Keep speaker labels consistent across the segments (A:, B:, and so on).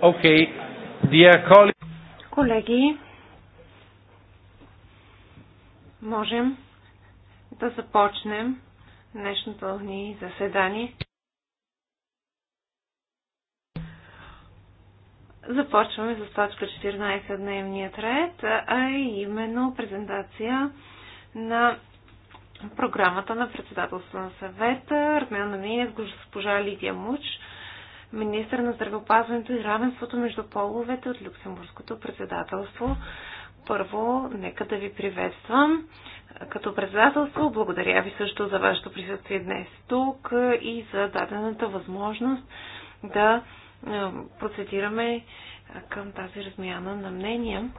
A: Okay. Dear
B: Колеги, можем да започнем днешното ни заседание. Започваме с точка 14 от дневният ред, а именно презентация на програмата на председателство на съвета, размяна на мнение с госпожа Лидия Муч – министър на здравеопазването и равенството между половете от Люксембургското председателство. Първо, нека да ви приветствам като председателство. Благодаря ви също за вашето присъствие днес тук и за дадената възможност да е, процедираме към тази размяна на мнения.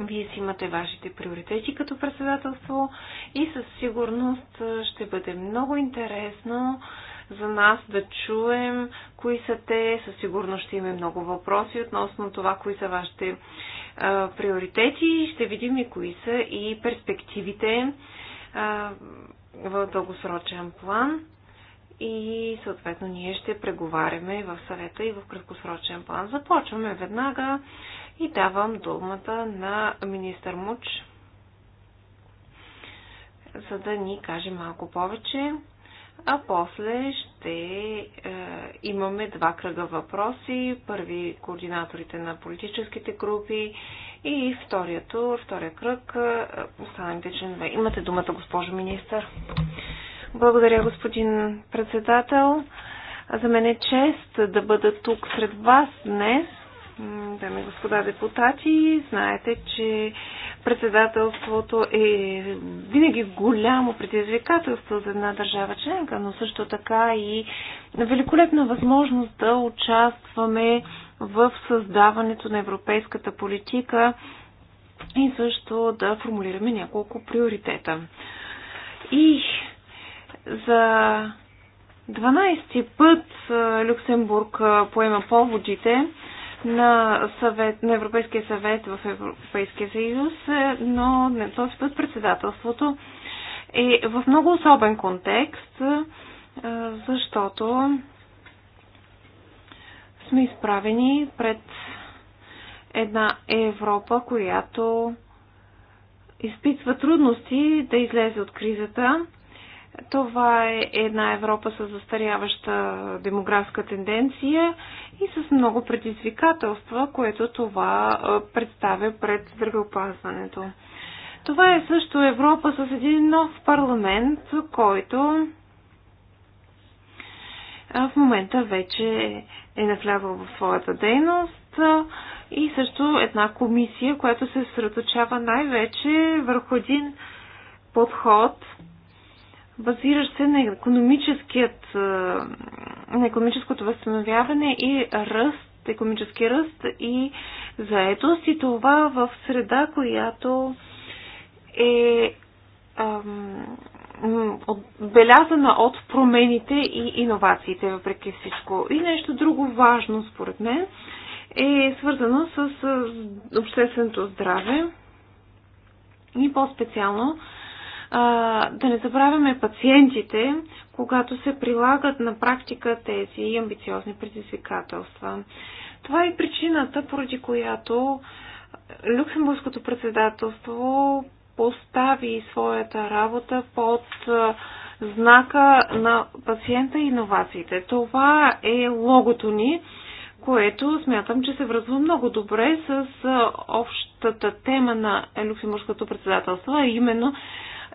B: Вие си имате вашите приоритети като председателство и със сигурност ще бъде много интересно за нас да чуем кои са те. Със сигурност ще има много въпроси относно това, кои са вашите а, приоритети. Ще видим и кои са и перспективите а, в дългосрочен план. И съответно ние ще преговаряме в съвета и в краткосрочен план. Започваме веднага и давам думата на министър Муч за да ни каже малко повече а после ще е, имаме два кръга въпроси. Първи координаторите на политическите групи и вторият тур, втория кръг е, останалите членове. Имате думата, госпожо министър. Благодаря, господин председател. За мен е чест да бъда тук сред вас днес дами и господа депутати, знаете, че председателството е винаги голямо предизвикателство за една държава членка, но също така и великолепна възможност да участваме в създаването на европейската политика и също да формулираме няколко приоритета. И за 12 път Люксембург поема поводите на, съвет, на Европейския съвет в Европейския съюз, е, но не този път председателството е в много особен контекст, е, защото сме изправени пред една Европа, която изпитва трудности да излезе от кризата това е една Европа с застаряваща демографска тенденция и с много предизвикателства, което това представя пред здравеопазването. Това е също Европа с един нов парламент, който в момента вече е навлязъл в своята дейност и също една комисия, която се съсредоточава най-вече върху един подход – базираш се на, економическият, на економическото възстановяване и ръст, економически ръст и заетост и това в среда, която е ам, отбелязана от промените и иновациите, въпреки всичко. И нещо друго важно, според мен, е свързано с общественото здраве и по-специално а, да не забравяме пациентите, когато се прилагат на практика тези амбициозни предизвикателства. Това е причината, поради която Люксембургското председателство постави своята работа под знака на пациента и иновациите. Това е логото ни, което смятам, че се връзва много добре с общата тема на Люксембургското председателство, а именно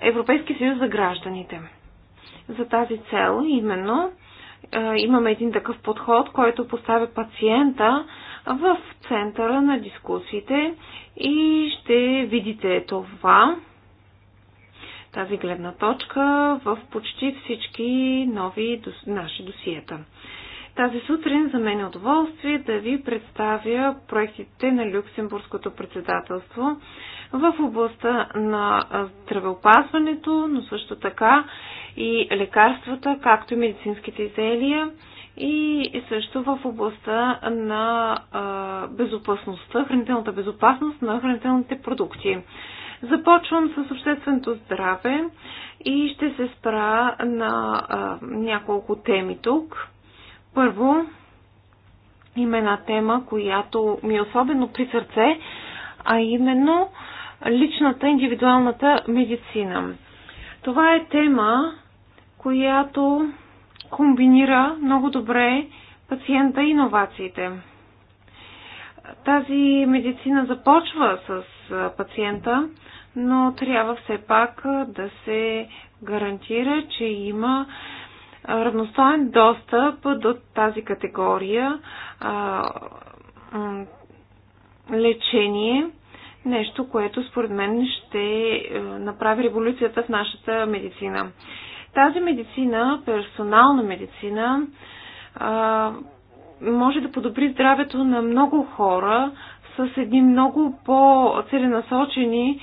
B: Европейски съюз за гражданите. За тази цел именно имаме един такъв подход, който поставя пациента в центъра на дискусиите и ще видите това, тази гледна точка в почти всички нови наши досиета. Тази сутрин за мен е удоволствие да ви представя проектите на Люксембургското председателство в областта на здравеопазването, но също така и лекарствата, както и медицинските изделия и също в областта на безопасността, хранителната безопасност на хранителните продукти. Започвам с общественото здраве и ще се спра на няколко теми тук първо, има една тема, която ми е особено при сърце, а именно личната, индивидуалната медицина. Това е тема, която комбинира много добре пациента и иновациите. Тази медицина започва с пациента, но трябва все пак да се гарантира, че има равностоен достъп до тази категория лечение, нещо, което според мен ще е, направи революцията в нашата медицина. Тази медицина, персонална медицина, може да подобри здравето на много хора с едни много по-целенасочени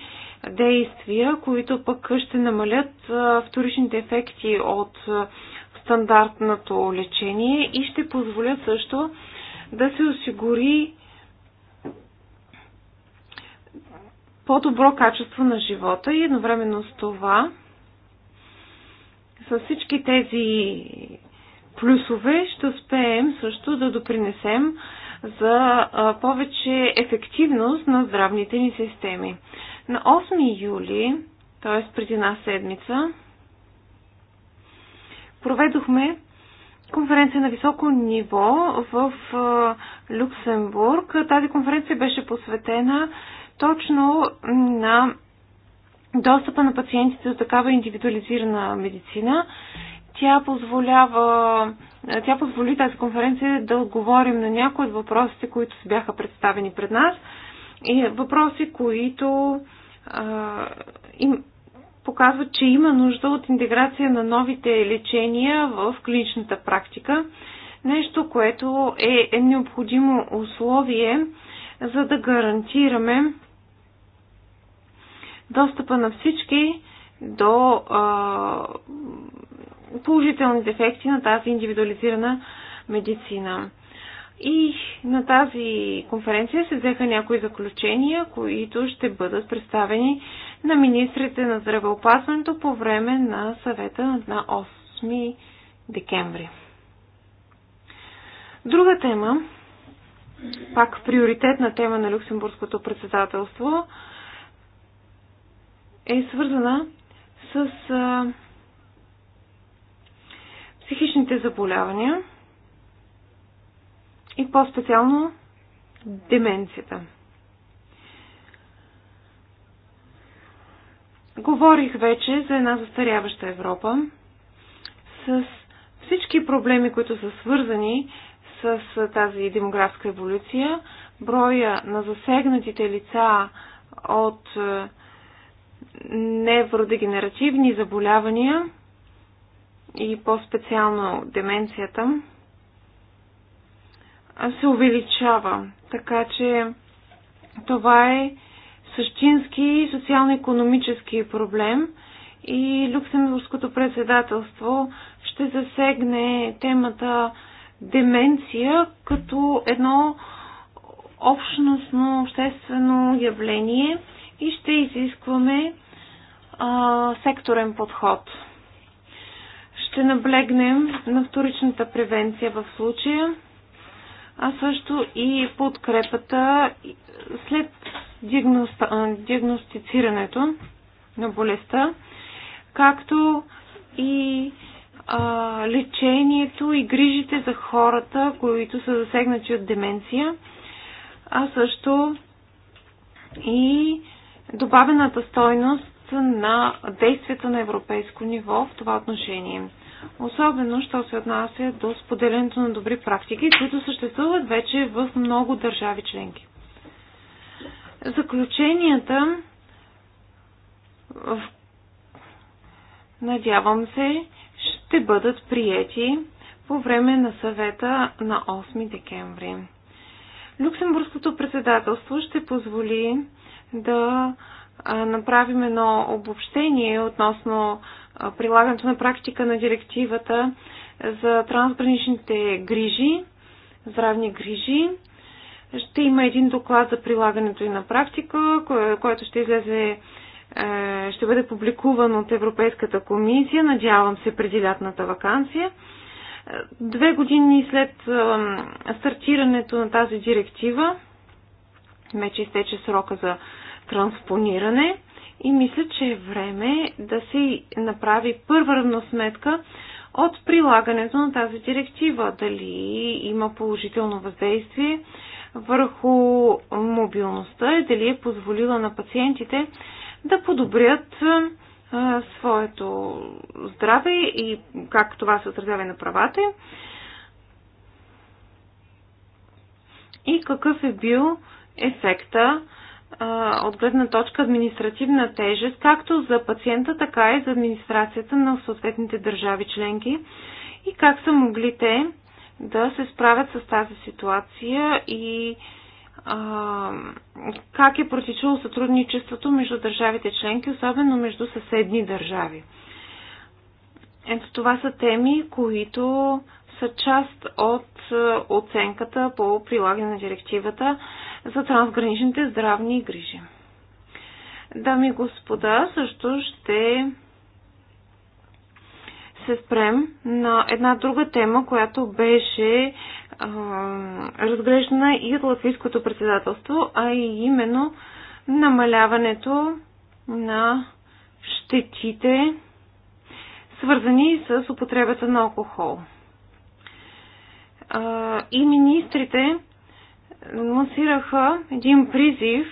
B: действия, които пък ще намалят вторичните ефекти от стандартното лечение и ще позволя също да се осигури по-добро качество на живота и едновременно с това с всички тези плюсове ще успеем също да допринесем за повече ефективност на здравните ни системи. На 8 юли, т.е. преди една седмица, проведохме конференция на високо ниво в Люксембург. Тази конференция беше посветена точно на достъпа на пациентите до такава индивидуализирана медицина. Тя позволява, тя позволи тази конференция да отговорим на някои от въпросите, които се бяха представени пред нас и въпроси, които а, им, показват, че има нужда от интеграция на новите лечения в клиничната практика. Нещо, което е, е необходимо условие, за да гарантираме достъпа на всички до а, положителните ефекти на тази индивидуализирана медицина. И на тази конференция се взеха някои заключения, които ще бъдат представени на министрите на здравеопазването по време на съвета на 8 декември. Друга тема, пак приоритетна тема на Люксембургското председателство, е свързана с психичните заболявания – и по-специално деменцията. Говорих вече за една застаряваща Европа с всички проблеми, които са свързани с тази демографска еволюция, броя на засегнатите лица от невродегенеративни заболявания и по-специално деменцията – се увеличава. Така че това е същински социално-економически проблем и Люксембургското председателство ще засегне темата деменция като едно общностно обществено явление и ще изискваме а, секторен подход. Ще наблегнем на вторичната превенция в случая а също и подкрепата след диагностицирането на болестта, както и а, лечението и грижите за хората, които са засегнати от деменция, а също и добавената стойност на действията на европейско ниво в това отношение. Особено, що се отнася до споделянето на добри практики, които съществуват вече в много държави членки. Заключенията надявам се ще бъдат приети по време на съвета на 8 декември. Люксембургското председателство ще позволи да направим едно обобщение относно прилагането на практика на директивата за трансграничните грижи, здравни грижи. Ще има един доклад за прилагането и на практика, който ще излезе е, ще бъде публикуван от Европейската комисия, надявам се преди лятната вакансия. Две години след е, стартирането на тази директива, вече изтече срока за транспониране, и мисля, че е време да се направи първа равносметка от прилагането на тази директива. Дали има положително въздействие върху мобилността и дали е позволила на пациентите да подобрят а, своето здраве и как това се отразява на правата. И какъв е бил ефекта от гледна точка административна тежест, както за пациента, така и за администрацията на съответните държави членки и как са могли те да се справят с тази ситуация и а, как е протичало сътрудничеството между държавите членки, особено между съседни държави. Ето това са теми, които са част от оценката по прилагане на директивата за трансграничните здравни грижи. Дами и господа, също ще се спрем на една друга тема, която беше а, разглеждана и от латвийското председателство, а и именно намаляването на щетите, свързани с употребата на алкохол. А, и министрите лансираха един призив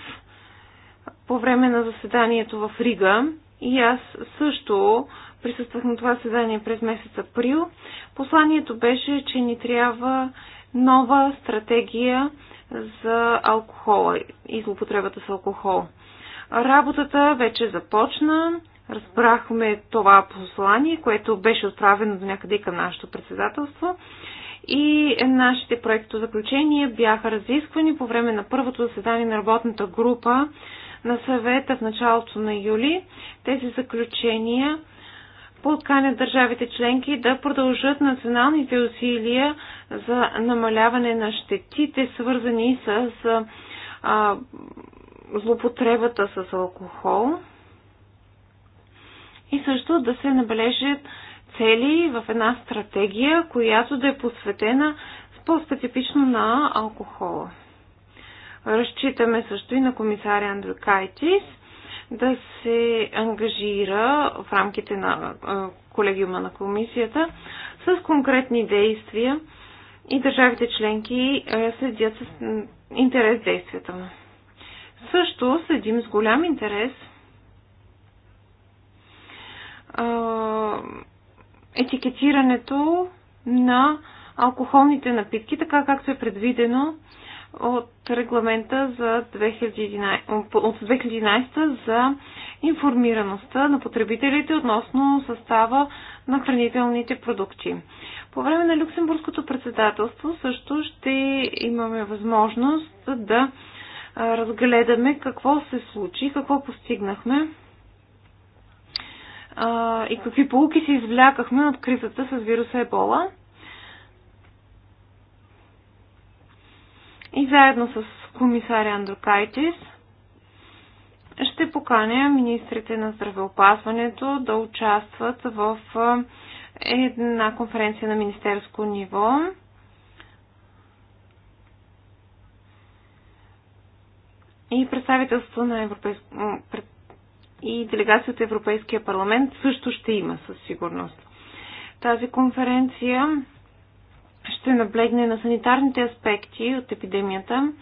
B: по време на заседанието в Рига и аз също присъствах на това заседание през месец април. Посланието беше, че ни трябва нова стратегия за алкохола и злопотребата с алкохол. Работата вече започна. Разбрахме това послание, което беше отправено до някъде към нашето председателство и нашите проектозаключения бяха разисквани по време на първото заседание на работната група на съвета в началото на юли. Тези заключения подканят държавите членки да продължат националните усилия за намаляване на щетите, свързани с а, злопотребата с алкохол и също да се набележат цели в една стратегия, която да е посветена по-специфично на алкохола. Разчитаме също и на комисаря Андрю Кайтис да се ангажира в рамките на колегиума на комисията с конкретни действия и държавите членки следят с интерес действията му. Също следим с голям интерес етикетирането на алкохолните напитки, така както е предвидено от регламента за 2011, от 2011 за информираността на потребителите относно състава на хранителните продукти. По време на Люксембургското председателство също ще имаме възможност да разгледаме какво се случи, какво постигнахме а, и какви полуки се извлякахме от кризата с вируса Ебола. И заедно с комисаря Андрокайтис ще поканя министрите на здравеопазването да участват в една конференция на министерско ниво. И представителството на Европейско... пред делегация от Европейския парламент също ще има със сигурност. Тази конференция ще наблегне на санитарните аспекти от епидемията.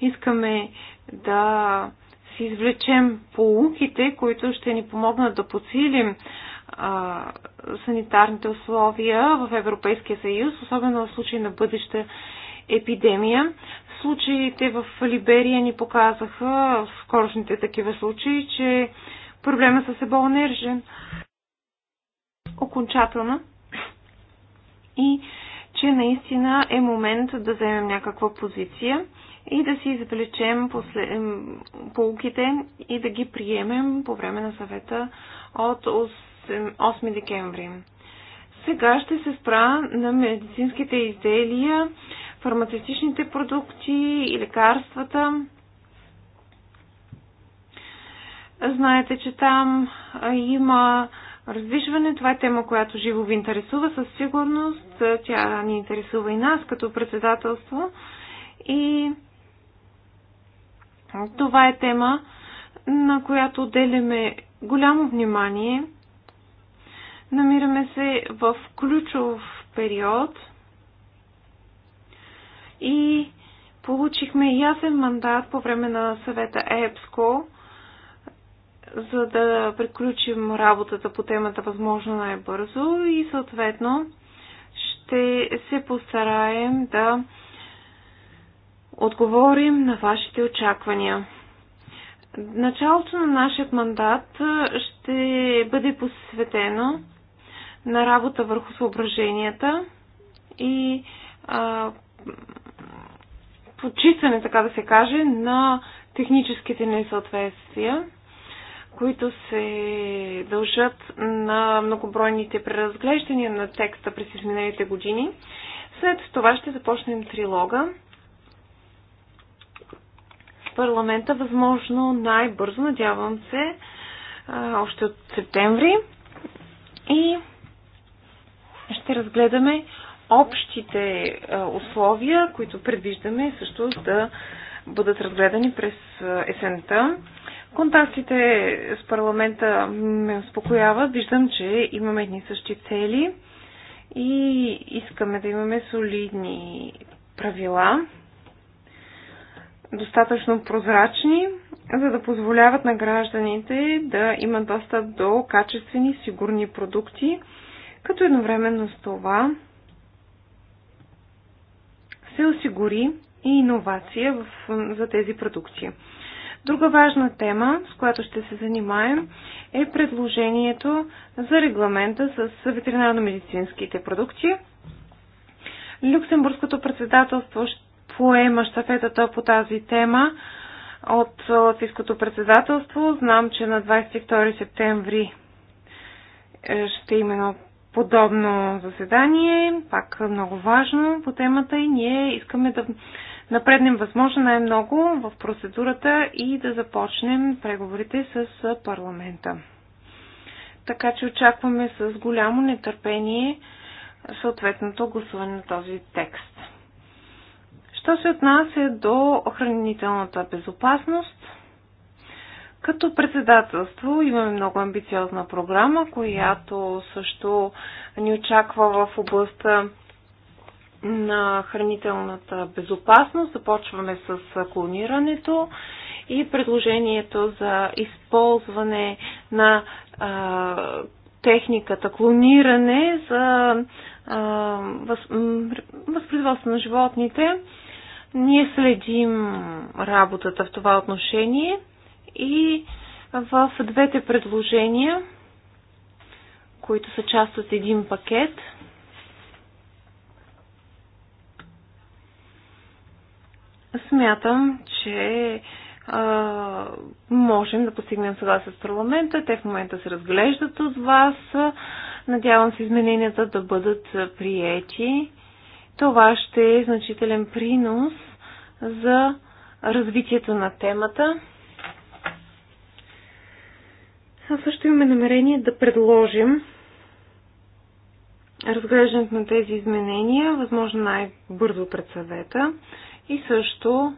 B: Искаме да си извлечем полуките, които ще ни помогнат да подсилим санитарните условия в Европейския съюз, особено в случай на бъдеща епидемия. Случаите в Либерия ни показаха, в скорошните такива случаи, че Проблема с ебола не е решен окончателно и че наистина е момент да вземем някаква позиция и да си извлечем после... полуките и да ги приемем по време на съвета от 8, 8 декември. Сега ще се спра на медицинските изделия, фармацевтичните продукти и лекарствата. Знаете, че там има раздвижване. Това е тема, която живо ви интересува със сигурност. Тя ни интересува и нас като председателство. И това е тема, на която отделяме голямо внимание. Намираме се в ключов период и получихме ясен мандат по време на съвета ЕПСКО за да приключим работата по темата възможно най-бързо и съответно ще се постараем да отговорим на вашите очаквания. Началото на нашия мандат ще бъде посветено на работа върху съображенията и а, почистване, така да се каже, на техническите несъответствия които се дължат на многобройните преразглеждания на текста през изминалите години. След това ще започнем трилога в парламента, възможно най-бързо, надявам се, още от септември. И ще разгледаме общите условия, които предвиждаме също да бъдат разгледани през есента. Контактите с парламента ме успокояват. Виждам, че имаме едни същи цели и искаме да имаме солидни правила, достатъчно прозрачни, за да позволяват на гражданите да имат достъп до качествени, сигурни продукти, като едновременно с това се осигури и иновация в, за тези продукти. Друга важна тема, с която ще се занимаем, е предложението за регламента с ветеринарно-медицинските продукти. Люксембургското председателство поема щафетата по тази тема от Латвийското председателство. Знам, че на 22 септември е, ще именно подобно заседание, пак много важно по темата и ние искаме да напреднем възможно най-много в процедурата и да започнем преговорите с парламента. Така че очакваме с голямо нетърпение съответното гласуване на този текст. Що се отнася до охранителната безопасност, като председателство имаме много амбициозна програма, която също ни очаква в областта на хранителната безопасност. Започваме с клонирането и предложението за използване на а, техниката клониране за въз, възпроизводство на животните. Ние следим работата в това отношение и в двете предложения, които са част от един пакет – смятам, че а, можем да постигнем съгласие с парламента. Те в момента се разглеждат от вас. Надявам се измененията да бъдат приети. Това ще е значителен принос за развитието на темата. А също имаме намерение да предложим разглеждането на тези изменения, възможно най-бързо пред съвета. И също,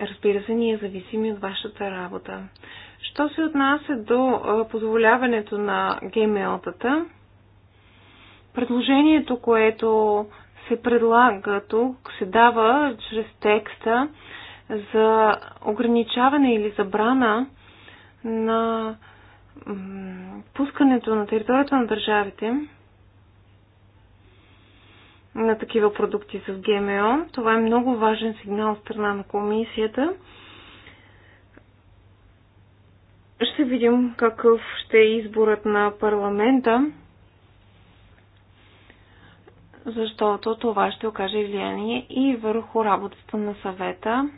B: разбира се, ние зависими от вашата работа. Що се отнася до позволяването на гмл предложението, което се предлага тук, се дава чрез текста за ограничаване или забрана на пускането на територията на държавите на такива продукти с ГМО. Това е много важен сигнал от страна на комисията. Ще видим какъв ще е изборът на парламента, защото това ще окаже влияние и върху работата на съвета.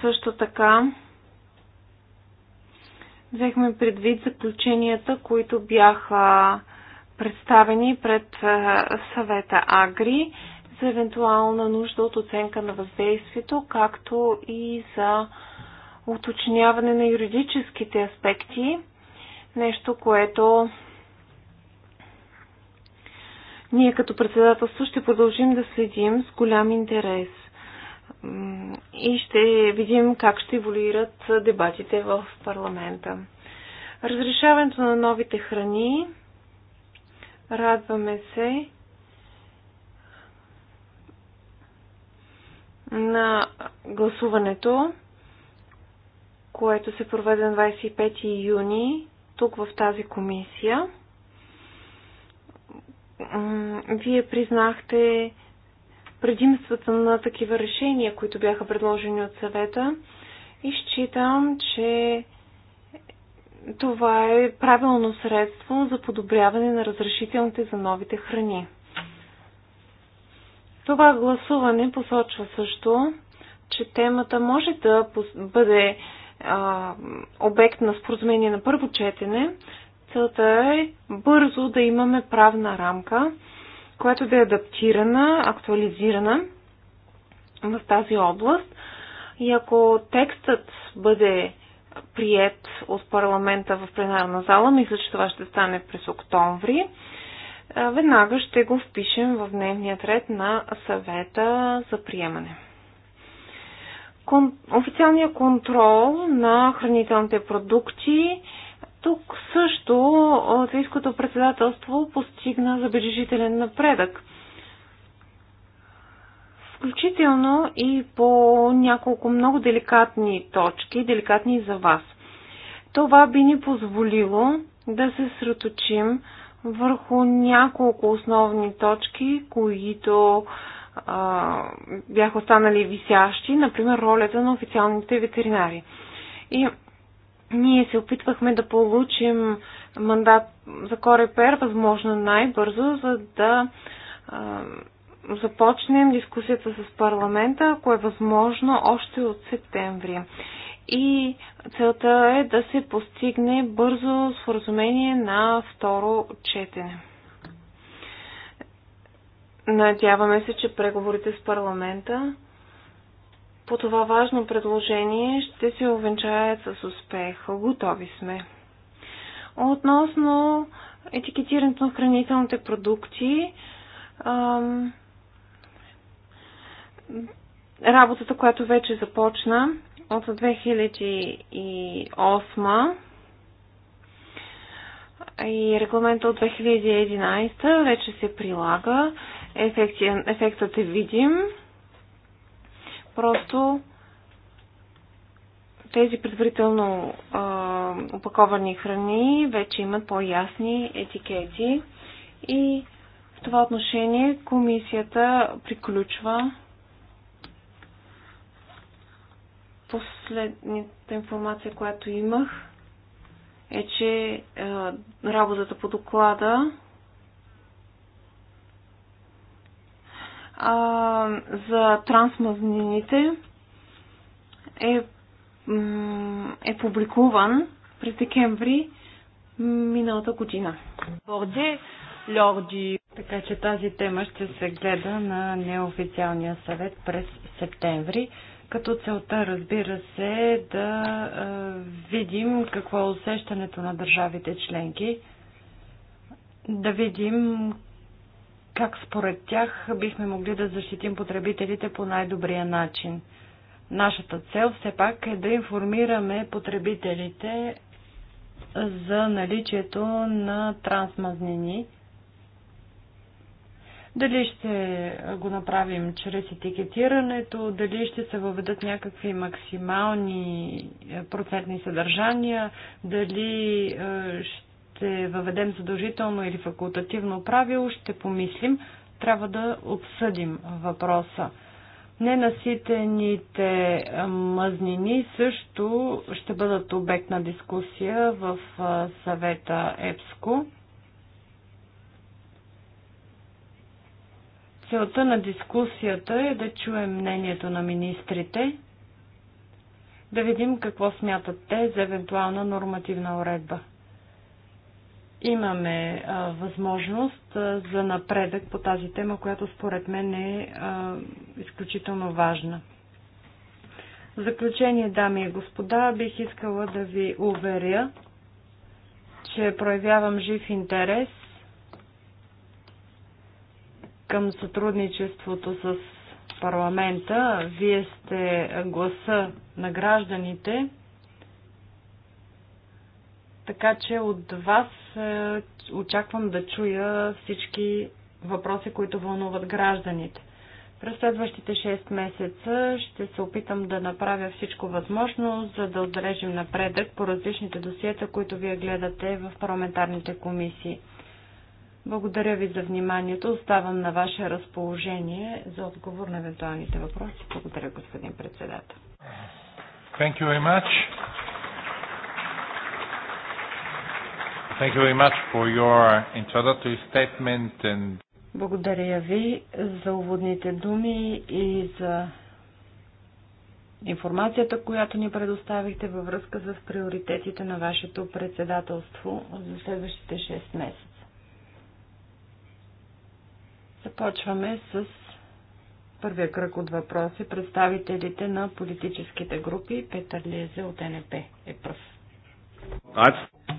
B: Също така, взехме предвид заключенията, които бяха представени пред съвета Агри за евентуална нужда от оценка на въздействието, както и за уточняване на юридическите аспекти, нещо, което ние като председателство ще продължим да следим с голям интерес и ще видим как ще еволюират дебатите в парламента. Разрешаването на новите храни Радваме се на гласуването, което се проведе на 25 юни тук в тази комисия. Вие признахте предимствата на такива решения, които бяха предложени от съвета и считам, че това е правилно средство за подобряване на разрешителните за новите храни. Това гласуване посочва също, че темата може да бъде а, обект на споразумение на първо четене. Целта е бързо да имаме правна рамка, която да е адаптирана, актуализирана в тази област. И ако текстът бъде прият от парламента в пленарна зала. Мисля, че това ще стане през октомври. Веднага ще го впишем в дневния ред на съвета за приемане. Кон... Официалния контрол на хранителните продукти. Тук също Латвийското председателство постигна забележителен напредък включително и по няколко много деликатни точки, деликатни за вас. Това би ни позволило да се сръточим върху няколко основни точки, които а, бяха останали висящи, например ролята на официалните ветеринари. И ние се опитвахме да получим мандат за Корепер, възможно най-бързо, за да а, започнем дискусията с парламента, ако е възможно, още от септември. И целта е да се постигне бързо споразумение на второ четене. Надяваме се, че преговорите с парламента по това важно предложение ще се увенчаят с успех. Готови сме. Относно етикетирането на хранителните продукти, ам, работата, която вече започна от 2008 и регламента от 2011 вече се прилага. ефектът е видим. Просто тези предварително а, опаковани храни вече имат по-ясни етикети и в това отношение комисията приключва Последната информация, която имах, е, че а, е, работата по доклада а, за трансмазнините е, е публикуван през декември миналата година. Борде, лорди. Така че тази тема ще се гледа на неофициалния съвет през септември. Като целта, разбира се, е да видим какво е усещането на държавите членки, да видим как според тях бихме могли да защитим потребителите по най-добрия начин. Нашата цел все пак е да информираме потребителите за наличието на трансмазнини – дали ще го направим чрез етикетирането, дали ще се въведат някакви максимални е, процентни съдържания, дали е, ще въведем задължително или факултативно правило, ще помислим. Трябва да обсъдим въпроса. Ненаситените е, мъзнини също ще бъдат обект на дискусия в съвета ЕПСКО. Целта на дискусията е да чуем мнението на министрите, да видим какво смятат те за евентуална нормативна уредба. Имаме а, възможност а, за напредък по тази тема, която според мен е а, изключително важна. В заключение, дами и господа, бих искала да ви уверя, че проявявам жив интерес към сътрудничеството с парламента. Вие сте гласа на гражданите, така че от вас е, очаквам да чуя всички въпроси, които вълнуват гражданите. През следващите 6 месеца ще се опитам да направя всичко възможно, за да отбележим напредък по различните досиета, които вие гледате в парламентарните комисии. Благодаря ви за вниманието. Оставам на ваше разположение за отговор на евентуалните въпроси. Благодаря, господин председател. Thank you very
A: much. Thank you very much for your introductory statement and
B: Благодаря ви за уводните думи и за информацията, която ни предоставихте във връзка с приоритетите на вашето председателство за следващите 6 месеца. Започваме с първия кръг от въпроси. Представителите на политическите групи. Петър Лезе от НП е пръв.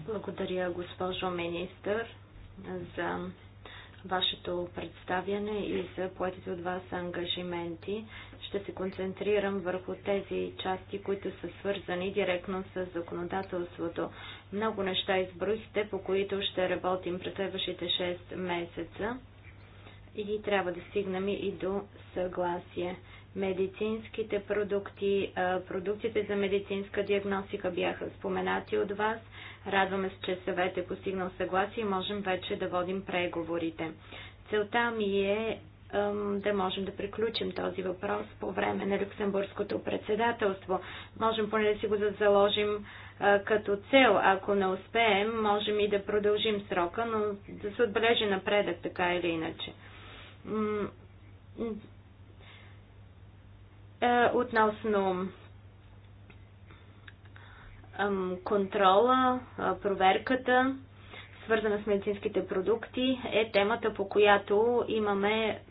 C: Благодаря, госпожо министър, за вашето представяне и за поетите от вас ангажименти. Ще се концентрирам върху тези части, които са свързани директно с законодателството. Много неща изброихте, по които ще работим през следващите 6 месеца и трябва да стигнем и до съгласие. Медицинските продукти, продуктите за медицинска диагностика бяха споменати от вас. Радваме се, че съвет е постигнал съгласие и можем вече да водим преговорите. Целта ми е да можем да приключим този въпрос по време на Люксембургското председателство. Можем поне да си го заложим като цел. Ако не успеем, можем и да продължим срока, но да се отбележи напредък така или иначе. Е, относно контрола, проверката, свързана с медицинските продукти, е темата, по която имаме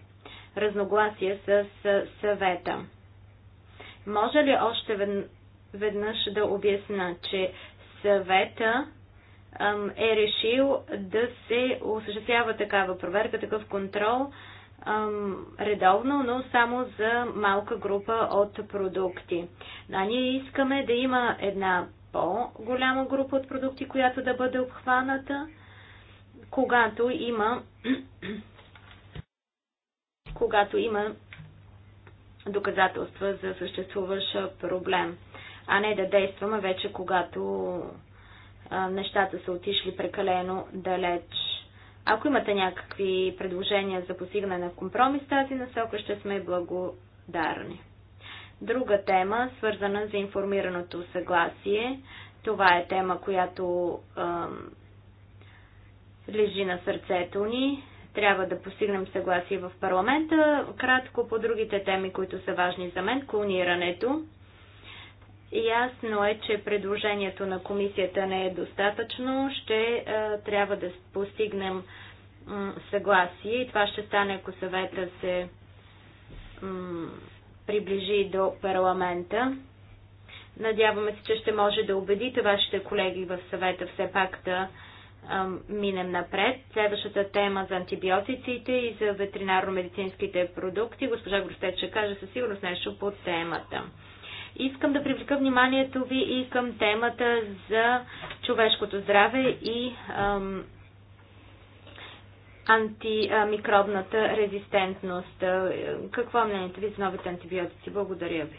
C: разногласие с съвета. Може ли още веднъж да обясна, че съвета е решил да се осъществява такава проверка, такъв контрол редовно, но само за малка група от продукти. А ние искаме да има една по-голяма група от продукти, която да бъде обхваната, когато има когато има доказателства за съществуващ проблем, а не да действаме вече когато нещата са отишли прекалено далеч. Ако имате някакви предложения за постигане на компромис тази насока, ще сме благодарни. Друга тема, свързана за информираното съгласие, това е тема, която ем, лежи на сърцето ни. Трябва да постигнем съгласие в парламента. Кратко по другите теми, които са важни за мен, клонирането. Ясно е, че предложението на комисията не е достатъчно. Ще а, е, трябва да постигнем м, съгласие и това ще стане, ако съвета се м, приближи до парламента. Надяваме се, че ще може да убедите вашите колеги в съвета все пак да минем напред. Следващата тема за антибиотиците и за ветеринарно-медицинските продукти. Госпожа Гростет ще каже със сигурност нещо по темата. Искам да привлека вниманието ви и към темата за човешкото здраве и ам, антимикробната резистентност. Какво е мнението ви за новите антибиотици? Благодаря ви.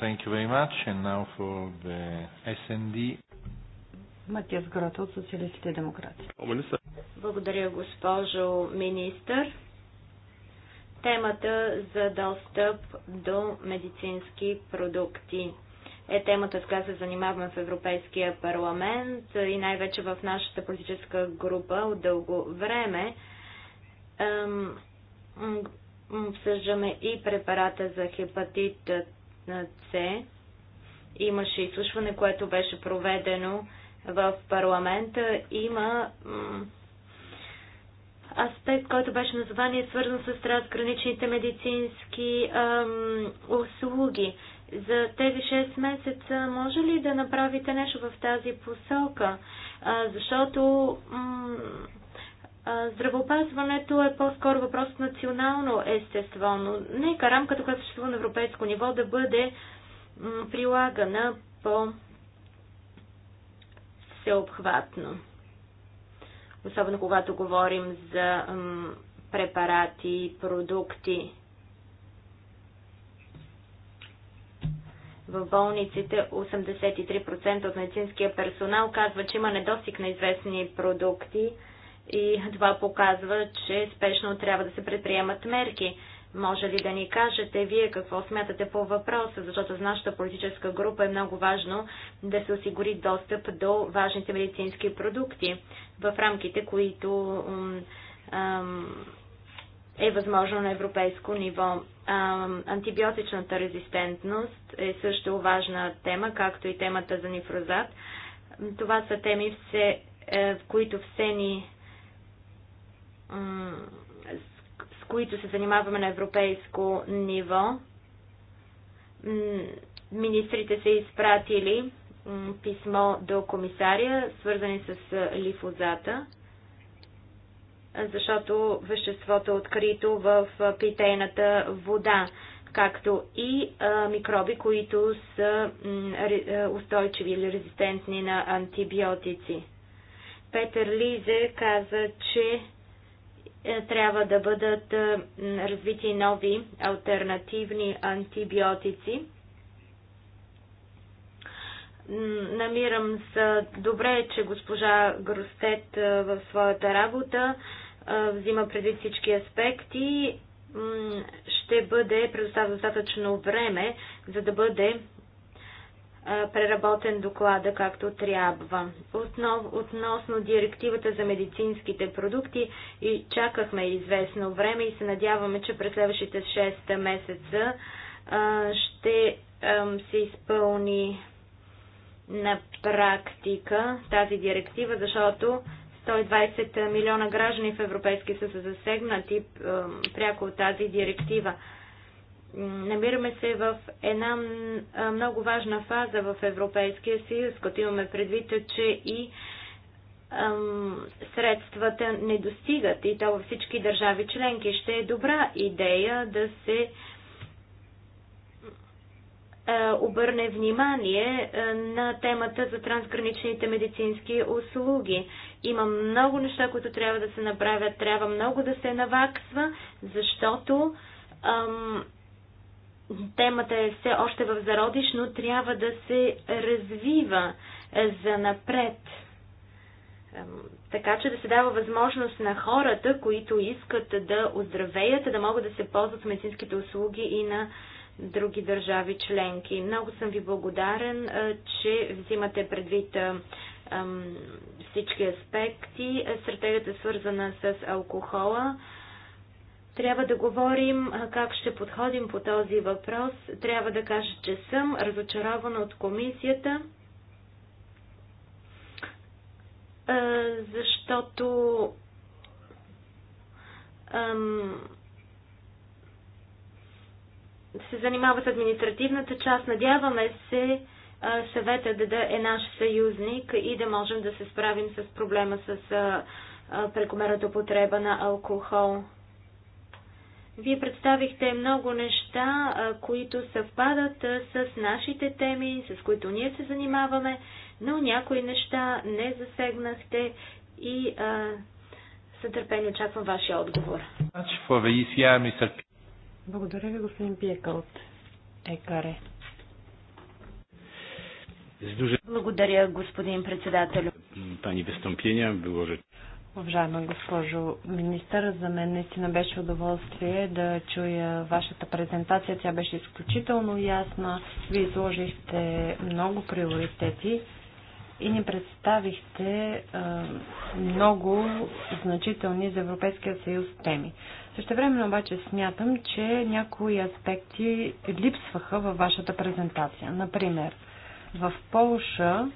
A: Thank you very much. And now for the SND. Матиас Грота
B: от Социалистите и демократи.
C: Благодаря, госпожо министър. Темата за достъп до медицински продукти е темата, с която се занимаваме в Европейския парламент и най-вече в нашата политическа група от дълго време. Обсъждаме и препарата за хепатит С. Имаше изслушване, което беше проведено в парламента. Има аспект, който беше назован, е свързан с трансграничните медицински ам, услуги. За тези 6 месеца може ли да направите нещо в тази посока? А, защото а, здравеопазването е по-скоро въпрос национално естество, но нека рамката, която съществува на европейско ниво, да бъде м, прилагана по всеобхватно особено когато говорим за препарати, продукти. В болниците 83% от медицинския персонал казва, че има недостиг на известни продукти и това показва, че спешно трябва да се предприемат мерки. Може ли да ни кажете вие какво смятате по въпроса, защото за нашата политическа група е много важно да се осигури достъп до важните медицински продукти в рамките, които е възможно на европейско ниво. Антибиотичната резистентност е също важна тема, както и темата за нифрозат. Това са теми, е, в които все ни които се занимаваме на европейско ниво. Министрите са изпратили писмо до комисария, свързани с лифозата, защото веществото е открито в питейната вода, както и микроби, които са устойчиви или резистентни на антибиотици. Петър Лизе каза, че е, трябва да бъдат е, развити нови альтернативни антибиотици. Намирам за добре, че госпожа Гростет е, в своята работа взима преди всички аспекти. Ще бъде предоставено достатъчно време, за да бъде преработен доклада както трябва. Основ, относно директивата за медицинските продукти и чакахме известно време и се надяваме, че през следващите 6 месеца а, ще а, се изпълни на практика тази директива, защото 120 милиона граждани в Европейския съюз са засегнати пряко от тази директива. Намираме се в една много важна фаза в Европейския съюз, като имаме предвид, че и средствата не достигат и то във всички държави членки. Ще е добра идея да се обърне внимание на темата за трансграничните медицински услуги. Има много неща, които трябва да се направят, трябва много да се наваксва, защото ам, темата е все още в зародиш, но трябва да се развива е, за напред. Така че да се дава възможност на хората, които искат да оздравеят, да могат да се ползват с медицинските услуги и на други държави членки. Много съм ви благодарен, е, че взимате предвид е, всички аспекти. Стратегията е свързана с алкохола. Трябва да говорим как ще подходим по този въпрос. Трябва да кажа, че съм разочарована от комисията, защото се занимава с административната част. Надяваме се съветът да е наш съюзник и да можем да се справим с проблема с прекомерната потреба на алкохол. Вие представихте много неща, които съвпадат с нашите теми, с които ние се занимаваме, но някои неща не засегнахте и сътърпение търпение очаквам вашия отговор. Благодаря ви, господин Пиека от ЕКАРЕ. Благодаря, господин председател.
A: Пани вистъпления, било
B: Уважаема госпожо министър, за мен наистина беше удоволствие да чуя вашата презентация. Тя беше изключително ясна. Вие изложихте много приоритети и ни представихте а, много значителни за Европейския съюз теми. време обаче смятам, че някои аспекти липсваха във вашата презентация. Например, в Полша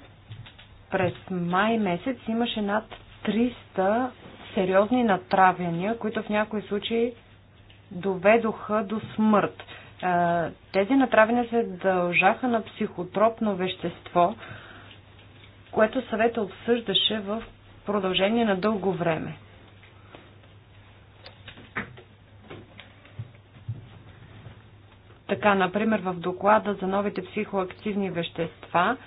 B: през май месец имаше над 300 сериозни натравяния, които в някои случаи доведоха до смърт. Тези натравяния се дължаха на психотропно вещество, което съвета обсъждаше в продължение на дълго време. Така, например, в доклада за новите психоактивни вещества –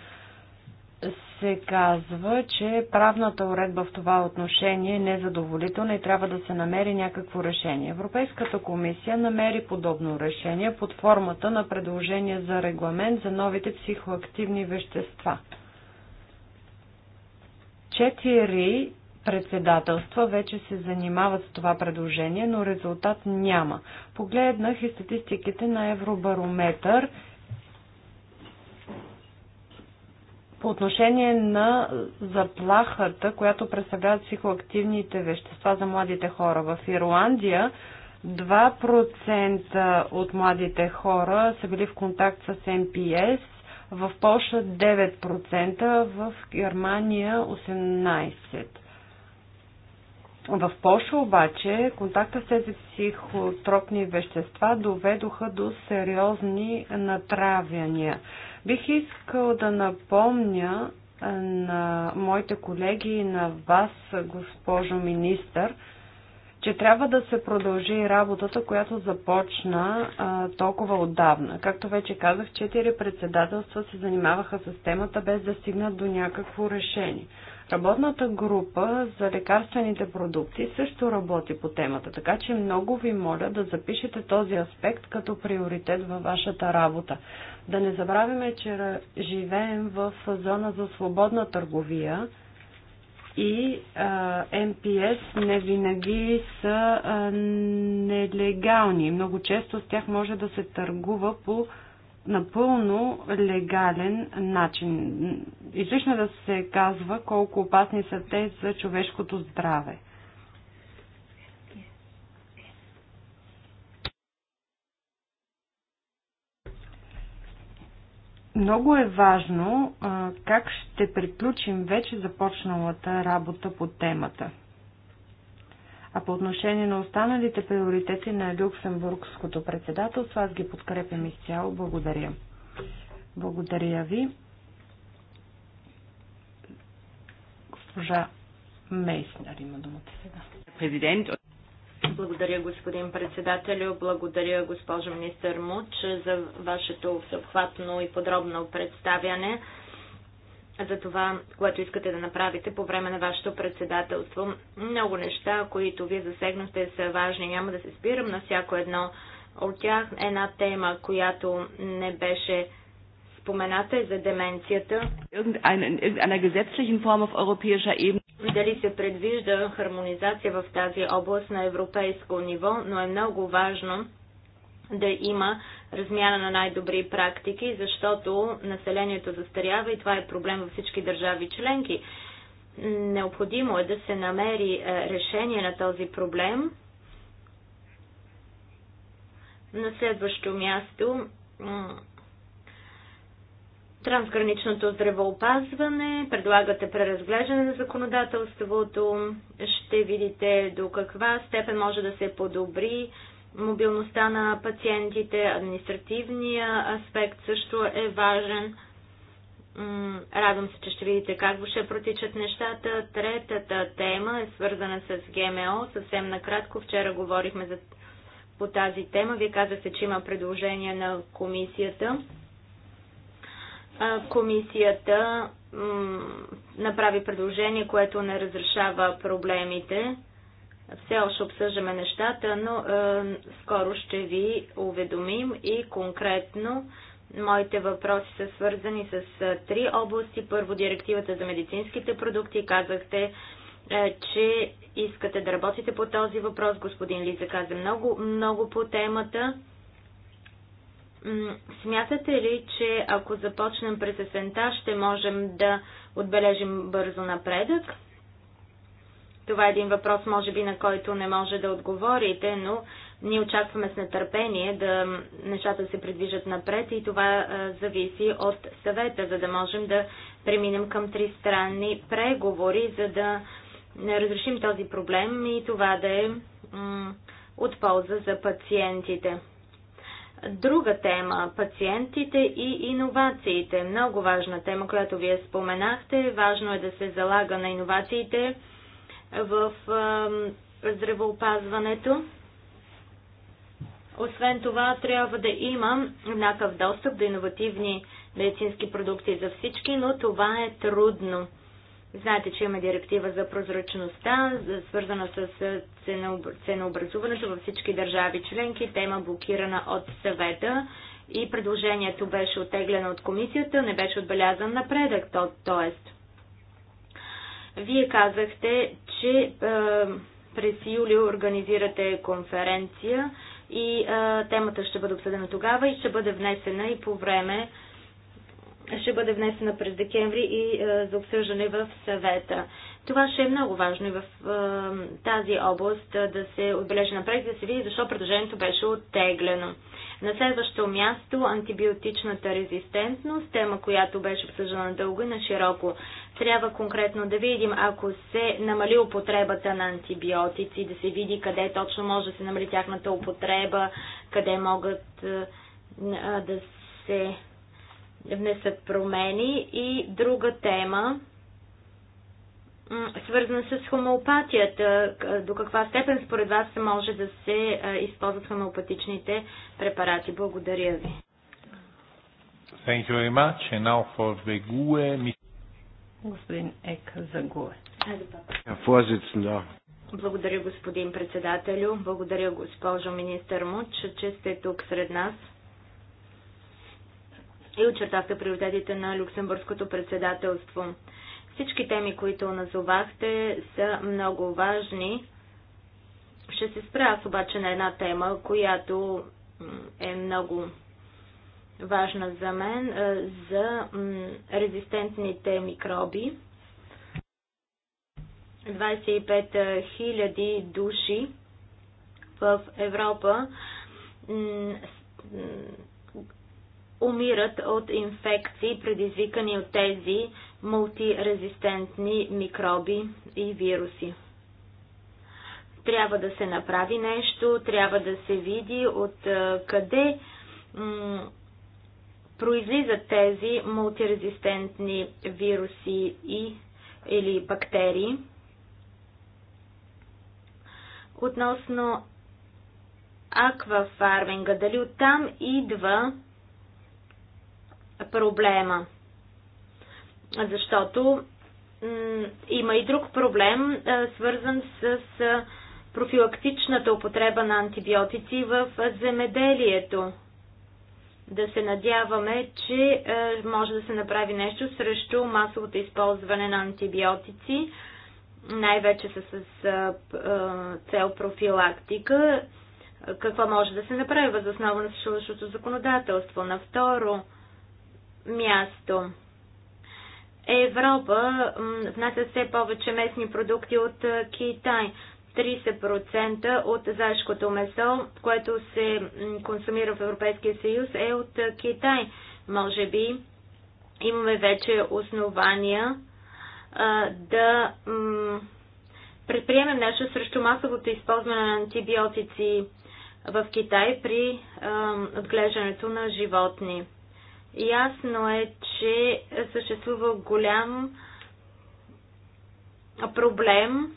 B: се казва, че правната уредба в това отношение е незадоволителна и трябва да се намери някакво решение. Европейската комисия намери подобно решение под формата на предложение за регламент за новите психоактивни вещества. Четири председателства вече се занимават с това предложение, но резултат няма. Погледнах и статистиките на Евробарометър – по отношение на заплахата, която представляват психоактивните вещества за младите хора. В Ирландия 2% от младите хора са били в контакт с МПС, в Польша 9%, в Германия 18%. В Польша обаче контакта с тези психотропни вещества доведоха до сериозни натравяния. Бих искал да напомня е, на моите колеги и на вас, госпожо министър, че трябва да се продължи работата, която започна а, е, толкова отдавна. Както вече казах, четири председателства се занимаваха с темата без да стигнат до някакво решение. Работната група за лекарствените продукти също работи по темата, така че много ви моля да запишете този аспект като приоритет във вашата работа. Да не забравяме, че живеем в зона за свободна търговия и а, МПС не винаги са а, нелегални. Много често с тях може да се търгува по напълно легален начин. Излишно е да се казва колко опасни са те за човешкото здраве. Много е важно а, как ще приключим вече започналата работа по темата. А по отношение на останалите приоритети на Люксембургското председателство, аз ги подкрепям изцяло. Благодаря. Благодаря ви. Госпожа Мейснер
C: има думата сега. Президент благодаря, господин председателю. Благодаря, госпожо министър Муч, за вашето съвхватно и подробно представяне за това, което искате да направите по време на вашето председателство. Много неща, които вие засегнахте, са важни. Няма да се спирам на всяко едно от тях. Една тема, която не беше спомената е за деменцията дали се предвижда хармонизация в тази област на европейско ниво, но е много важно да има размяна на най-добри практики, защото населението застарява и това е проблем във всички държави членки. Необходимо е да се намери е, решение на този проблем. На следващо място трансграничното здравеопазване, предлагате преразглеждане на законодателството, ще видите до каква степен може да се подобри мобилността на пациентите, административния аспект също е важен. Радвам се, че ще видите как ще протичат нещата. Третата тема е свързана с ГМО. Съвсем накратко, вчера говорихме за, по тази тема. Вие казахте, че има предложение на комисията комисията направи предложение, което не разрешава проблемите. Все още обсъждаме нещата, но скоро ще ви уведомим и конкретно моите въпроси са свързани с три области. Първо, директивата за медицинските продукти. Казахте, че искате да работите по този въпрос. Господин Лиза каза много, много по темата. Смятате ли, че ако започнем през есента, ще можем да отбележим бързо напредък? Това е един въпрос, може би, на който не може да отговорите, но ние очакваме с нетърпение да нещата се придвижат напред и това зависи от съвета, за да можем да преминем към тристранни преговори, за да разрешим този проблем и това да е от полза за пациентите. Друга тема – пациентите и иновациите. Много важна тема, която вие споменахте. Важно е да се залага на иновациите в здравеопазването. Освен това, трябва да има еднакъв достъп до иновативни медицински продукти за всички, но това е трудно. Знаете, че има директива за прозрачността, свързана с ценообразуването във всички държави членки. Тема блокирана от съвета и предложението беше отеглено от комисията, не беше отбелязан напредък. То, тоест, вие казахте, че е, през юли организирате конференция и е, темата ще бъде обсъдена тогава и ще бъде внесена и по време ще бъде внесена през декември и е, за обсъждане в съвета. Това ще е много важно и в е, тази област е, да се отбележи напред, да се види защо предложението беше оттеглено. На следващо място антибиотичната резистентност, тема, която беше обсъждана дълго и на широко. Трябва конкретно да видим, ако се намали употребата на антибиотици, да се види къде точно може да се намали тяхната употреба, къде могат да се внесат промени. И друга тема, свързана с хомеопатията. До каква степен според вас може да се използват хомеопатичните препарати? Благодаря ви.
A: Thank you very much. And now for the GUE.
C: Господин Ек за ГУЕ. Благодаря, господин председателю. Благодаря, госпожо министър Муч, че сте тук сред нас и очертахте приоритетите на Люксембургското председателство. Всички теми, които назовахте, са много важни. Ще се спра аз обаче на една тема, която е много важна за мен, е, за резистентните микроби. 25 000 души в Европа умират от инфекции, предизвикани от тези мултирезистентни микроби и вируси. Трябва да се направи нещо, трябва да се види от е, къде произлизат тези мултирезистентни вируси и или бактерии. Относно аквафарминга, дали оттам идва проблема. Защото има и друг проблем, е, свързан с профилактичната употреба на антибиотици в земеделието. Да се надяваме, че е, може да се направи нещо срещу масовото използване на антибиотици, най-вече с е, цел профилактика. Какво може да се направи възоснова на съществуващото законодателство? На второ, място. Европа внася все повече местни продукти от е, Китай. 30% от зашкото месо, което се консумира в Европейския съюз, е от е, Китай. Може би имаме вече основания а, е, да предприемем нещо срещу масовото използване на антибиотици в Китай при а, отглеждането на животни. Ясно е, че съществува голям проблем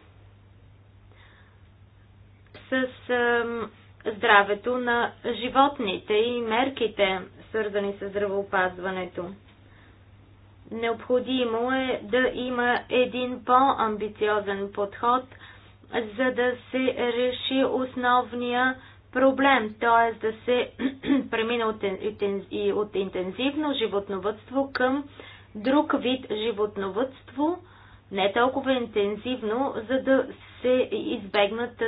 C: с здравето на животните и мерките, свързани с здравеопазването. Необходимо е да има един по-амбициозен подход, за да се реши основния проблем, т.е. да се премина от интензивно животновътство към друг вид животновътство, не толкова интензивно, за да се избегнат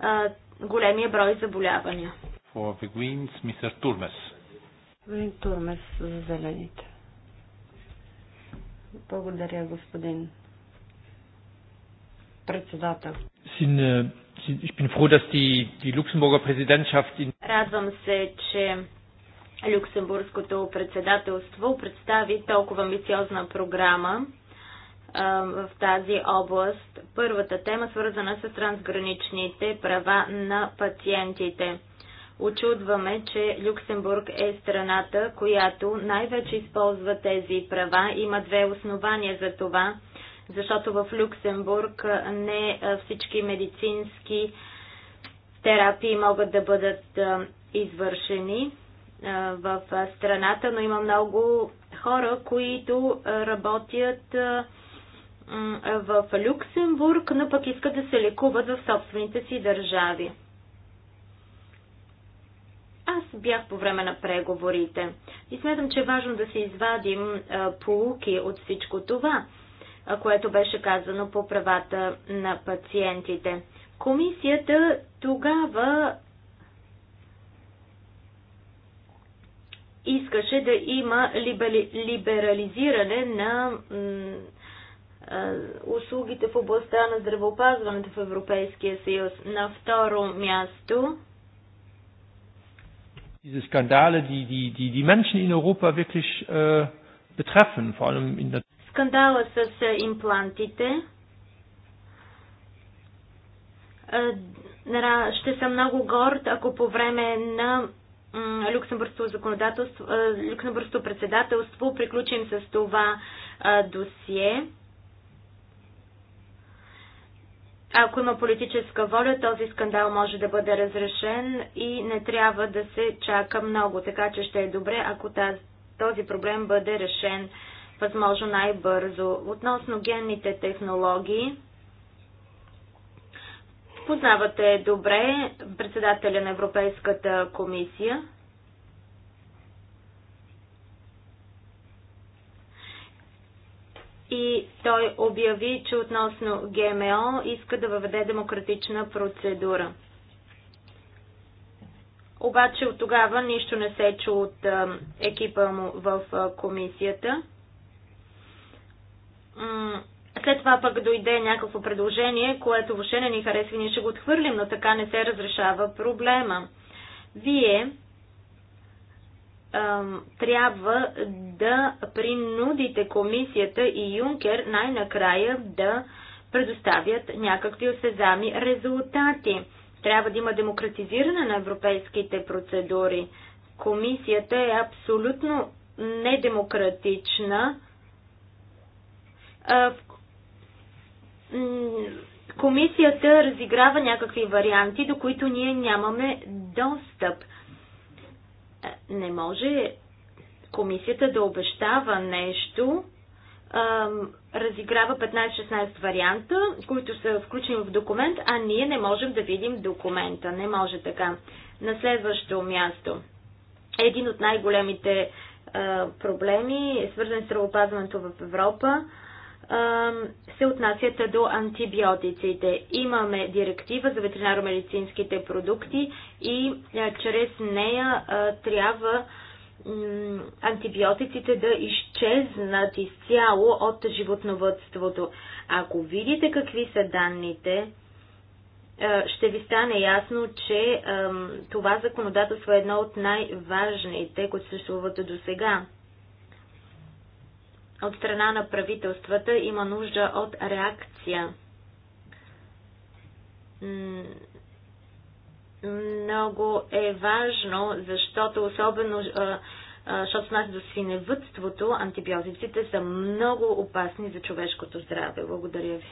C: а, големия брой заболявания.
A: For the Greens, Mr. Turmes.
B: Турмес за зелените. Благодаря, господин
C: председател.
A: Син е, ich bin froh, dass die, die Luxemburger Präsidentschaft in
C: Радвам се, че Люксембургското председателство представи толкова амбициозна програма а, в тази област. Първата тема свързана с трансграничните права на пациентите. Очудваме, че Люксембург е страната, която най-вече използва тези права. Има две основания за това защото в Люксембург не всички медицински терапии могат да бъдат извършени в страната, но има много хора, които работят в Люксембург, но пък искат да се лекуват в собствените си държави. Аз бях по време на преговорите и смятам, че е важно да се извадим полуки от всичко това което беше казано по правата на пациентите. Комисията тогава искаше да има либерализиране на услугите в областта на здравеопазването в Европейския съюз. На второ място
A: diese die die, die, die Menschen in Europa wirklich äh, betreffen, vor allem in der
C: Скандала с имплантите. Ще съм много горд, ако по време на Люксембургското председателство приключим с това досие. Ако има политическа воля, този скандал може да бъде разрешен и не трябва да се чака много, така че ще е добре, ако този проблем бъде решен възможно най-бързо. Относно генните технологии, познавате добре председателя на Европейската комисия. И той обяви, че относно ГМО иска да въведе демократична процедура. Обаче от тогава нищо не се чу от екипа му в комисията след това пък дойде някакво предложение, което въобще не ни харесва и ние ще го отхвърлим, но така не се разрешава проблема. Вие ам, трябва да принудите комисията и Юнкер най-накрая да предоставят някакви осезами резултати. Трябва да има демократизиране на европейските процедури. Комисията е абсолютно недемократична комисията разиграва някакви варианти, до които ние нямаме достъп. Не може комисията да обещава нещо, разиграва 15-16 варианта, които са включени в документ, а ние не можем да видим документа. Не може така. На следващо място. Един от най-големите проблеми е свързан с здравеопазването в Европа се отнасят до антибиотиците. Имаме директива за ветеринаро-медицинските продукти и чрез нея трябва антибиотиците да изчезнат изцяло от животновътството. Ако видите какви са данните, ще ви стане ясно, че това законодателство е едно от най-важните, които съществуват до сега от страна на правителствата има нужда от реакция. Много е важно, защото особено защото с нас до свиневътството, антибиотиците са много опасни за човешкото здраве. Благодаря ви.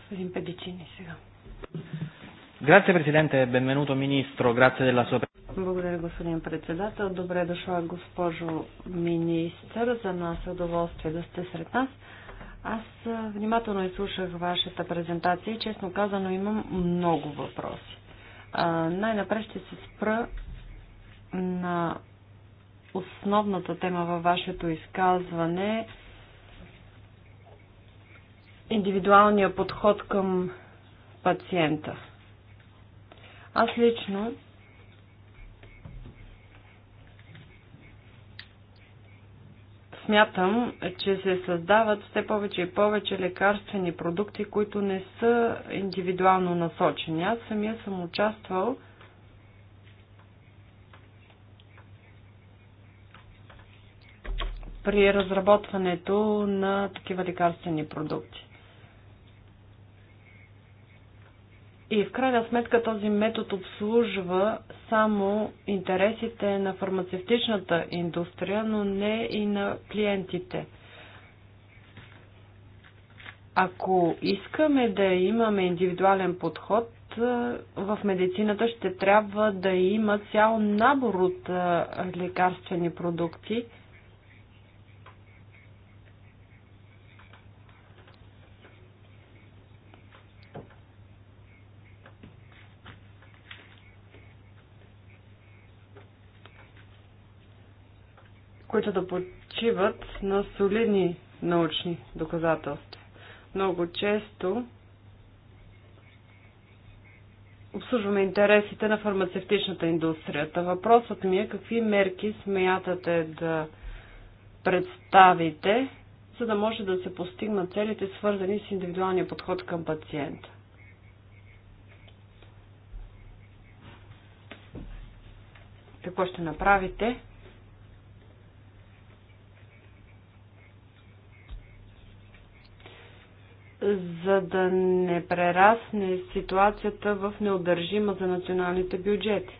B: Господин Педичини
C: сега.
A: Grazie Presidente, benvenuto Ministro, grazie della sua
B: Благодаря, господин председател. Добре дошла, госпожо министър. За нас е удоволствие да сте сред нас. Аз внимателно изслушах вашата презентация и честно казано имам много въпроси. най-напред ще се спра на основната тема във вашето изказване индивидуалния подход към пациента. Аз лично смятам, че се създават все повече и повече лекарствени продукти, които не са индивидуално насочени. Аз самия съм участвал при разработването на такива лекарствени продукти. И в крайна сметка този метод обслужва само интересите на фармацевтичната индустрия, но не и на клиентите. Ако искаме да имаме индивидуален подход, в медицината ще трябва да има цял набор от лекарствени продукти – които да почиват на солидни научни доказателства. Много често обслужваме интересите на фармацевтичната индустрията. въпросът ми е какви мерки смятате да представите, за да може да се постигнат целите, свързани с индивидуалния подход към пациента. Какво ще направите, за да не прерасне ситуацията в неудържима за националните бюджети.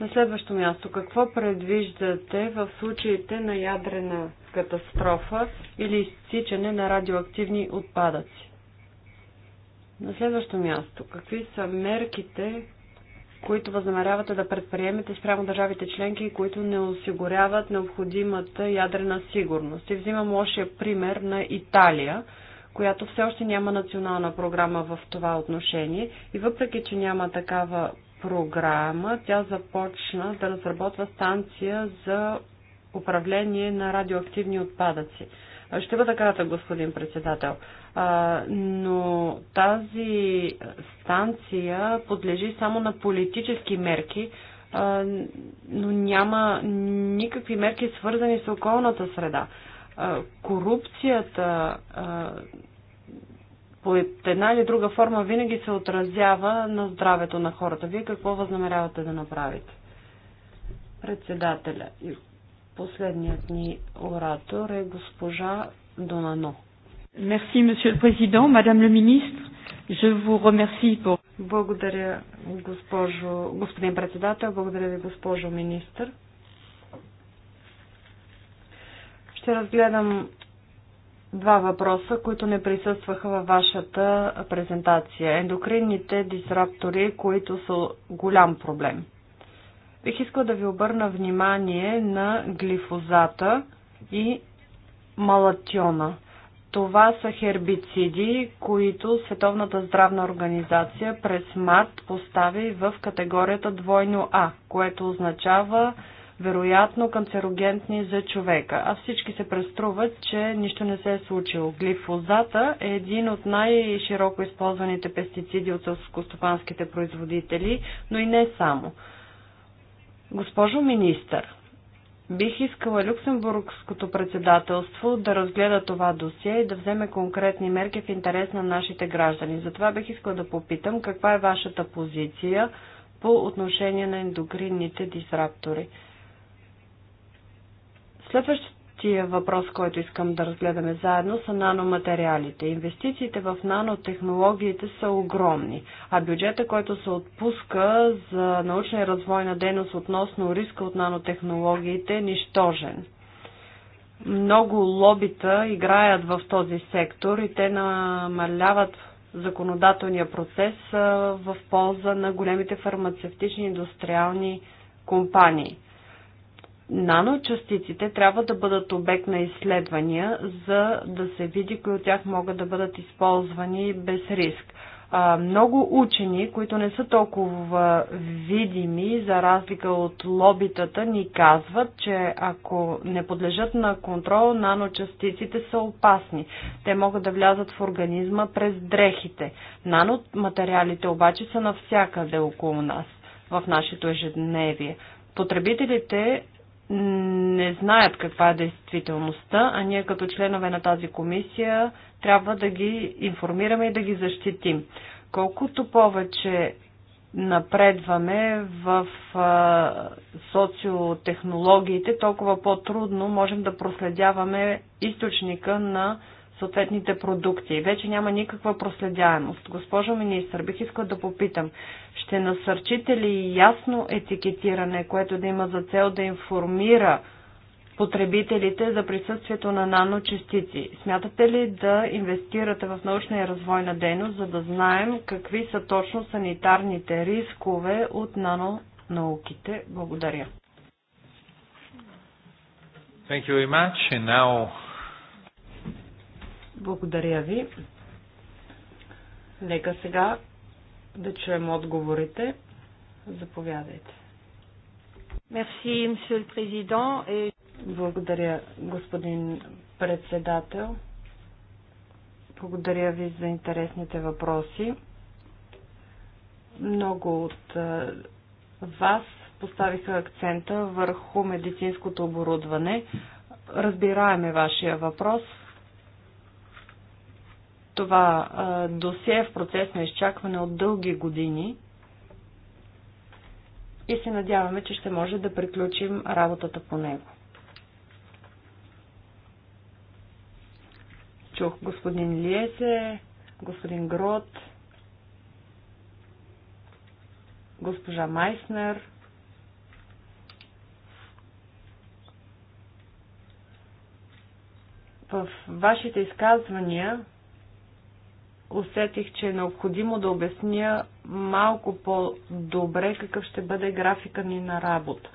B: На следващо място, какво предвиждате в случаите на ядрена катастрофа или изтичане на радиоактивни отпадъци? На следващо място, какви са мерките, които възнамерявате да предприемете спрямо държавите членки, които не осигуряват необходимата ядрена сигурност. И взимам лошия пример на Италия, която все още няма национална програма в това отношение и въпреки, че няма такава програма, тя започна да разработва станция за управление на радиоактивни отпадъци. Ще бъда кратък, господин председател но тази станция подлежи само на политически мерки, но няма никакви мерки свързани с околната среда. Корупцията по една или друга форма винаги се отразява на здравето на хората. Вие какво възнамерявате да направите? Председателя и последният ни оратор е госпожа Донано. Мерси, le президент, Madame le министр. Je vous remercie pour... Благодаря, госпожо, господин председател. Благодаря ви, госпожо министр. Ще разгледам два въпроса, които не присъстваха във вашата презентация. Ендокринните дисраптори, които са голям проблем. Бих искал да ви обърна внимание на глифозата и малатиона – това са хербициди, които Световната здравна организация през март постави в категорията двойно А, което означава вероятно канцерогентни за човека. А всички се преструват, че нищо не се е случило. Глифозата е един от най-широко използваните пестициди от селскостопанските производители, но и не само. Госпожо министър, Бих искала Люксембургското председателство да разгледа това досие и да вземе конкретни мерки в интерес на нашите граждани. Затова бих искала да попитам каква е вашата позиция по отношение на ендокринните дисраптори. Следващото Следващия въпрос, който искам да разгледаме заедно, са наноматериалите. Инвестициите в нанотехнологиите са огромни, а бюджета, който се отпуска за научна и развойна дейност относно риска от нанотехнологиите, е нищожен. Много лобита играят в този сектор и те намаляват законодателния процес в полза на големите фармацевтични индустриални компании. Наночастиците трябва да бъдат обект на изследвания, за да се види кои от тях могат да бъдат използвани без риск. Много учени, които не са толкова видими, за разлика от лобитата, ни казват, че ако не подлежат на контрол, наночастиците са опасни. Те могат да влязат в организма през дрехите. Наноматериалите обаче са навсякъде около нас, в нашето ежедневие. Потребителите не знаят каква е действителността, а ние като членове на тази комисия трябва да ги информираме и да ги защитим. Колкото повече напредваме в а, социотехнологиите, толкова по-трудно можем да проследяваме източника на съответните продукти. Вече няма никаква проследяемост. Госпожо министр, бих искал да попитам, ще насърчите ли ясно етикетиране, което да има за цел да информира потребителите за присъствието на наночастици. Смятате ли да инвестирате в научна и развойна дейност, за да знаем какви са точно санитарните рискове от нанонауките? Благодаря.
A: Thank you very much. And now
B: благодаря ви. Нека сега да чуем отговорите. Заповядайте. Мерси, мсье президент. Благодаря, господин председател. Благодаря ви за интересните въпроси. Много от вас поставиха акцента върху медицинското оборудване. Разбираеме вашия въпрос. Това досие в процес на изчакване от дълги години и се надяваме, че ще може да приключим работата по него. Чух господин Лиесе, господин Грот, госпожа Майснер. В вашите изказвания усетих, че е необходимо да обясня малко по-добре какъв ще бъде графика ни на работа.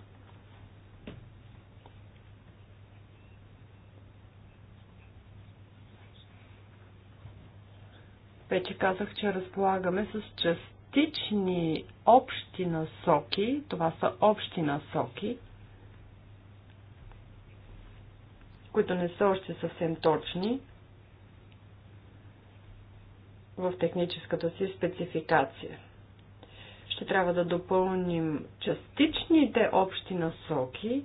B: Вече казах, че разполагаме с частични общи насоки. Това са общи насоки, които не са още съвсем точни в техническата си спецификация. Ще трябва да допълним частичните общи насоки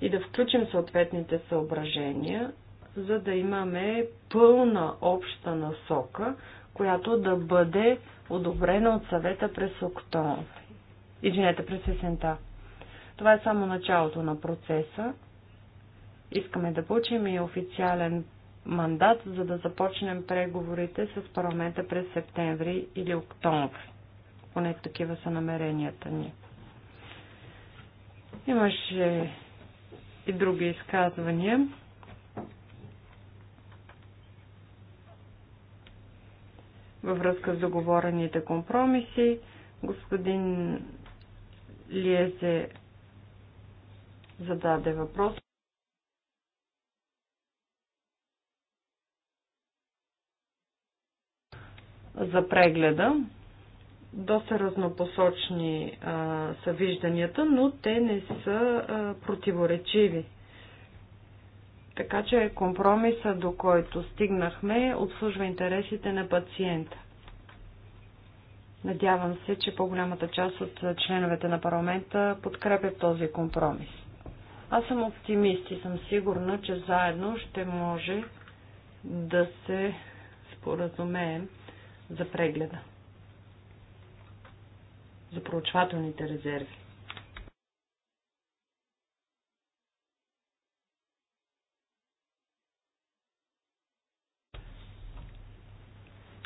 B: и да включим съответните съображения, за да имаме пълна обща насока, която да бъде одобрена от съвета през октомври. Извинете, през есента. Това е само началото на процеса. Искаме да получим и официален мандат, за да започнем преговорите с парламента през септември или октомври. Поне такива са намеренията ни. Имаше и други изказвания. Във връзка с договорените компромиси, господин Лиезе зададе въпрос. за прегледа. Доста разнопосочни а, са вижданията, но те не са а, противоречиви. Така че компромиса, до който стигнахме, обслужва интересите на пациента. Надявам се, че по-голямата част от членовете на парламента подкрепят този компромис. Аз съм оптимист и съм сигурна, че заедно ще може да се споразумеем за прегледа. За проучвателните резерви.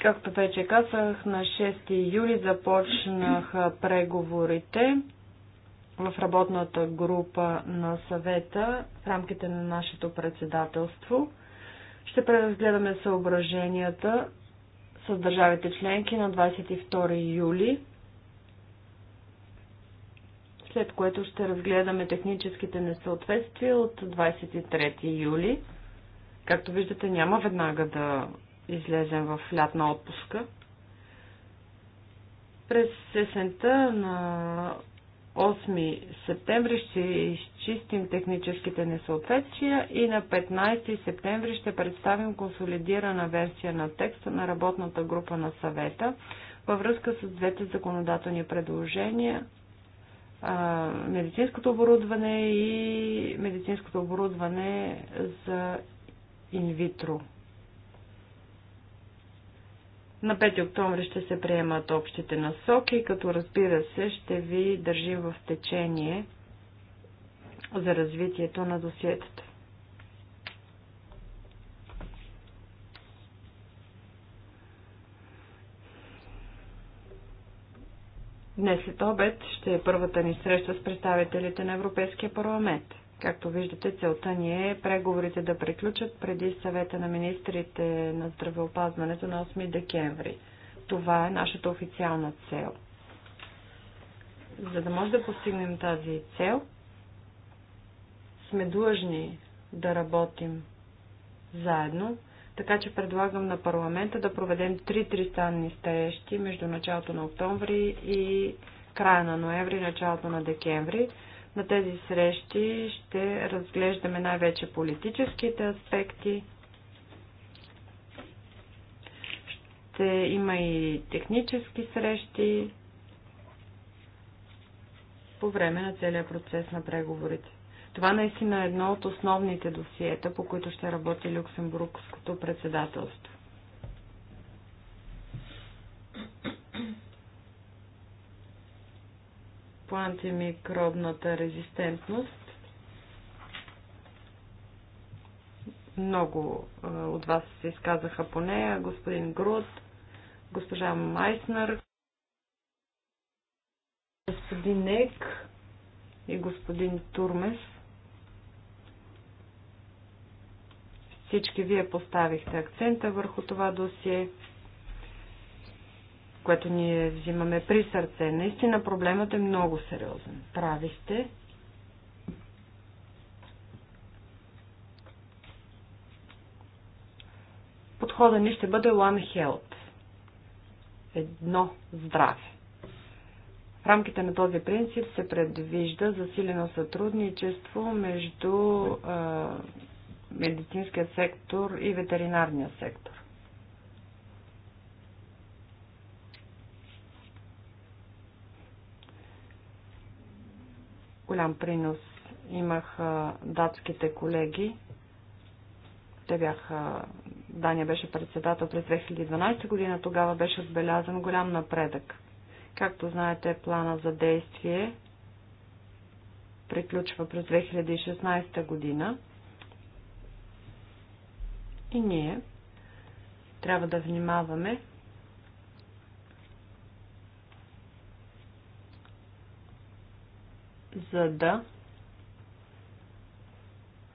B: Както вече казах, на 6 юли започнах преговорите в работната група на съвета в рамките на нашето председателство. Ще преразгледаме съображенията с държавите членки на 22 юли, след което ще разгледаме техническите несъответствия от 23 юли. Както виждате, няма веднага да излезем в лятна отпуска. През сесента на 8 септември ще изчистим техническите несъответствия и на 15 септември ще представим консолидирана версия на текста на работната група на съвета във връзка с двете законодателни предложения медицинското оборудване и медицинското оборудване за инвитро. На 5 октомври ще се приемат общите насоки, като разбира се ще ви държим в течение за развитието на досиетата. Днес след обед ще е първата ни среща с представителите на Европейския парламент – Както виждате, целта ни е преговорите да приключат преди съвета на министрите на здравеопазването на 8 декември. Това е нашата официална цел. За да може да постигнем тази цел, сме длъжни да работим заедно, така че предлагам на парламента да проведем три тристанни срещи между началото на октомври и края на ноември, началото на декември, на тези срещи ще разглеждаме най-вече политическите аспекти. Ще има и технически срещи по време на целия процес на преговорите. Това наистина е едно от основните досиета, по които ще работи Люксембургското председателство. антимикробната резистентност. Много от вас се изказаха по нея. Господин Груд, госпожа Майснер, господин Ек и господин Турмес. Всички вие поставихте акцента върху това досие което ние взимаме при сърце. Наистина проблемът е много сериозен. Прави сте. Подхода ни ще бъде One Health. Едно здраве. В рамките на този принцип се предвижда засилено сътрудничество между медицинския сектор и ветеринарния сектор. голям принос имах датските колеги. Те бяха, Дания беше председател през 2012 година, тогава беше отбелязан голям напредък. Както знаете, плана за действие приключва през 2016 година. И ние трябва да внимаваме за да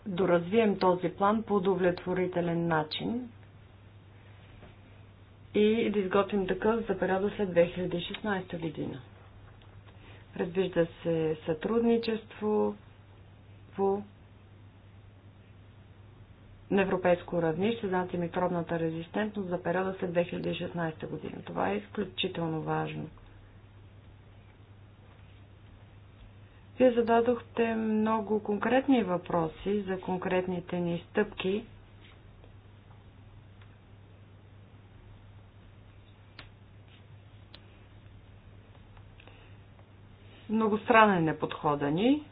B: доразвием този план по удовлетворителен начин и да изготвим такъв за периода след 2016 година. Предвижда се сътрудничество по на европейско равнище за антимикробната резистентност за периода след 2016 година. Това е изключително важно – Вие зададохте много конкретни въпроси за конкретните ни стъпки. Многостранен е подхода ни.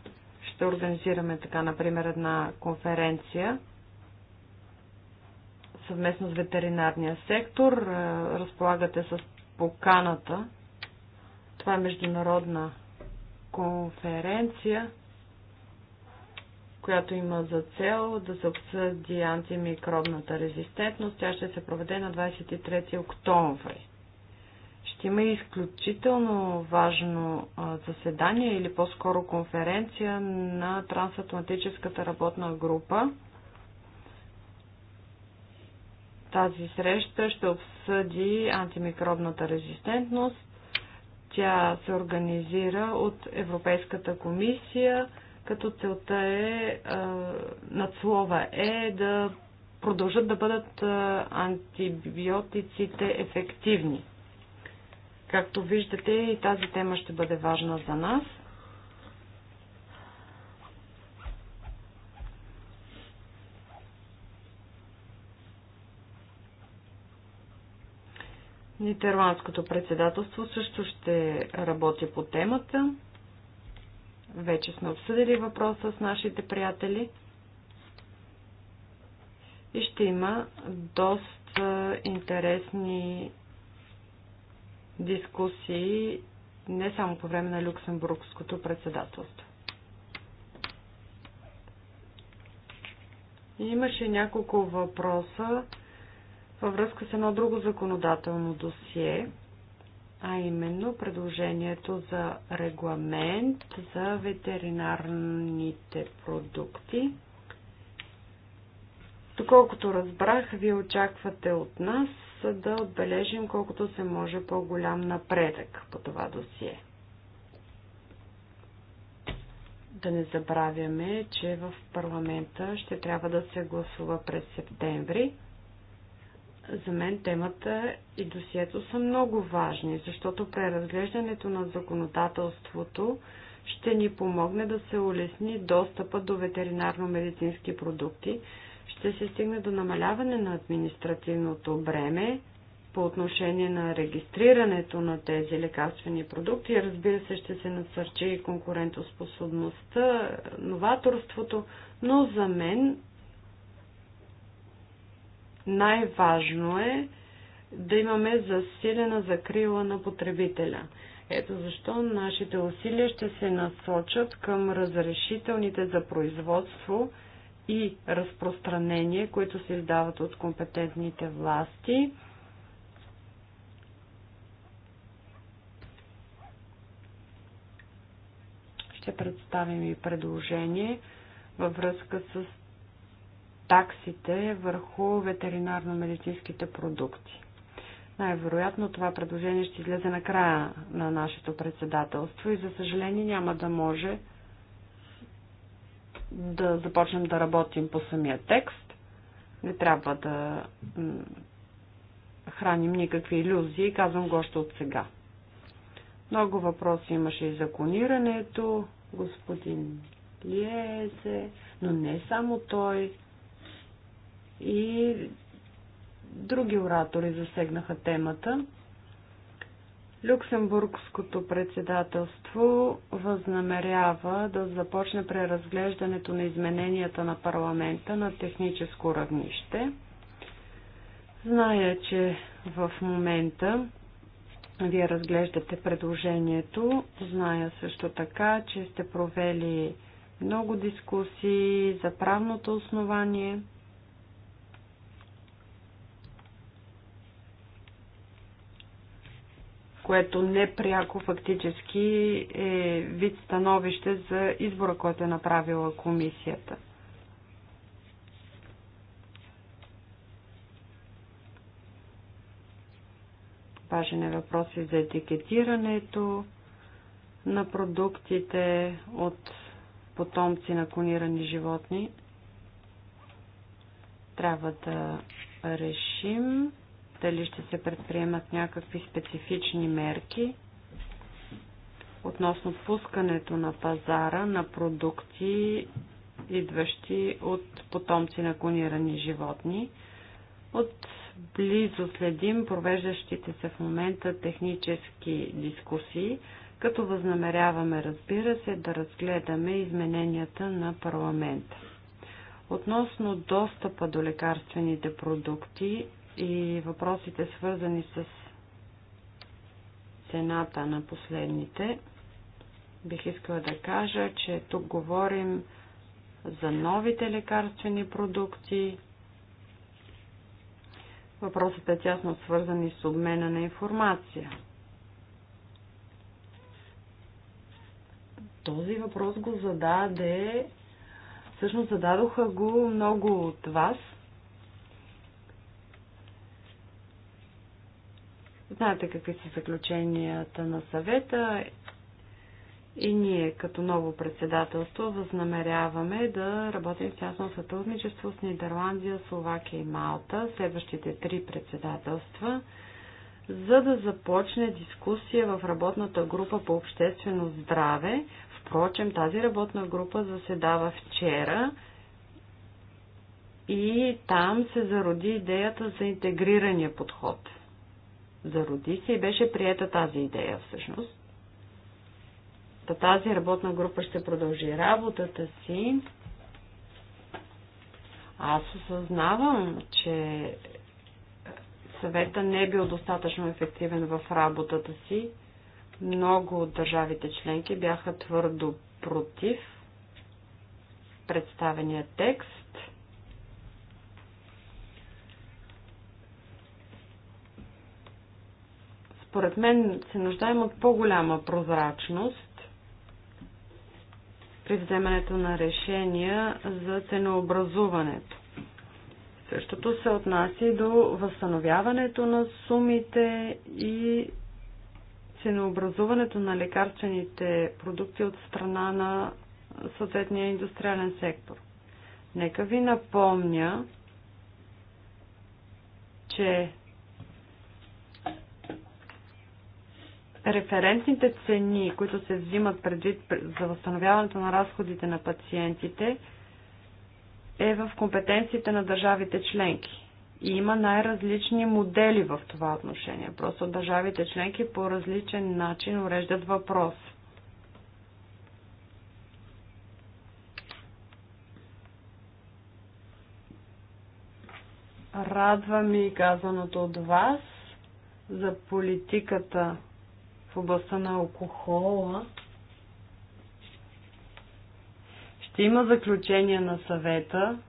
B: Ще организираме така, например, една конференция съвместно с ветеринарния сектор. Разполагате с поканата. Това е международна конференция, която има за цел да се обсъди антимикробната резистентност. Тя ще се проведе на 23 октомври. Ще има изключително важно заседание или по-скоро конференция на Трансатлантическата работна група. Тази среща ще обсъди антимикробната резистентност тя се организира от Европейската комисия, като целта е, надслова е да продължат да бъдат антибиотиците ефективни. Както виждате, и тази тема ще бъде важна за нас. Нидерландското председателство също ще работи по темата. Вече сме обсъдили въпроса с нашите приятели и ще има доста интересни дискусии не само по време на Люксембургското председателство. Имаше няколко въпроса във връзка с едно друго законодателно досие, а именно предложението за регламент за ветеринарните продукти. Доколкото разбрах, вие очаквате от нас да отбележим колкото се може по-голям напредък по това досие. Да не забравяме, че в парламента ще трябва да се гласува през септември. За мен темата и досието са много важни, защото преразглеждането на законодателството ще ни помогне да се улесни достъпа до ветеринарно-медицински продукти, ще се стигне до намаляване на административното бреме по отношение на регистрирането на тези лекарствени продукти. Разбира се, ще се насърчи и конкурентоспособността, новаторството, но за мен най-важно е да имаме засилена закрила на потребителя. Ето защо нашите усилия ще се насочат към разрешителните за производство и разпространение, които се издават от компетентните власти. Ще представим и предложение във връзка с таксите върху ветеринарно-медицинските продукти. Най-вероятно това предложение ще излезе на края на нашето председателство и за съжаление няма да може да започнем да работим по самия текст. Не трябва да храним никакви иллюзии, казвам го още от сега. Много въпроси имаше и за клонирането, господин Лиезе, но не само той и други оратори засегнаха темата. Люксембургското председателство възнамерява да започне преразглеждането на измененията на парламента на техническо равнище. Зная, че в момента вие разглеждате предложението. Зная също така, че сте провели много дискусии за правното основание – което непряко фактически е вид становище за избора, който е направила комисията. Важен е въпрос и за етикетирането на продуктите от потомци на клонирани животни. Трябва да решим дали ще се предприемат някакви специфични мерки относно пускането на пазара на продукти, идващи от потомци на клонирани животни. От близо следим провеждащите се в момента технически дискусии, като възнамеряваме, разбира се, да разгледаме измененията на парламента. Относно достъпа до лекарствените продукти, и въпросите свързани с цената на последните, бих искала да кажа, че тук говорим за новите лекарствени продукти. Въпросът е тясно свързан и с обмена на информация. Този въпрос го зададе, всъщност зададоха го много от вас – Знаете какви са заключенията на съвета и ние като ново председателство възнамеряваме да работим в тясно сътрудничество с Нидерландия, Словакия и Малта, следващите три председателства, за да започне дискусия в работната група по обществено здраве. Впрочем, тази работна група заседава вчера и там се зароди идеята за интегрирания подход – зароди се и беше приета тази идея всъщност. Та тази работна група ще продължи работата си. Аз осъзнавам, че съвета не е бил достатъчно ефективен в работата си. Много от държавите членки бяха твърдо против представения текст Според мен се нуждаем от по-голяма прозрачност при вземането на решения за ценообразуването. Същото се отнася и до възстановяването на сумите и ценообразуването на лекарствените продукти от страна на съответния индустриален сектор. Нека ви напомня, че референтните цени, които се взимат предвид за възстановяването на разходите на пациентите, е в компетенциите на държавите членки. И има най-различни модели в това отношение. Просто държавите членки по различен начин уреждат въпрос. Радва ми казаното от вас за политиката в областта на алкохола. Ще има заключение на съвета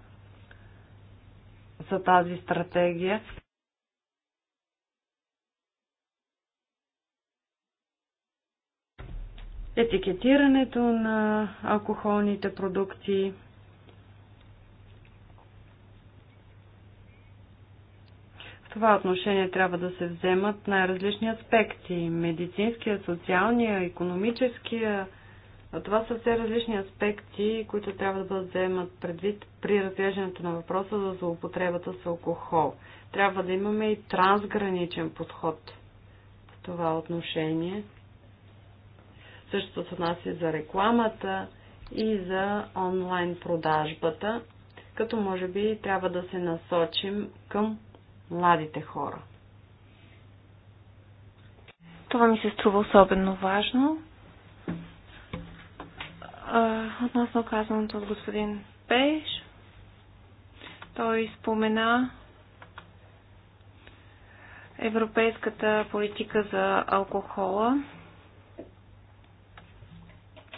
B: за тази стратегия. Етикетирането на алкохолните продукти това отношение трябва да се вземат най-различни аспекти. Медицинския, социалния, економическия. Това са все различни аспекти, които трябва да бъдат вземат предвид при разглеждането на въпроса за злоупотребата с алкохол. Трябва да имаме и трансграничен подход в това отношение. Същото се отнася за рекламата и за онлайн продажбата, като може би трябва да се насочим към младите хора. Това ми се струва особено важно. Относно казаното от господин Пеш, той спомена европейската политика за алкохола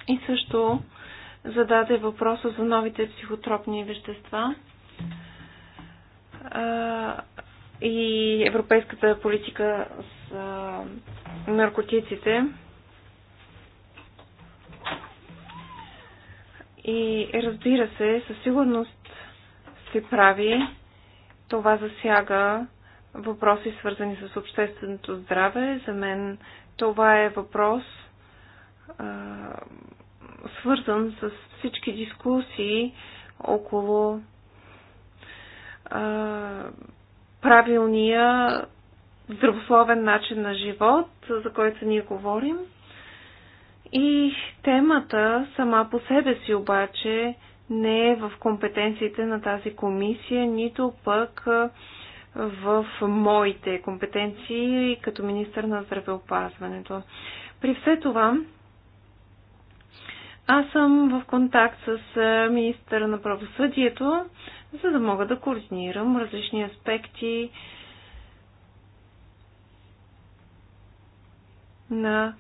B: и също зададе въпроса за новите психотропни вещества и европейската политика за наркотиците. И разбира се, със сигурност се прави. Това засяга въпроси, свързани с общественото здраве. За мен това е въпрос, а, свързан с всички дискусии около а, правилния здравословен начин на живот, за който ние говорим. И темата сама по себе си обаче не е в компетенциите на тази комисия, нито пък в моите компетенции като министър на здравеопазването. При все това, аз съм в контакт с министъра на правосъдието, за да мога да координирам различни аспекти на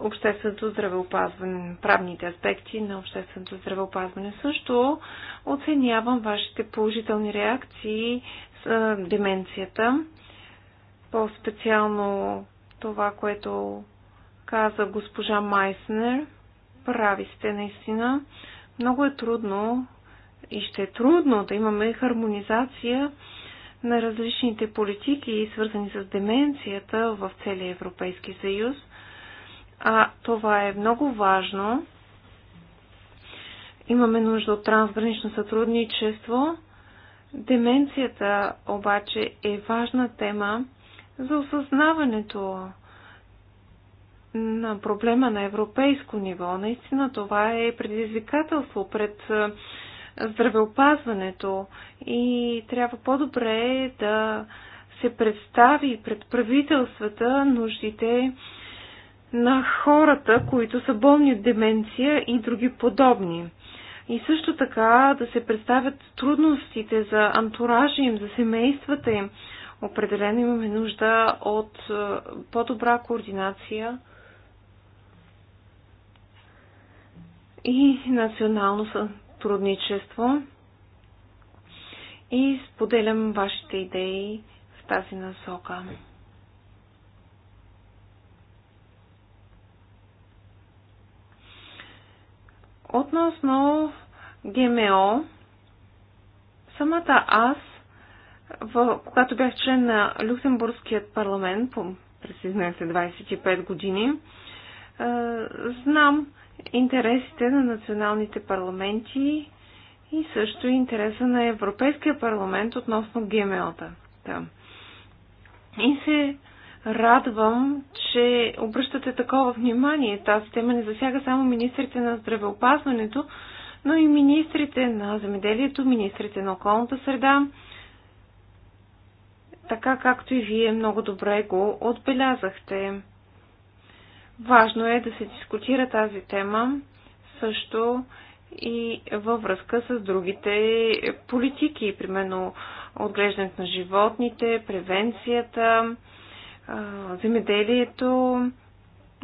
B: общественото здравеопазване, правните аспекти на общественото здравеопазване. Също оценявам вашите положителни реакции с деменцията, по-специално това, което каза госпожа Майснер. Прави сте наистина. Много е трудно и ще е трудно да имаме хармонизация на различните политики, свързани с деменцията в целия Европейски съюз. А това е много важно. Имаме нужда от трансгранично сътрудничество. Деменцията обаче е важна тема за осъзнаването на проблема на европейско ниво. Наистина това е предизвикателство пред здравеопазването и трябва по-добре да се представи пред правителствата нуждите на хората, които са болни от деменция и други подобни. И също така да се представят трудностите за антуража им, за семействата им. Определено имаме нужда от е, по-добра координация и национално сътрудничество и споделям вашите идеи в тази насока. Относно ГМО, самата аз, в, когато бях член на Люксембургският парламент през 25 години, знам интересите на националните парламенти и също интереса на Европейския парламент относно ГМО-та. Да. И се радвам, че обръщате такова внимание. Тази тема не засяга само министрите на здравеопазването, но и министрите на земеделието, министрите на околната среда, така както и вие много добре го отбелязахте. Важно е да се дискутира тази тема също и във връзка с другите политики, примерно отглеждането на животните, превенцията, земеделието.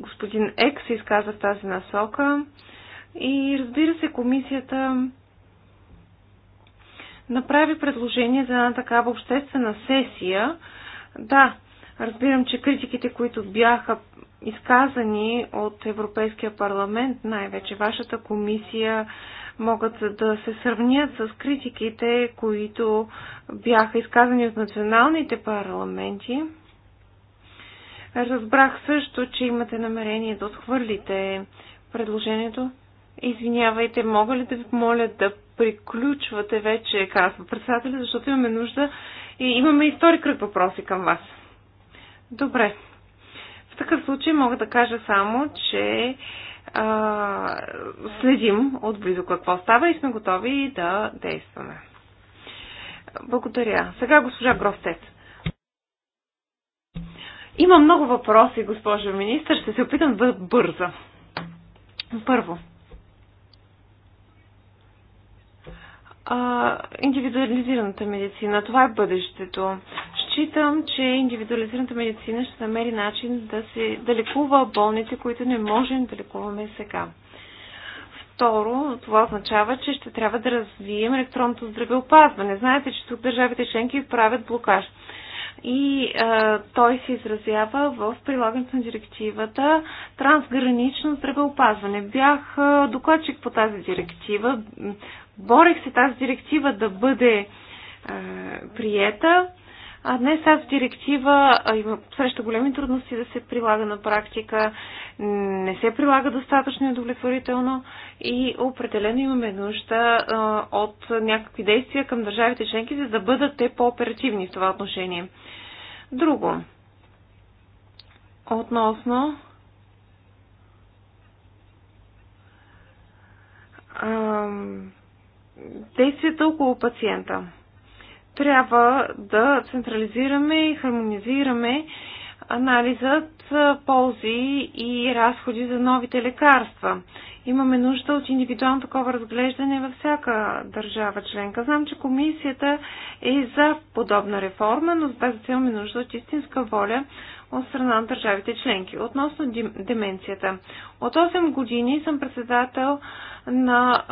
B: Господин Ек се изказа в тази насока. И разбира се, комисията направи предложение за една такава обществена сесия. Да, Разбирам, че критиките, които бяха изказани от Европейския парламент, най-вече вашата комисия, могат да се сравнят с критиките, които бяха изказани от националните парламенти. Разбрах също, че имате намерение да отхвърлите предложението. Извинявайте, мога ли да ви моля да приключвате вече, казва председателя, защото имаме нужда и имаме и втори кръг въпроси към вас. Добре. В такъв случай мога да кажа само, че а, следим отблизо какво става и сме готови да действаме. Благодаря. Сега госпожа Гростет. Има много въпроси, госпожо министър. Ще се опитам да бърза. Първо. А, индивидуализираната медицина. Това е бъдещето. Считам, че индивидуализираната медицина ще намери начин да, се, да лекува болните, които не можем да лекуваме сега. Второ, това означава, че ще трябва да развием електронното здравеопазване. Знаете, че тук държавите членки правят блокаж. И а, той се изразява в прилагането на директивата трансгранично здравеопазване. Бях а, докладчик по тази директива. Борех се тази директива да бъде а, приета. А днес тази директива има среща големи трудности да се прилага на практика, не се прилага достатъчно и удовлетворително и определено имаме нужда от някакви действия към държавите членки, за да бъдат те по-оперативни в това отношение. Друго. Относно действията около пациента трябва да централизираме и хармонизираме анализът ползи и разходи за новите лекарства. Имаме нужда от индивидуално такова разглеждане във всяка държава членка. Знам, че комисията е за подобна реформа, но за тази цел имаме нужда от истинска воля от страна на държавите членки. Относно деменцията. От 8 години съм председател на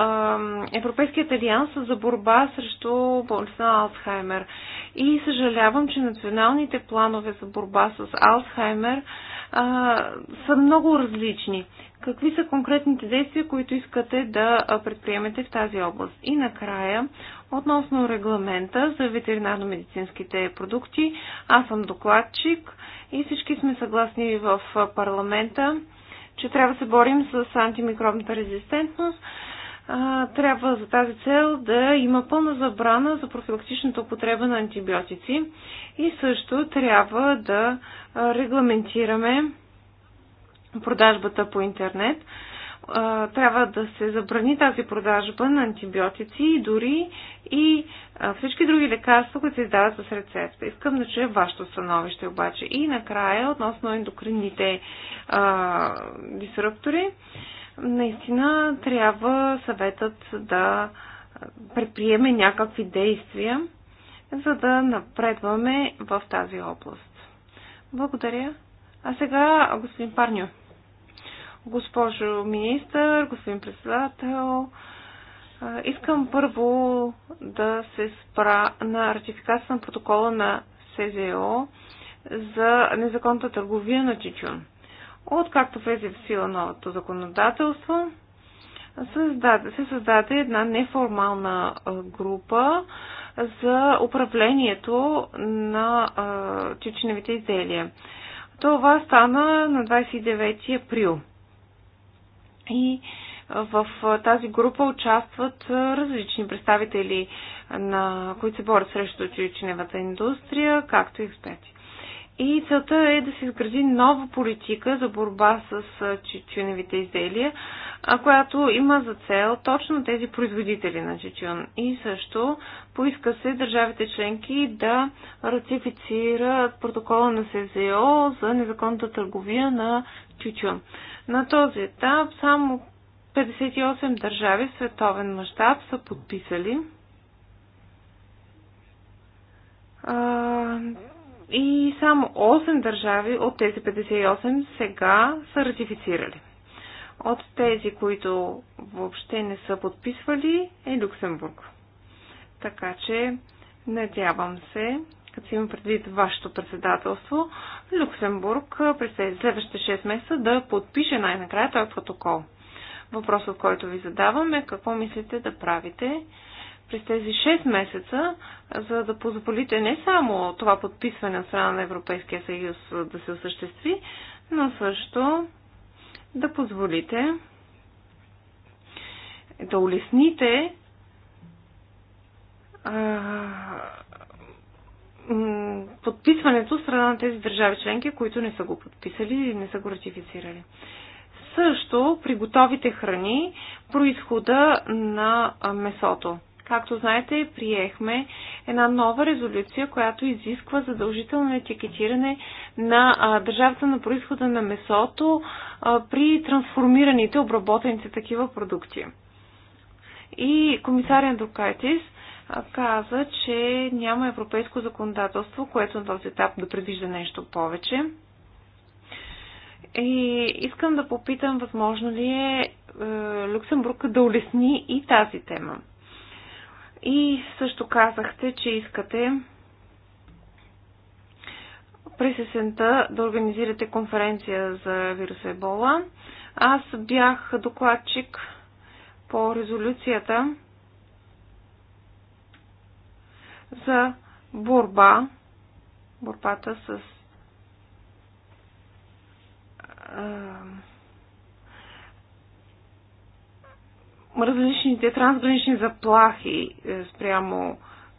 B: Европейският алианс за борба срещу болестта на Алцхаймер. И съжалявам, че националните планове за борба с Алцхаймер а, са много различни. Какви са конкретните действия, които искате да предприемете в тази област? И накрая, относно регламента за ветеринарно-медицинските продукти, аз съм докладчик и всички сме съгласни в парламента, че трябва да се борим с антимикробната резистентност. Трябва за тази цел да има пълна забрана за профилактичната употреба на антибиотици и също трябва да регламентираме продажбата по интернет а, трябва да се забрани тази продажба на антибиотици и дори и а, всички други лекарства, които се издават с рецепта. Искам да чуя вашето становище обаче. И накрая, относно ендокринните а, дисруптори, наистина трябва съветът да предприеме някакви действия, за да напредваме в тази област. Благодаря. А сега господин Парню, Госпожо министър, господин председател, искам първо да се спра на ратификация на протокола на СЗО за незаконната търговия на тичун. Откакто влезе в сила новото законодателство, създаде, се създаде една неформална група за управлението на тичневите изделия. Това стана на 29 април. И в тази група участват различни представители, на, които се борят срещу тютюневата индустрия, както и експерти. И целта е да се изгради нова политика за борба с тютюневите изделия, която има за цел точно тези производители на тютюн. И също поиска се държавите членки да ратифицират протокола на СЗО за незаконната търговия на тютюн. На този етап само 58 държави в световен мащаб са подписали и само 8 държави от тези 58 сега са ратифицирали. От тези, които въобще не са подписвали, е Люксембург. Така че надявам се, като имам предвид вашето председателство, Люксембург през следващите 6 месеца да подпише най-накрая този протокол. Въпросът, който ви задавам е какво мислите да правите през тези 6 месеца, за да позволите не само това подписване от страна на Европейския съюз да се осъществи, но също да позволите да улесните а, подписването страна на тези държави членки, които не са го подписали или не са го ратифицирали. Също при готовите храни происхода на месото. Както знаете, приехме една нова резолюция, която изисква задължително етикетиране на държавата на происхода на месото при трансформираните, обработените такива продукти. И комисария Докайтис каза, че няма европейско законодателство, което на този етап да предвижда нещо повече. И искам да попитам, възможно ли е, е, Люксембург да улесни и тази тема. И също казахте, че искате през есента да организирате конференция за вируса Ебола. Аз бях докладчик по резолюцията за борба, борбата с различните трансгранични заплахи е, спрямо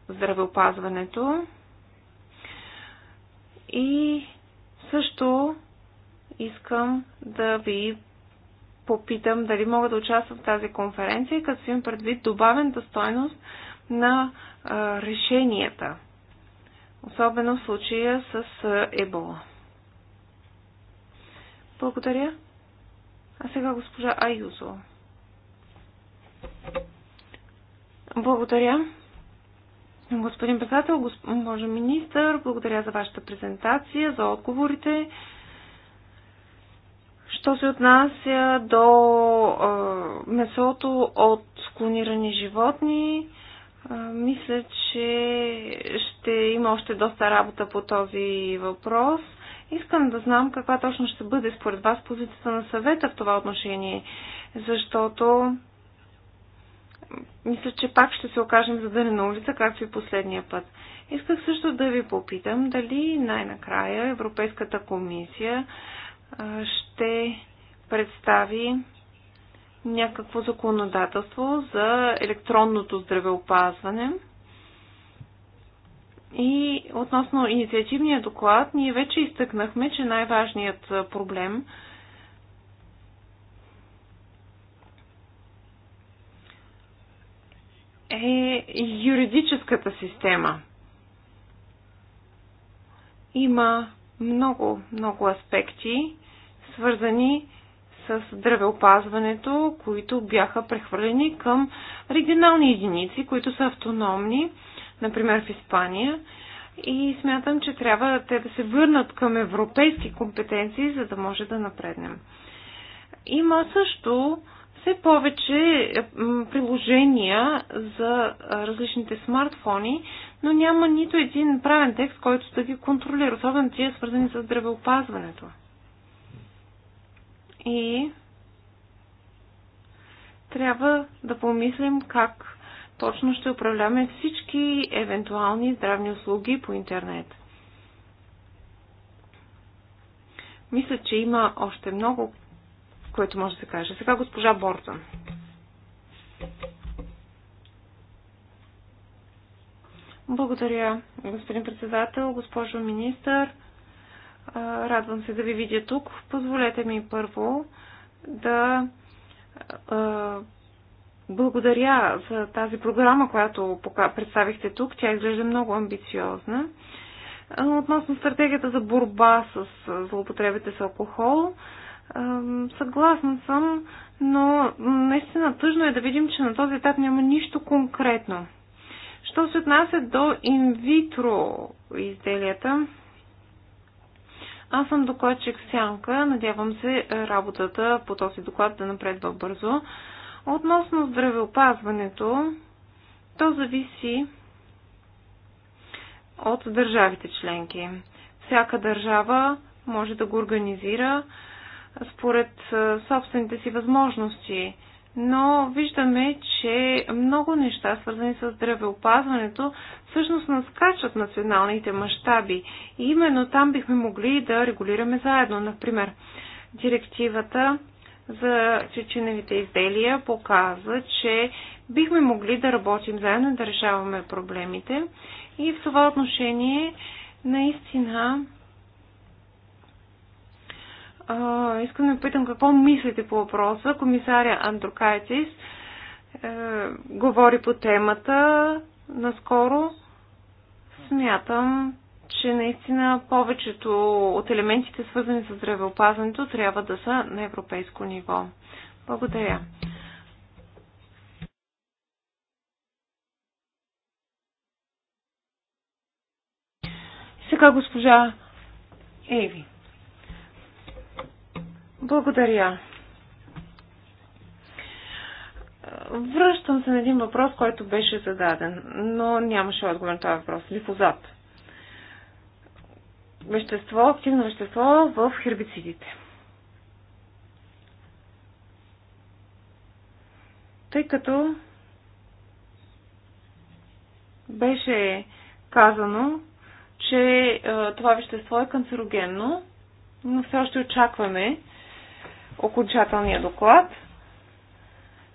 B: здравеопазването и също искам да ви попитам дали мога да участвам в тази конференция, като си им предвид добавената стойност на решенията, особено в случая с Ебола. Благодаря. А сега госпожа Аюзо. Благодаря. Господин председател, госпожа министър, благодаря за вашата презентация, за отговорите. Що се отнася до месото от клонирани животни, мисля, че ще има още доста работа по този въпрос. Искам да знам каква точно ще бъде според вас позицията на съвета в това отношение, защото мисля, че пак ще се окажем задъни на улица, както и последния път. Исках също да ви попитам дали най-накрая Европейската комисия ще представи някакво законодателство за електронното здравеопазване. И относно инициативния доклад, ние вече изтъкнахме, че най-важният проблем е юридическата система. Има много, много аспекти, свързани с с здравеопазването, които бяха прехвърлени към регионални единици, които са автономни, например в Испания. И смятам, че трябва те да се върнат към европейски компетенции, за да може да напреднем. Има също все повече приложения за различните смартфони, но няма нито един правен текст, който да ги контролира, особено тия свързани с здравеопазването и трябва да помислим как точно ще управляваме всички евентуални здравни услуги по интернет. Мисля, че има още много, което може да се каже. Сега госпожа Бортън. Благодаря, господин председател, госпожо министър. Радвам се да ви видя тук. Позволете ми първо да благодаря за тази програма, която представихте тук. Тя изглежда много амбициозна. Относно стратегията за борба с злоупотребите с алкохол, съгласна съм, но наистина тъжно е да видим, че на този етап няма нищо конкретно. Що се отнася до инвитро изделията, аз съм докладчик Сянка. Надявам се е, работата по този доклад да напредва бързо. Относно здравеопазването, то зависи от държавите членки. Всяка държава може да го организира според е, собствените си възможности но виждаме, че много неща, свързани с здравеопазването, всъщност наскачат националните мащаби. И именно там бихме могли да регулираме заедно. Например, директивата за чечиневите изделия показа, че бихме могли да работим заедно и да решаваме проблемите. И в това отношение наистина искам да питам какво мислите по въпроса. Комисаря Андрокайтис е, говори по темата наскоро. Смятам, че наистина повечето от елементите, свързани с здравеопазването, трябва да са на европейско ниво. Благодаря. Сега госпожа Еви. Благодаря. Връщам се на един въпрос, който беше зададен, но нямаше отговор на този въпрос. Лифозат. Вещество, активно вещество в хербицидите. Тъй като беше казано, че е, това вещество е канцерогенно, но все още очакваме окончателния доклад,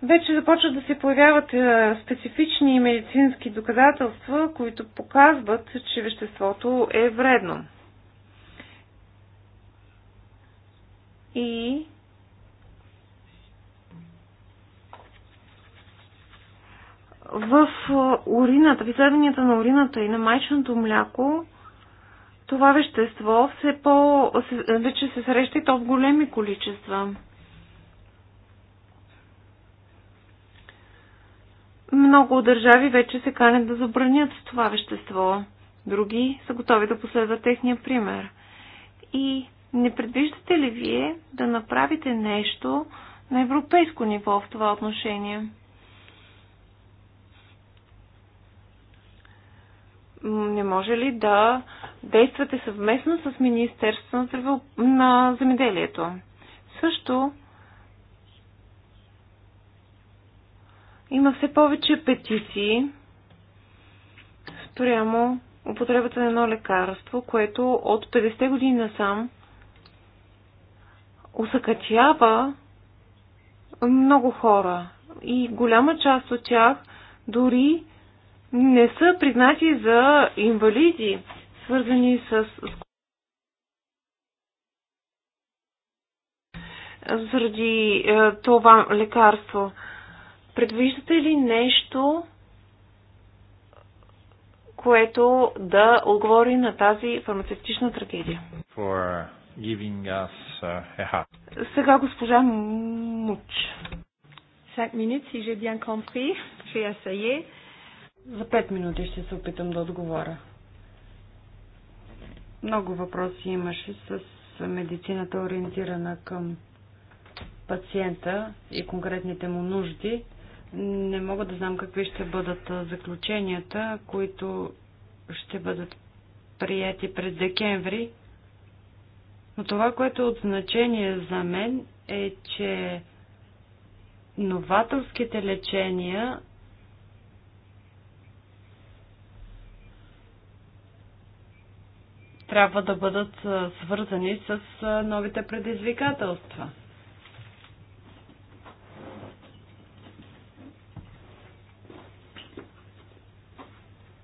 B: вече започват да се появяват е, специфични медицински доказателства, които показват, че веществото е вредно. И в е, урината, в изследванията на урината и на майчното мляко това вещество все по, вече се среща и то в големи количества. Много държави вече се канят да забранят това вещество. Други са готови да последват техния пример. И не предвиждате ли вие да направите нещо на европейско ниво в това отношение? не може ли да действате съвместно с Министерството на, здраве... на земеделието? Също има все повече петиции спрямо употребата на едно лекарство, което от 50 години насам усъкътява много хора. И голяма част от тях дори не са признати за инвалиди, свързани с заради е, това лекарство. Предвиждате ли нещо, което да отговори на тази фармацевтична трагедия?
A: For uh, giving us uh, a heart.
B: Сега госпожа Муч. 5 минути, si j'ai bien compris, j'ai essayé. За 5 минути ще се опитам да отговоря. Много въпроси имаше с медицината ориентирана към пациента и конкретните му нужди. Не мога да знам какви ще бъдат заключенията, които ще бъдат прияти през декември. Но това, което е от значение за мен е, че новаторските лечения трябва да бъдат свързани с новите предизвикателства.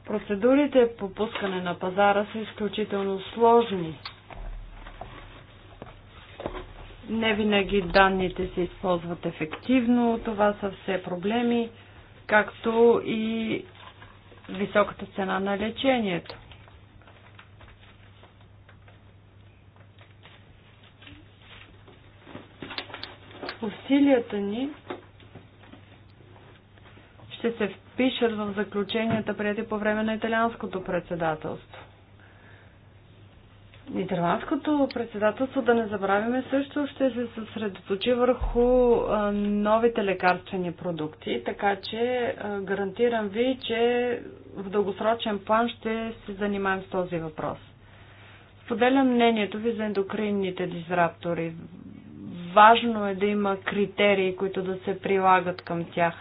B: Процедурите по пускане на пазара са изключително сложни. Не винаги данните се използват ефективно, това са все проблеми, както и високата цена на лечението. Усилията ни ще се впишат в заключенията, прияти по време на италианското председателство. Нидерландското председателство, да не забравяме, също ще се съсредоточи върху новите лекарствени продукти, така че гарантирам ви, че в дългосрочен план ще се занимаем с този въпрос. Споделям мнението ви за ендокринните дизраптори. Важно е да има критерии, които да се прилагат към тях.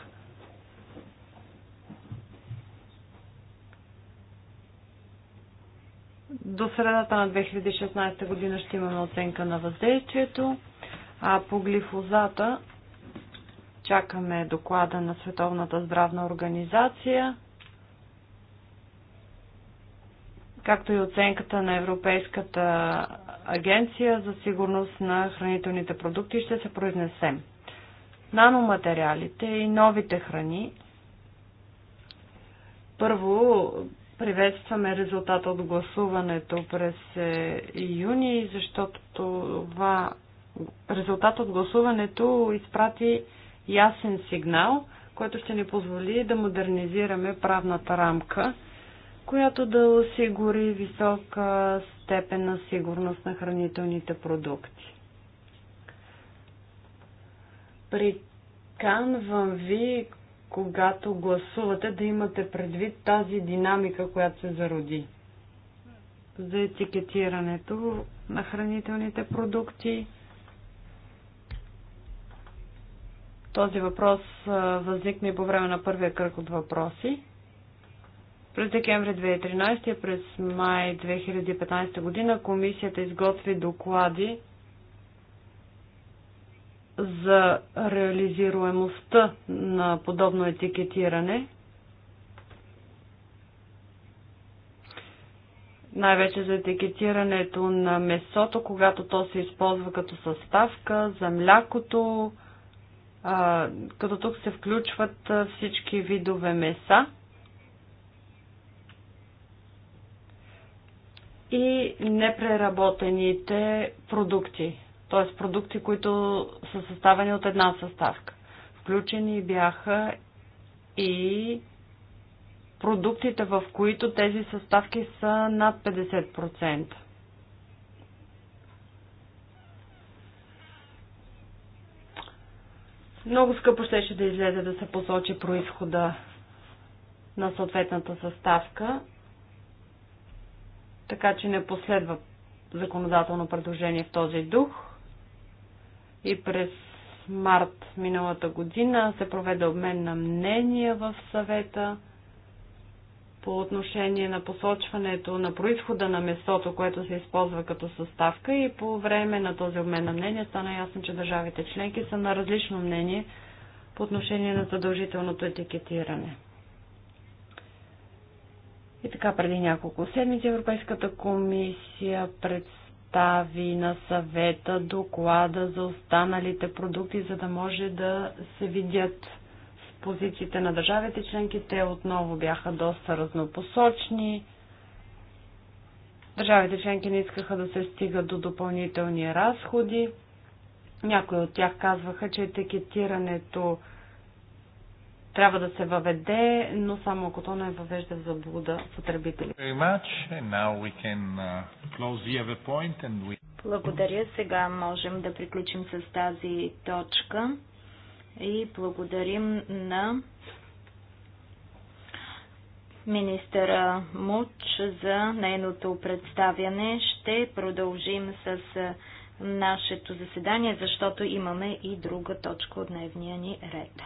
B: До средата на 2016 година ще имаме оценка на въздействието, а по глифозата чакаме доклада на Световната здравна организация. както и оценката на Европейската агенция за сигурност на хранителните продукти ще се произнесем. Наноматериалите и новите храни. Първо, приветстваме резултата от гласуването през е, юни, защото това резултат от гласуването изпрати ясен сигнал, който ще ни позволи да модернизираме правната рамка – която да осигури висока степен на сигурност на хранителните продукти. Приканвам ви, когато гласувате, да имате предвид тази динамика, която се зароди за етикетирането на хранителните продукти. Този въпрос възникна и по време на първия кръг от въпроси. През декември 2013 и през май 2015 година комисията изготви доклади за реализируемостта на подобно етикетиране. Най-вече за етикетирането на месото, когато то се използва като съставка, за млякото, като тук се включват всички видове меса. и непреработените продукти, т.е. продукти, които са съставени от една съставка. Включени бяха и продуктите, в които тези съставки са над 50%. Много скъпо щеше да излезе да се посочи происхода на съответната съставка, така че не последва законодателно предложение в този дух. И през март миналата година се проведе обмен на мнения в съвета по отношение на посочването на происхода на месото, което се използва като съставка и по време на този обмен на мнения стана ясно, че държавите членки са на различно мнение по отношение на задължителното етикетиране. И така, преди няколко седмици Европейската комисия представи на съвета доклада за останалите продукти, за да може да се видят с позициите на държавите членки. Те отново бяха доста разнопосочни. Държавите членки не искаха да се стигат до допълнителни разходи. Някои от тях казваха, че етикетирането трябва да се въведе, но само ако то не е въвежда в заблуда потребители.
A: Uh,
C: Благодаря. Сега можем да приключим с тази точка и благодарим на министъра Муч за нейното представяне. Ще продължим с нашето заседание, защото имаме и друга точка от дневния ни ред.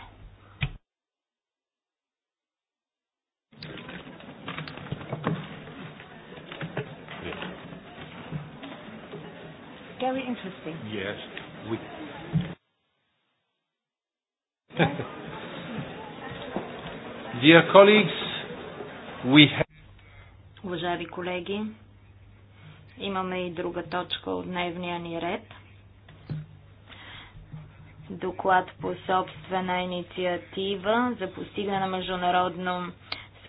B: very interesting.
A: Yes. We Dear colleagues, we have...
C: Уважаеми колеги, имаме и друга точка от дневния ни ред. Доклад по собствена инициатива за постигане на международно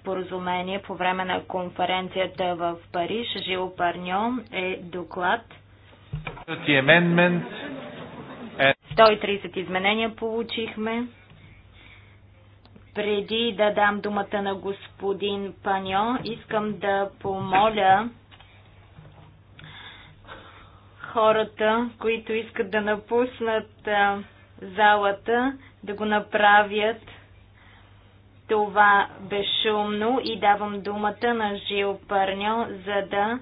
C: споразумение по време на конференцията в Париж. Жил Парньо е доклад 130 изменения получихме. Преди да дам думата на господин Паньо, искам да помоля хората, които искат да напуснат залата, да го направят това безшумно и давам думата на Жил Пърньо, за да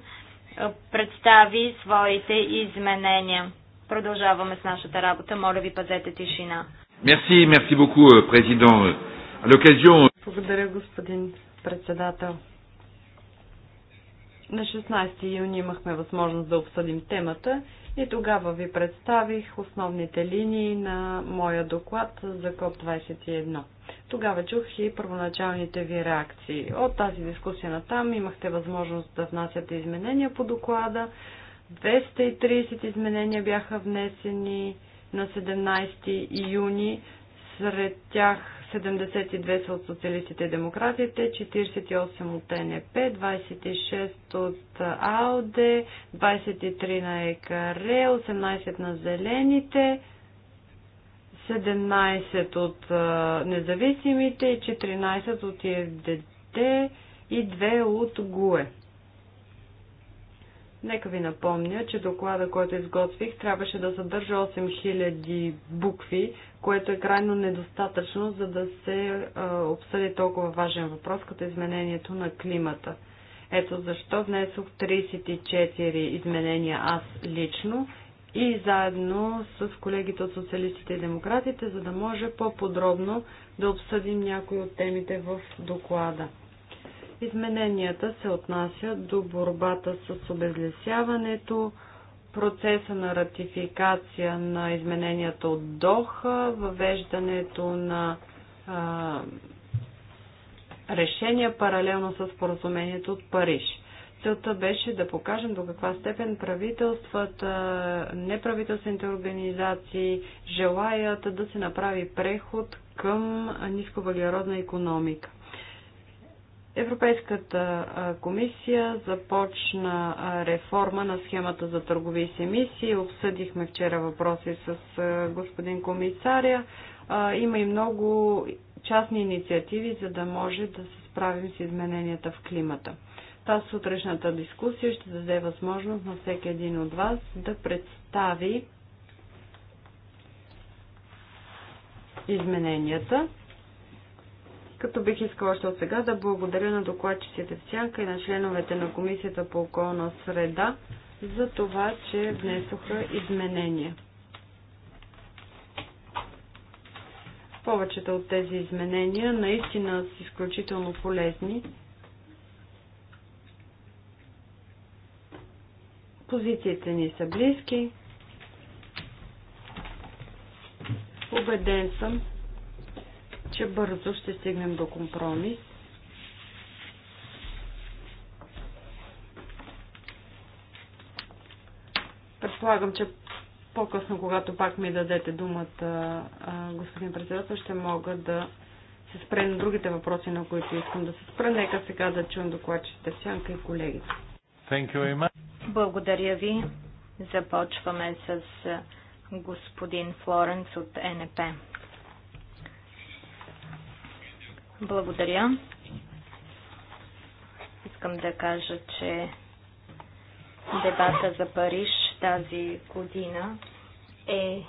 C: представи своите изменения. Продължаваме с нашата работа. Моля ви, пазете тишина.
A: Мерси, мерси beaucoup, президент. Euh,
C: Благодаря, господин председател. На
B: 16 юни имахме възможност да обсъдим темата и тогава ви представих основните линии на моя доклад за КОП-21. Тогава чух и първоначалните ви реакции. От тази дискусия на там имахте възможност да внасяте изменения по доклада. 230 изменения бяха внесени на 17 юни. Сред тях 72 са от социалистите и демократите, 48 от ТНП, 26 от АОД, 23 на ЕКР, 18 на Зелените, 17 от независимите и 14 от ЕДД и 2 от ГУЕ. Нека ви напомня, че доклада, който изготвих, трябваше да съдържа 8000 букви, което е крайно недостатъчно, за да се а, обсъди толкова важен въпрос, като изменението на климата. Ето защо внесох 34 изменения аз лично и заедно с колегите от социалистите и демократите, за да може по-подробно да обсъдим някои от темите в доклада. Измененията се отнасят до борбата с обезлесяването, процеса на ратификация на измененията от Доха, въвеждането на а, решения паралелно с поразумението от Париж. Целта беше да покажем до каква степен правителствата, неправителствените организации желаят да се направи преход към нисковъглеродна економика. Европейската комисия започна реформа на схемата за търгови с емисии. Обсъдихме вчера въпроси с господин комисаря. Има и много частни инициативи, за да може да се справим с измененията в климата. Та сутрешната дискусия ще даде възможност на всеки един от вас да представи измененията. Като бих искала още от сега да благодаря на докладчиците в Сянка и на членовете на Комисията по околна среда за това, че внесоха изменения. Повечето от тези изменения наистина са изключително полезни Позициите ни са близки. Убеден съм, че бързо ще стигнем до компромис. Предполагам, че по-късно, когато пак ми дадете думата, господин председател, ще мога да се спре на другите
C: въпроси, на които искам да се спра. Нека сега да чуем докладчите Сянка и колегите. Благодаря ви. Започваме с господин Флоренс от НП. Благодаря. Искам да кажа, че дебата за Париж тази година е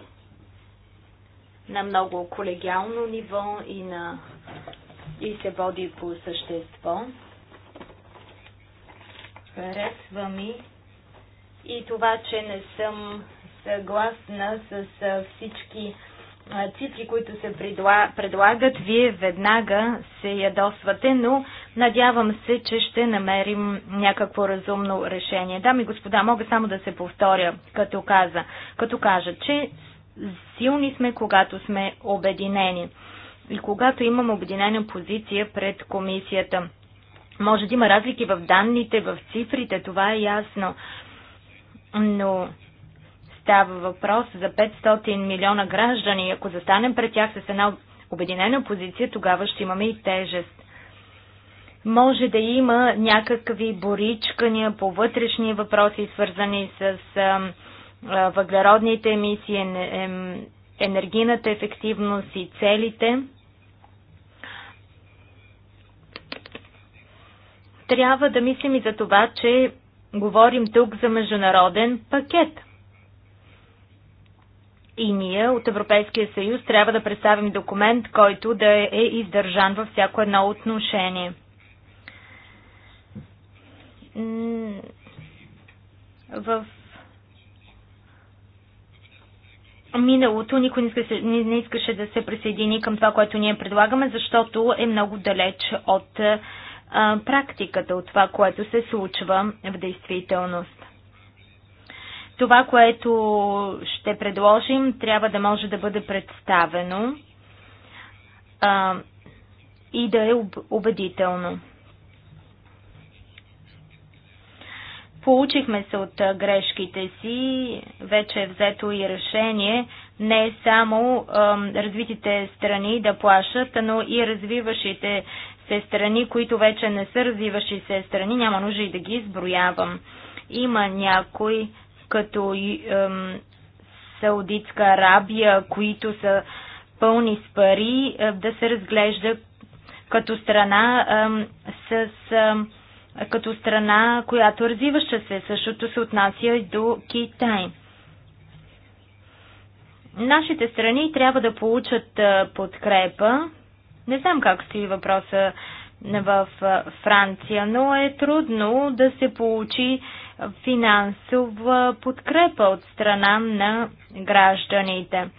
C: на много колегиално ниво и, на, и се води по същество. Харесва ми и това, че не съм съгласна с всички цифри, които се предлагат, вие веднага се ядосвате, но надявам се, че ще намерим някакво разумно решение. Дами и господа, мога само да се повторя, като, каза, като кажа, че силни сме, когато сме обединени и когато имам обединена позиция пред комисията. Може да има разлики в данните, в цифрите, това е ясно, но става въпрос за 500 милиона граждани. Ако застанем пред тях с една обединена позиция, тогава ще имаме и тежест. Може да има някакви боричкания по вътрешни въпроси, свързани с въглеродните емисии, енергийната ефективност и целите. Трябва да мислим и за това, че Говорим тук за международен пакет. И ние от Европейския съюз трябва да представим документ, който да е издържан във всяко едно отношение. В миналото никой не искаше, не искаше да се присъедини към това, което ние предлагаме, защото е много далеч от е, практиката, от това, което се случва в действителност. Това, което ще предложим, трябва да може да бъде представено а, и да е убедително. Получихме се от грешките си, вече е взето и решение не само а, развитите страни да плашат, но и развиващите развиващите страни, които вече не са развиващи се страни, няма нужда и да ги изброявам. Има някои, като ем, Саудитска Арабия, които са пълни с пари, е, да се разглежда като страна ем, с. Ем, като страна, която развиваща се. Същото се отнася и до Китай. Нашите страни трябва да получат е, подкрепа не знам как стои въпроса в Франция, но е трудно да се получи финансова подкрепа от страна на гражданите.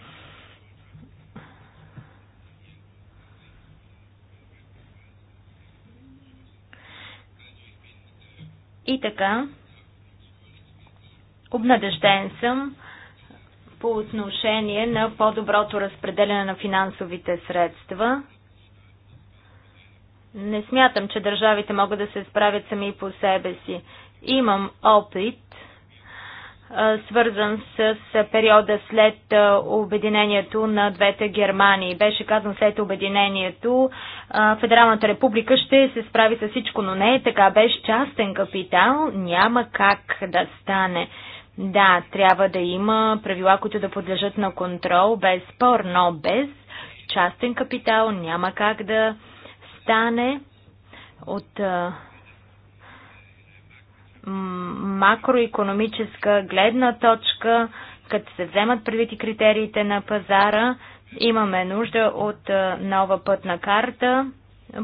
C: И така, обнадежден съм по отношение на по-доброто разпределяне на финансовите средства. Не смятам, че държавите могат да се справят сами по себе си. Имам опит, свързан с периода след обединението на двете Германии. Беше казано след обединението, Федералната република ще се справи с всичко, но не е така. Без частен капитал няма как да стане. Да, трябва да има правила, които да подлежат на контрол, без спор, но без частен капитал няма как да стане от макроекономическа гледна точка, като се вземат предвид и критериите на пазара, имаме нужда от нова пътна карта,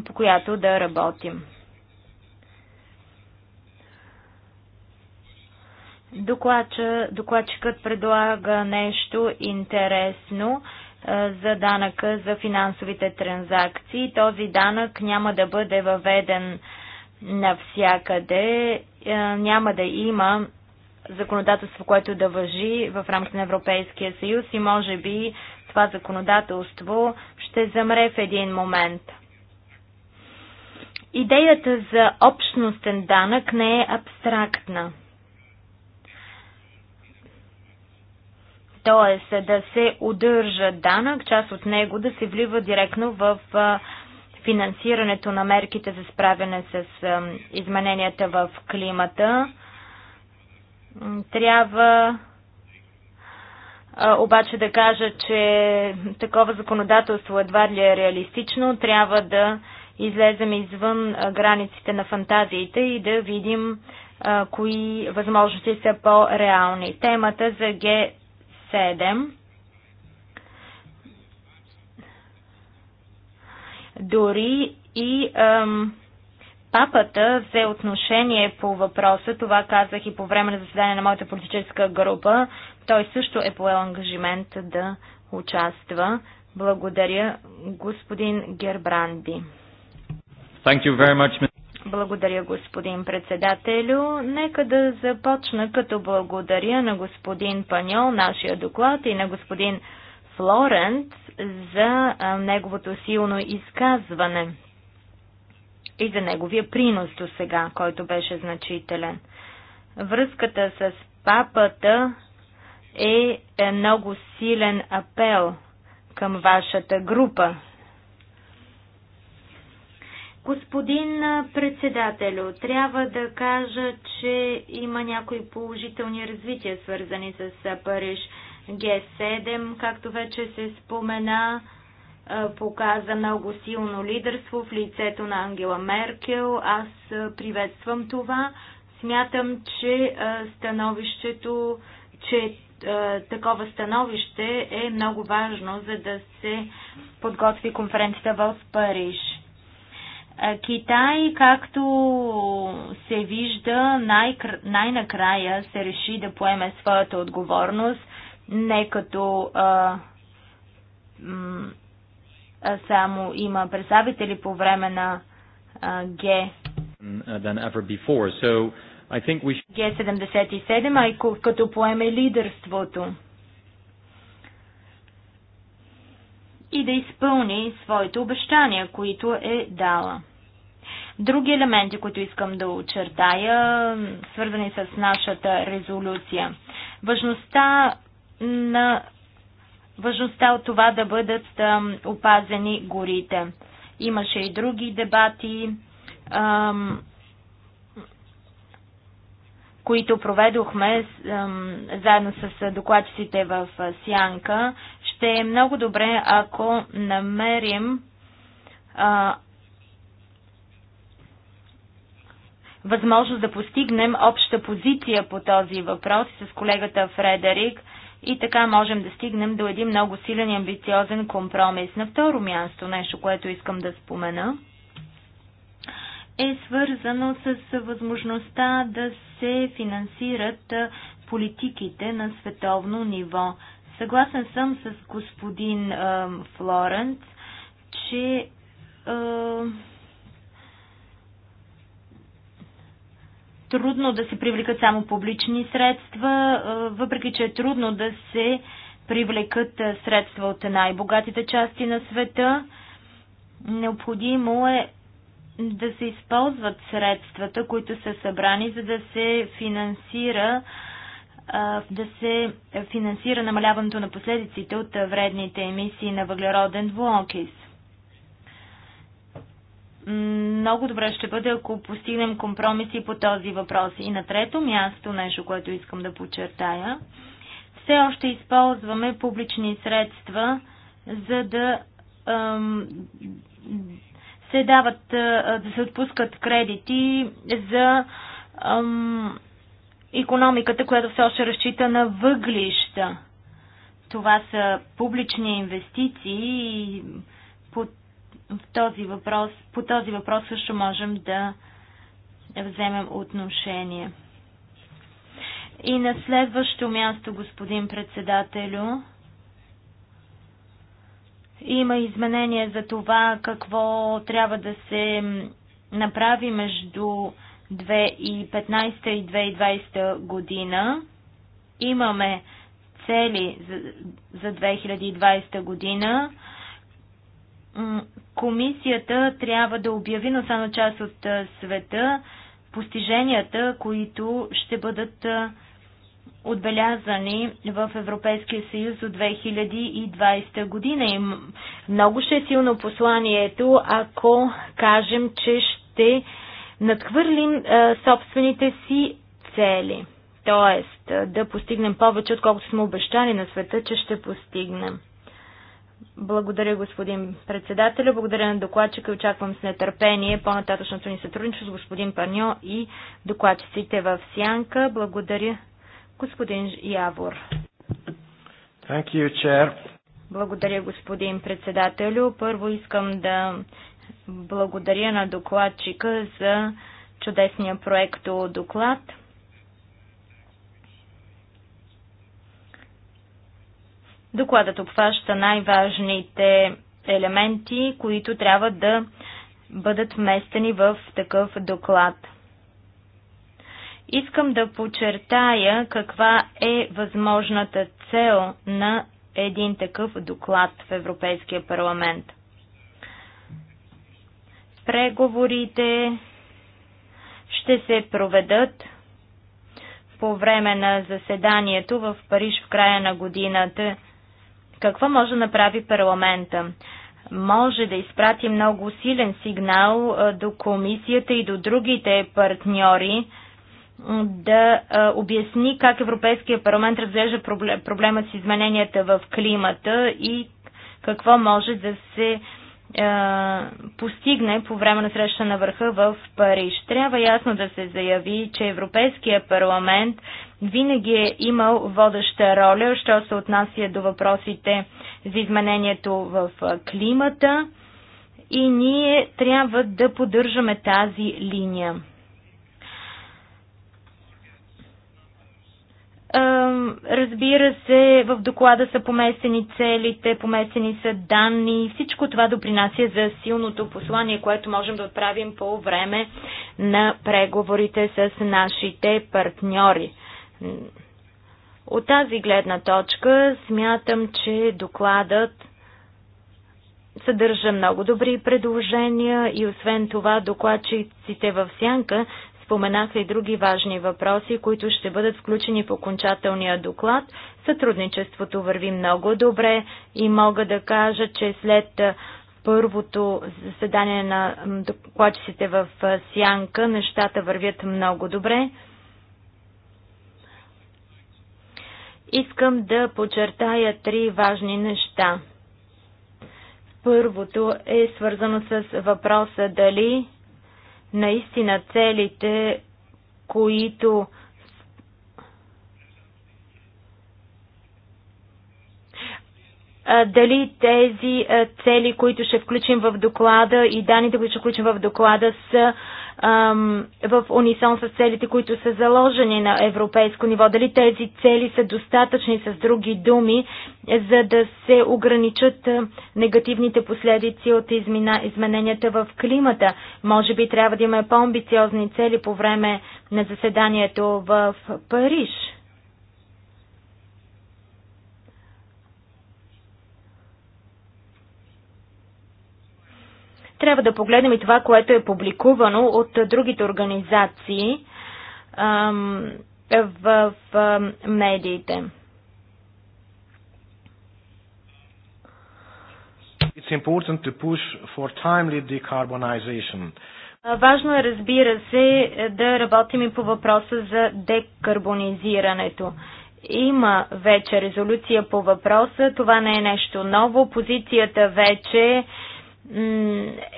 C: по която да работим. докладчикът предлага нещо интересно за данъка за финансовите транзакции. Този данък няма да бъде въведен навсякъде, няма да има законодателство, което да въжи в рамките на Европейския съюз и може би това законодателство ще замре в един момент. Идеята за общностен данък не е абстрактна. т.е. да се удържа данък, част от него да се влива директно в финансирането на мерките за справяне с измененията в климата. Трябва обаче да кажа, че такова законодателство едва ли е реалистично. Трябва да излезем извън границите на фантазиите и да видим кои възможности са по-реални. Темата за G20 7. Дори и ам, папата взе отношение по въпроса, това казах и по време на заседание на моята политическа група. Той също е поел ангажимент да участва. Благодаря, господин Гербранди.
A: Thank you very much,
C: благодаря, господин председателю. Нека да започна като благодаря на господин Паньол, нашия доклад и на господин Флорент за неговото силно изказване и за неговия принос до сега, който беше значителен. Връзката с папата е, е много силен апел към вашата група, Господин председателю, трябва да кажа, че има някои положителни развития, свързани с Париж. Г7, както вече се спомена, показа много силно лидерство в лицето на Ангела Меркел. Аз приветствам това. Смятам, че становището, че такова становище е много важно, за да се подготви конференцията в Париж. Китай, както се вижда, най- най-накрая се реши да поеме своята отговорност, не като а, м- само има представители по време на Г.
A: So, should...
C: Г77, а и като поеме лидерството. И да изпълни своите обещания, които е дала. Други елементи, които искам да очертая, свързани с нашата резолюция. Важността на важността от това да бъдат опазени горите. Имаше и други дебати, които проведохме заедно с докладчиците в Сянка. Ще е много добре, ако намерим възможност да постигнем обща позиция по този въпрос с колегата Фредерик и така можем да стигнем до един много силен и амбициозен компромис. На второ място, нещо, което искам да спомена, е свързано с възможността да се финансират политиките на световно ниво. Съгласен съм с господин е, Флоренц, че е, трудно да се привлекат само публични средства, въпреки че е трудно да се привлекат средства от най-богатите части на света. Необходимо е да се използват средствата, които са събрани, за да се финансира да се финансира намаляването на последиците от вредните емисии на въглероден двуокис много добре ще бъде, ако постигнем компромиси по този въпрос. И на трето място, нещо, което искам да подчертая, все още използваме публични средства, за да ам, се дават, да се отпускат кредити за ам, економиката, която все още разчита на въглища. Това са публични инвестиции и този въпрос, по този въпрос също можем да вземем отношение. И на следващо място, господин председателю, има изменение за това какво трябва да се направи между 2015 и 2020 година. Имаме цели за 2020 година Комисията трябва да обяви на само част от света постиженията, които ще бъдат отбелязани в Европейския съюз до 2020 година. И много ще е силно посланието, ако кажем, че ще надхвърлим е, собствените си цели. Тоест да постигнем повече, отколкото сме обещали на света, че ще постигнем. Благодаря, господин председател, Благодаря на докладчика и очаквам с нетърпение по-нататъчното ни сътрудничество с господин Парньо и докладчиците в Сянка. Благодаря, господин Явор.
A: Thank you, chair.
C: Благодаря, господин председателю. Първо искам да благодаря на докладчика за чудесния проект доклад. Докладът обхваща най-важните елементи, които трябва да бъдат вместени в такъв доклад. Искам да подчертая каква е възможната цел на един такъв доклад в Европейския парламент. Преговорите ще се проведат по време на заседанието в Париж в края на годината какво може да направи парламента? Може да изпрати много силен сигнал до комисията и до другите партньори да обясни как Европейския парламент разглежда проблемът с измененията в климата и какво може да се постигне по време на среща на върха в Париж. Трябва ясно да се заяви, че Европейския парламент винаги е имал водеща роля, що се отнася до въпросите за изменението в климата и ние трябва да поддържаме тази линия. Разбира се, в доклада са поместени целите, поместени са данни. Всичко това допринася за силното послание, което можем да отправим по време на преговорите с нашите партньори. От тази гледна точка смятам, че докладът съдържа много добри предложения и освен това докладчиците в сянка Споменаха и други важни въпроси, които ще бъдат включени в окончателния доклад. Сътрудничеството върви много добре и мога да кажа, че след първото заседание на докладчиците в Сянка нещата вървят много добре. Искам да подчертая три важни неща. Първото е свързано с въпроса дали наистина целите, които дали тези цели, които ще включим в доклада и данните, които ще включим в доклада са в унисон с целите, които са заложени на европейско ниво. Дали тези цели са достатъчни с други думи, за да се ограничат негативните последици от измена, измененията в климата. Може би трябва да имаме по-амбициозни цели по време на заседанието в Париж. Трябва да погледнем и това, което е публикувано от другите организации ам, в, в медиите.
A: It's important to push for timely decarbonization.
C: Важно е, разбира се, да работим и по въпроса за декарбонизирането. Има вече резолюция по въпроса. Това не е нещо ново. Позицията вече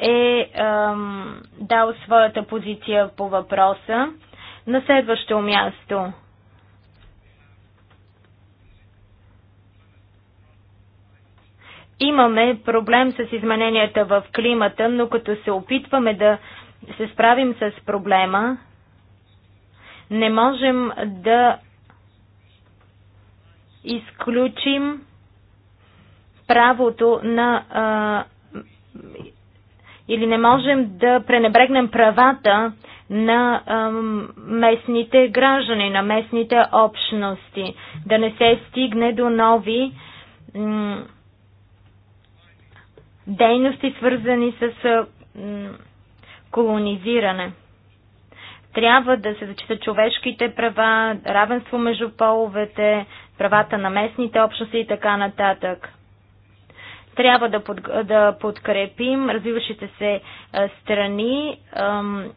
C: е дал своята позиция по въпроса. На следващо място. Имаме проблем с измененията в климата, но като се опитваме да се справим с проблема, не можем да изключим правото на а, или не можем да пренебрегнем правата на а, местните граждани, на местните общности, да не се стигне до нови м, дейности, свързани с м, колонизиране. Трябва да се зачитат човешките права, равенство между половете, правата на местните общности и така нататък. Трябва да, под, да подкрепим развиващите се е, страни,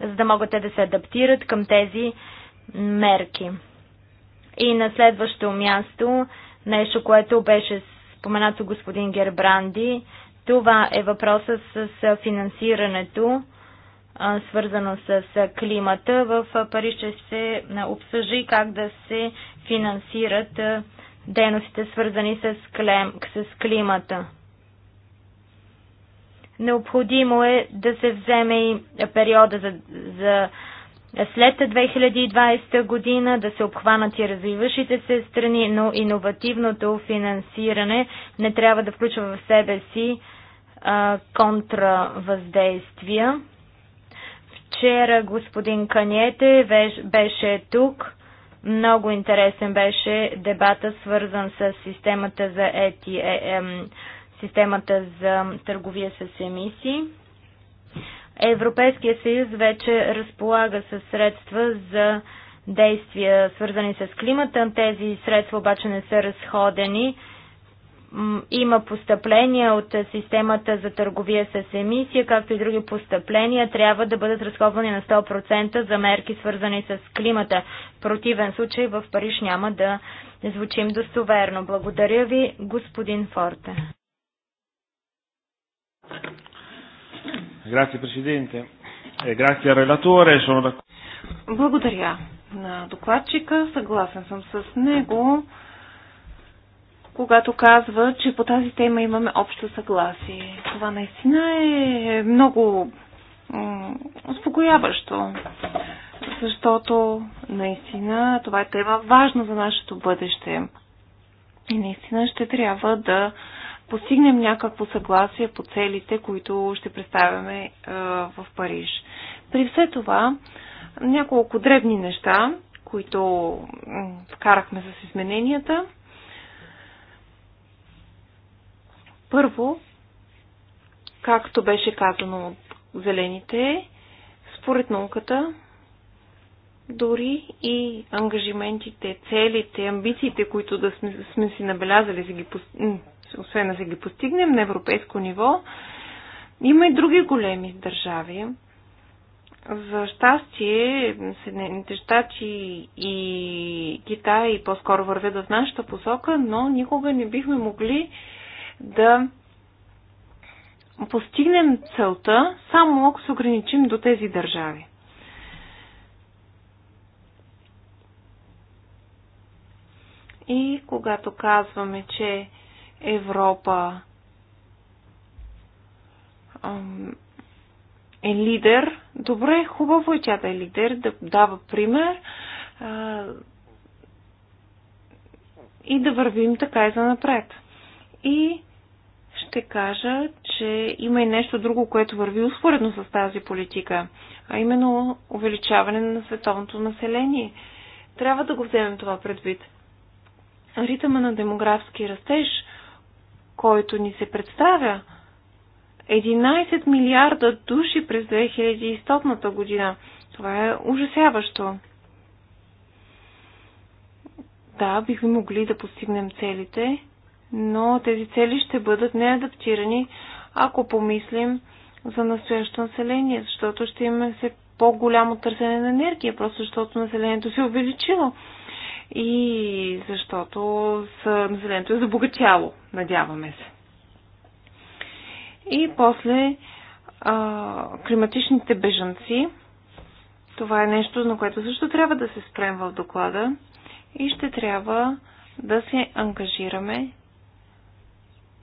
C: за да могат те да се адаптират към тези мерки. И на следващо място, нещо, което беше споменато господин Гербранди, това е въпроса с финансирането, свързано с климата. В Париж ще се обсъжи как да се финансират дейностите, свързани с климата. Необходимо е да се вземе и периода за, за след 2020 година да се обхванат и развиващите се страни, но иновативното финансиране не трябва да включва в себе си а, контравъздействия. Вчера господин Каниете беше тук. Много интересен беше дебата, свързан с системата за ETM е системата за търговия с емисии. Европейския съюз вече разполага със средства за действия, свързани с климата. Тези средства обаче не са разходени. Има постъпления от системата за търговия с емисия, както и други постъпления трябва да бъдат разходвани на 100% за мерки, свързани с климата. В противен случай в Париж няма да звучим достоверно. Благодаря ви, господин Форте.
A: Grazie Presidente. E grazie al relatore. Sono
B: Благодаря на докладчика. Съгласен съм с него, когато казва, че по тази тема имаме общо съгласие. Това наистина е много успокояващо, защото наистина това е тема важна за нашето бъдеще. И наистина ще трябва да постигнем някакво съгласие по целите, които ще представяме е, в Париж. При все това, няколко дребни неща, които вкарахме с измененията. Първо, както беше казано от зелените, според науката, дори и ангажиментите, целите, амбициите, които да сме, сме си набелязали да ги освен да се ги постигнем на европейско ниво, има и други големи държави. За щастие, Съединените щати и Китай по-скоро вървят в нашата посока, но никога не бихме могли да постигнем целта, само ако се ограничим до тези държави. И когато казваме, че Европа е лидер. Добре, хубаво е тя да е лидер, да дава пример и да вървим така и за напред. И ще кажа, че има и нещо друго, което върви успоредно с тази политика, а именно увеличаване на световното население. Трябва да го вземем това предвид. Ритъма на демографски растеж който ни се представя, 11 милиарда души през 2100 година. Това е ужасяващо. Да, бихме могли да постигнем целите, но тези цели ще бъдат неадаптирани, ако помислим за настоящото население, защото ще имаме все по-голямо търсене на енергия, просто защото населението се е увеличило и защото населението е забогатяло, надяваме се. И после а, климатичните бежанци. Това е нещо, на което също трябва да се спрем в доклада и ще трябва да се ангажираме,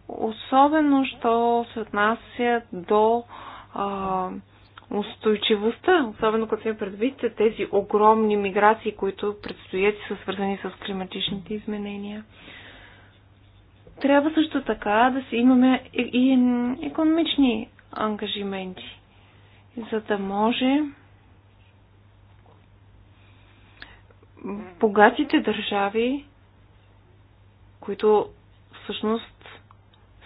B: особено що се отнася до а, устойчивостта, особено като се предвид тези огромни миграции, които предстоят и са свързани с климатичните изменения. Трябва също така да си имаме и економични ангажименти, за да може богатите държави, които всъщност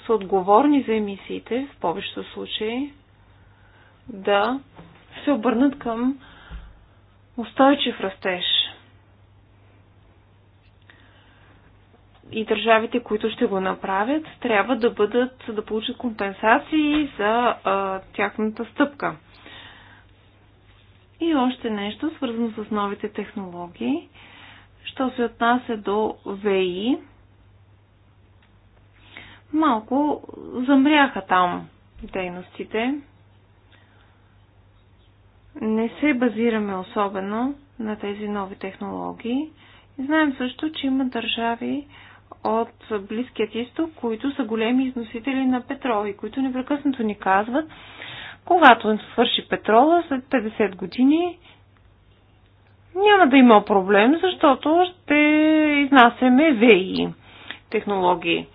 B: са отговорни за емисиите в повечето случаи, да се обърнат към устойчив растеж. И държавите, които ще го направят, трябва да бъдат, да получат компенсации за а, тяхната стъпка. И още нещо, свързано с новите технологии. Що се отнася до ВИ, малко замряха там дейностите не се базираме особено на тези нови технологии. И знаем също, че има държави от Близкият изток, които са големи износители на петрол и които непрекъснато ни казват, когато свърши петрола след 50 години, няма да има проблем, защото ще изнасяме ВИ технологии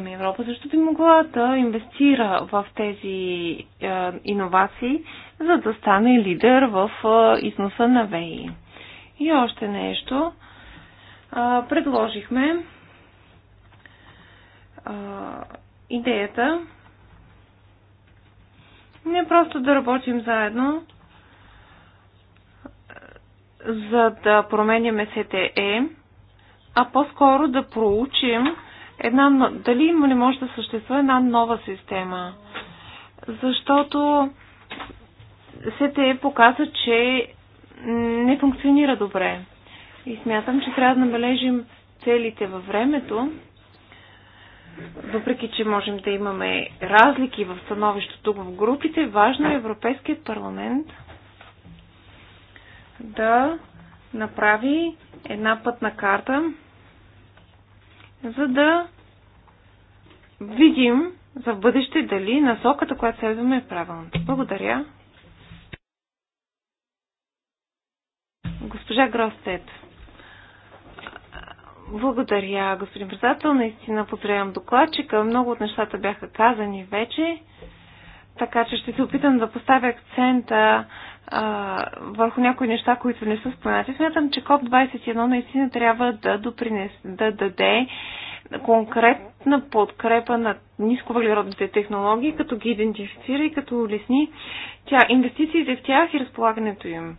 B: източна Европа, защо би могла да инвестира в тези е, иновации, за да стане лидер в е, износа на ВЕИ. И още нещо. Е, предложихме е, идеята не просто да работим заедно, за да променяме СТЕ, а по-скоро да проучим една, дали не може да съществува една нова система. Защото се те показа, че не функционира добре. И смятам, че трябва да набележим целите във времето, въпреки че можем да имаме разлики в становището тук в групите, важно е Европейският парламент да направи една пътна карта за да видим за бъдеще дали насоката, която следваме е правилната. Благодаря. Госпожа Гростет. Благодаря, господин председател. Наистина поздравям докладчика. Много от нещата бяха казани вече, така че ще се опитам да поставя акцента а, върху някои неща, които не са споменати. Смятам, че КОП-21 наистина трябва да допринесе, да даде конкретна подкрепа на нисковъглеродните технологии, като ги идентифицира и като улесни тя, инвестициите в тях и разполагането им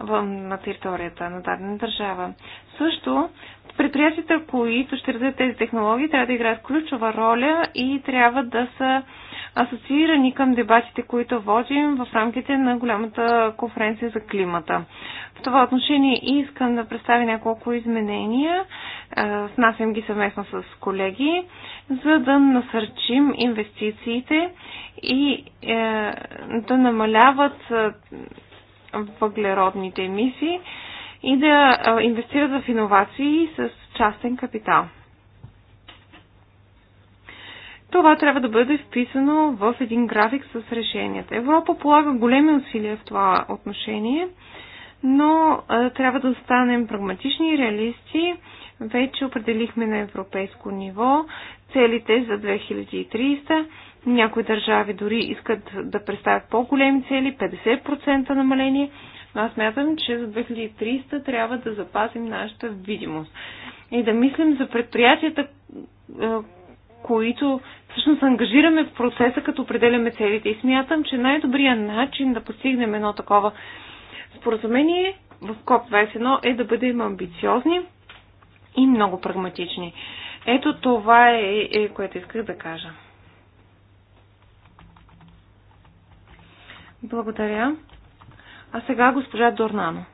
B: в, на територията на дадена държава. Също предприятията, които ще развият тези технологии, трябва да играят ключова роля и трябва да са асоциирани към дебатите, които водим в рамките на голямата конференция за климата. В това отношение искам да представя няколко изменения, е, внасям ги съвместно с колеги, за да насърчим инвестициите и е, да намаляват е, въглеродните емисии и да инвестират в иновации с частен капитал. Това трябва да бъде вписано в един график с решенията. Европа полага големи усилия в това отношение, но а, трябва да останем прагматични и реалисти. Вече определихме на европейско ниво целите за 2300. Някои държави дори искат да представят по-големи цели, 50% намаление. Но аз мятам, че за 2300 трябва да запазим нашата видимост и да мислим за предприятията, които всъщност ангажираме в процеса, като определяме целите. И смятам, че най-добрият начин да постигнем едно такова споразумение в КОП-21 е да бъдем амбициозни и много прагматични. Ето това е, е което исках да кажа. Благодаря. А сега госпожа Дорнано.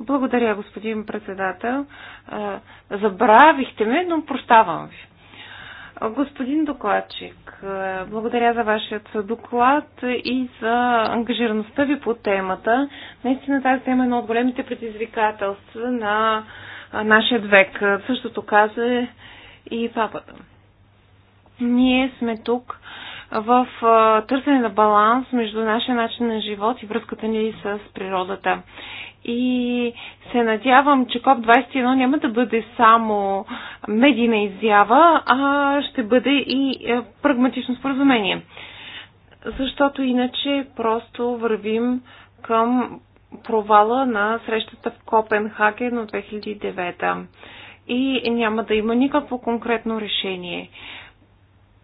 B: Благодаря, господин председател. Забравихте ме, но прощавам ви. Господин докладчик, благодаря за вашият доклад и за ангажираността ви по темата. Наистина тази тема е едно от големите предизвикателства на нашия век. Същото каза и папата. Ние сме тук в търсене на баланс между нашия начин на живот и връзката ни с природата. И се надявам, че КОП-21 няма да бъде само медийна изява, а ще бъде и е, прагматично споразумение. Защото иначе просто вървим към провала на срещата в Копенхаген от 2009 и няма да има никакво конкретно решение.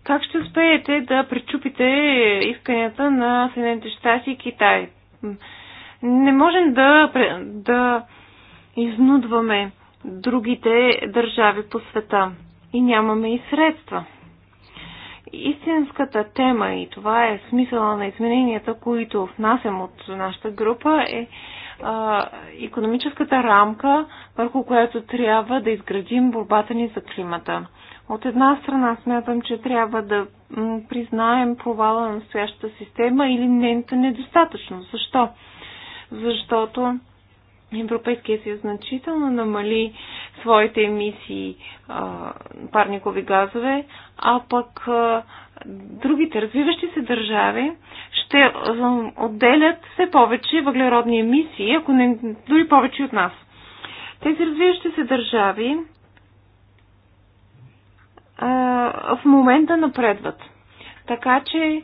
B: Как ще успеете да пречупите исканията на Съединените щати и Китай? Не можем да, да изнудваме другите държави по света и нямаме и средства. Истинската тема и това е смисъла на измененията, които внасям от нашата група е а, економическата рамка, върху която трябва да изградим борбата ни за климата. От една страна смятам, че трябва да признаем провала на настоящата система или нейната недостатъчно. Защо? Защото Европейския съюз значително намали своите емисии а, парникови газове, а пък а, другите развиващи се държави ще а, отделят все повече въглеродни емисии, ако не дори повече от нас. Тези развиващи се държави в момента напредват. Така че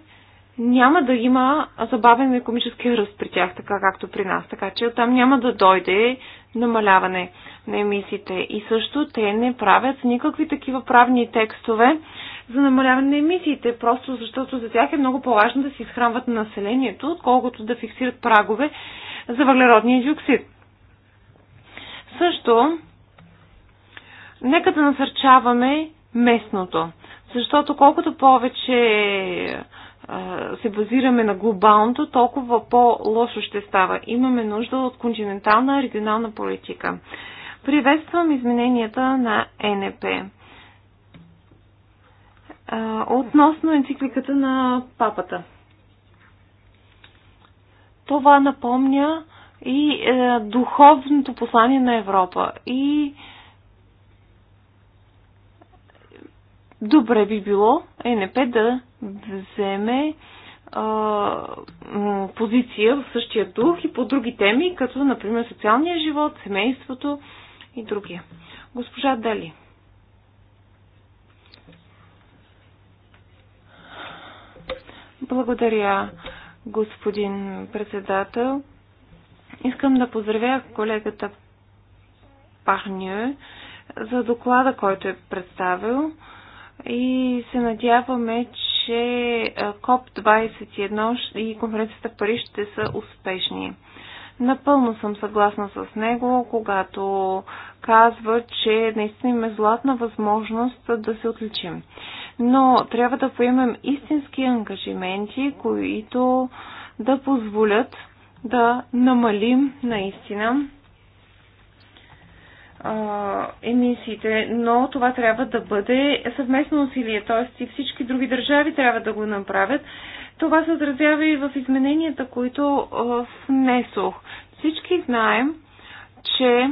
B: няма да има забавен економически ръст при тях, така както при нас. Така че оттам няма да дойде намаляване на емисиите. И също те не правят никакви такива правни текстове за намаляване на емисиите, просто защото за тях е много по-важно да си изхранват на населението, отколкото да фиксират прагове за въглеродния диоксид. Също, нека да насърчаваме местното. Защото колкото повече се базираме на глобалното, толкова по-лошо ще става. Имаме нужда от континентална регионална политика. Приветствам измененията на НП. Относно енцикликата на папата. Това напомня и е, духовното послание на Европа. И добре би било ЕНП да вземе а, позиция в същия дух и по други теми, като например социалния живот, семейството и другия. Госпожа Дали. Благодаря, господин председател. Искам да поздравя колегата Пахню за доклада, който е представил и се надяваме, че КОП-21 и конференцията в Париж ще са успешни. Напълно съм съгласна с него, когато казва, че наистина има златна възможност да се отличим. Но трябва да поемем истински ангажименти, които да позволят да намалим наистина емисиите, но това трябва да бъде съвместно усилие, т.е. и всички други държави трябва да го направят. Това се отразява и в измененията, които внесох. Всички знаем, че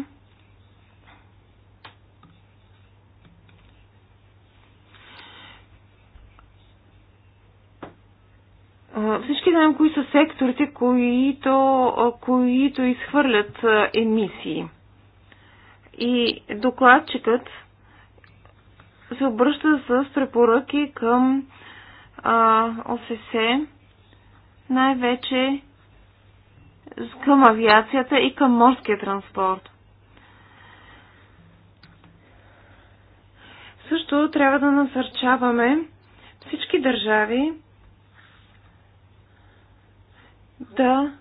B: Всички знаем кои са секторите, които, които изхвърлят емисии. И докладчикът се обръща с препоръки към а, ОСС, най-вече към авиацията и към морския транспорт. Също трябва да насърчаваме всички държави да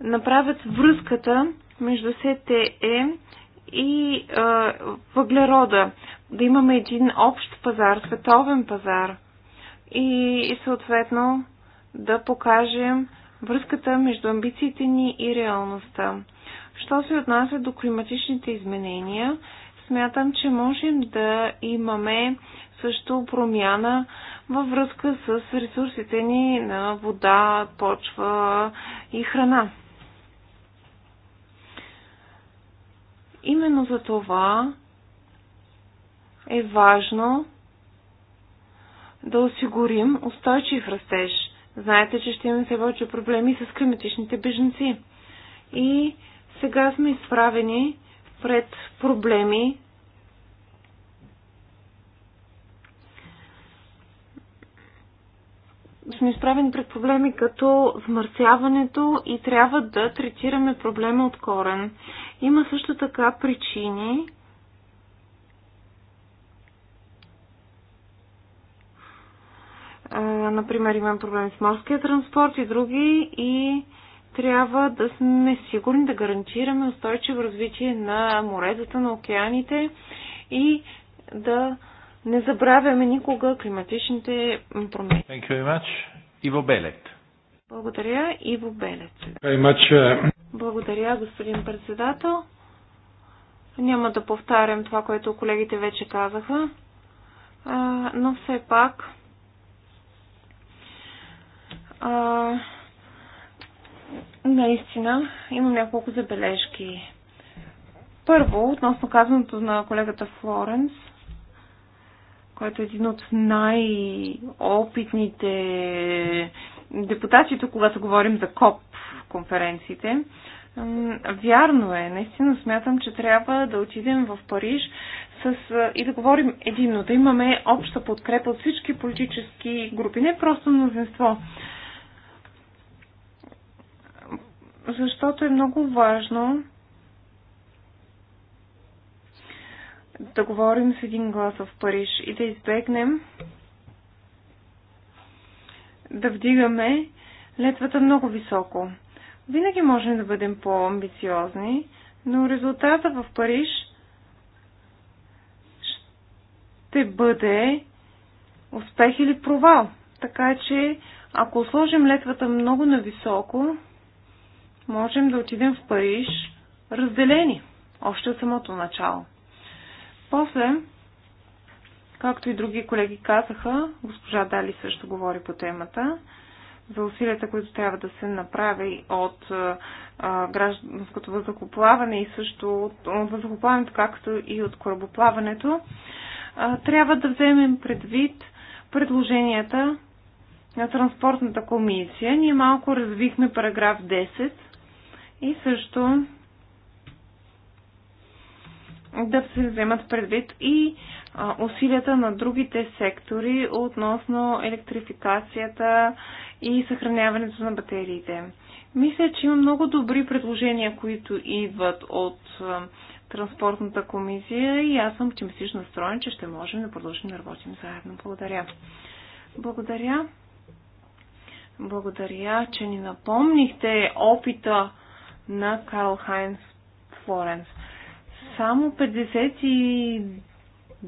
B: направят връзката между СТЕ и а, въглерода. Да имаме един общ пазар, световен пазар и, и съответно да покажем връзката между амбициите ни и реалността. Що се отнася до климатичните изменения, смятам, че можем да имаме също промяна във връзка с ресурсите ни на вода, почва и храна. Именно за това е важно да осигурим устойчив растеж. Знаете, че ще имаме все повече проблеми с климатичните беженци. И сега сме изправени пред проблеми сме изправени пред проблеми като смърсяването и трябва да третираме проблема от корен. Има също така причини, например, имам проблеми с морския транспорт и други и трябва да сме сигурни да гарантираме устойчиво развитие на морезата, на океаните и да не забравяме никога климатичните промени.
A: Thank you very much. Иво Белет.
B: Благодаря, Иво Белет.
A: Very much. Uh,
B: Благодаря, господин председател. Няма да повтарям това, което колегите вече казаха, а, но все пак а, наистина имам няколко забележки. Първо, относно казаното на колегата Флоренс – който е един от най-опитните депутати, когато говорим за КОП конференциите. Вярно е, наистина смятам, че трябва да отидем в Париж с, и да говорим единно, да имаме обща подкрепа от всички политически групи, не просто мнозинство. Защото е много важно да говорим с един глас в Париж и да избегнем да вдигаме летвата много високо. Винаги можем да бъдем по-амбициозни, но резултата в Париж ще бъде успех или провал. Така че, ако сложим летвата много нависоко, можем да отидем в Париж разделени, още от самото начало. После, както и други колеги казаха, госпожа Дали също говори по темата, за усилията, които трябва да се направи от гражданското въздухоплаване и също от, от въздухоплаването, както и от корабоплаването, а, трябва да вземем предвид предложенията на Транспортната комисия. Ние малко развихме параграф 10 и също да се вземат предвид и усилията на другите сектори относно електрификацията и съхраняването на батериите. Мисля, че има много добри предложения, които идват от Транспортната комисия и аз съм оптимистично настроен, че ще можем да продължим да работим заедно. Благодаря. Благодаря. Благодаря, че ни напомнихте опита на Карл Хайнс Флоренс само 52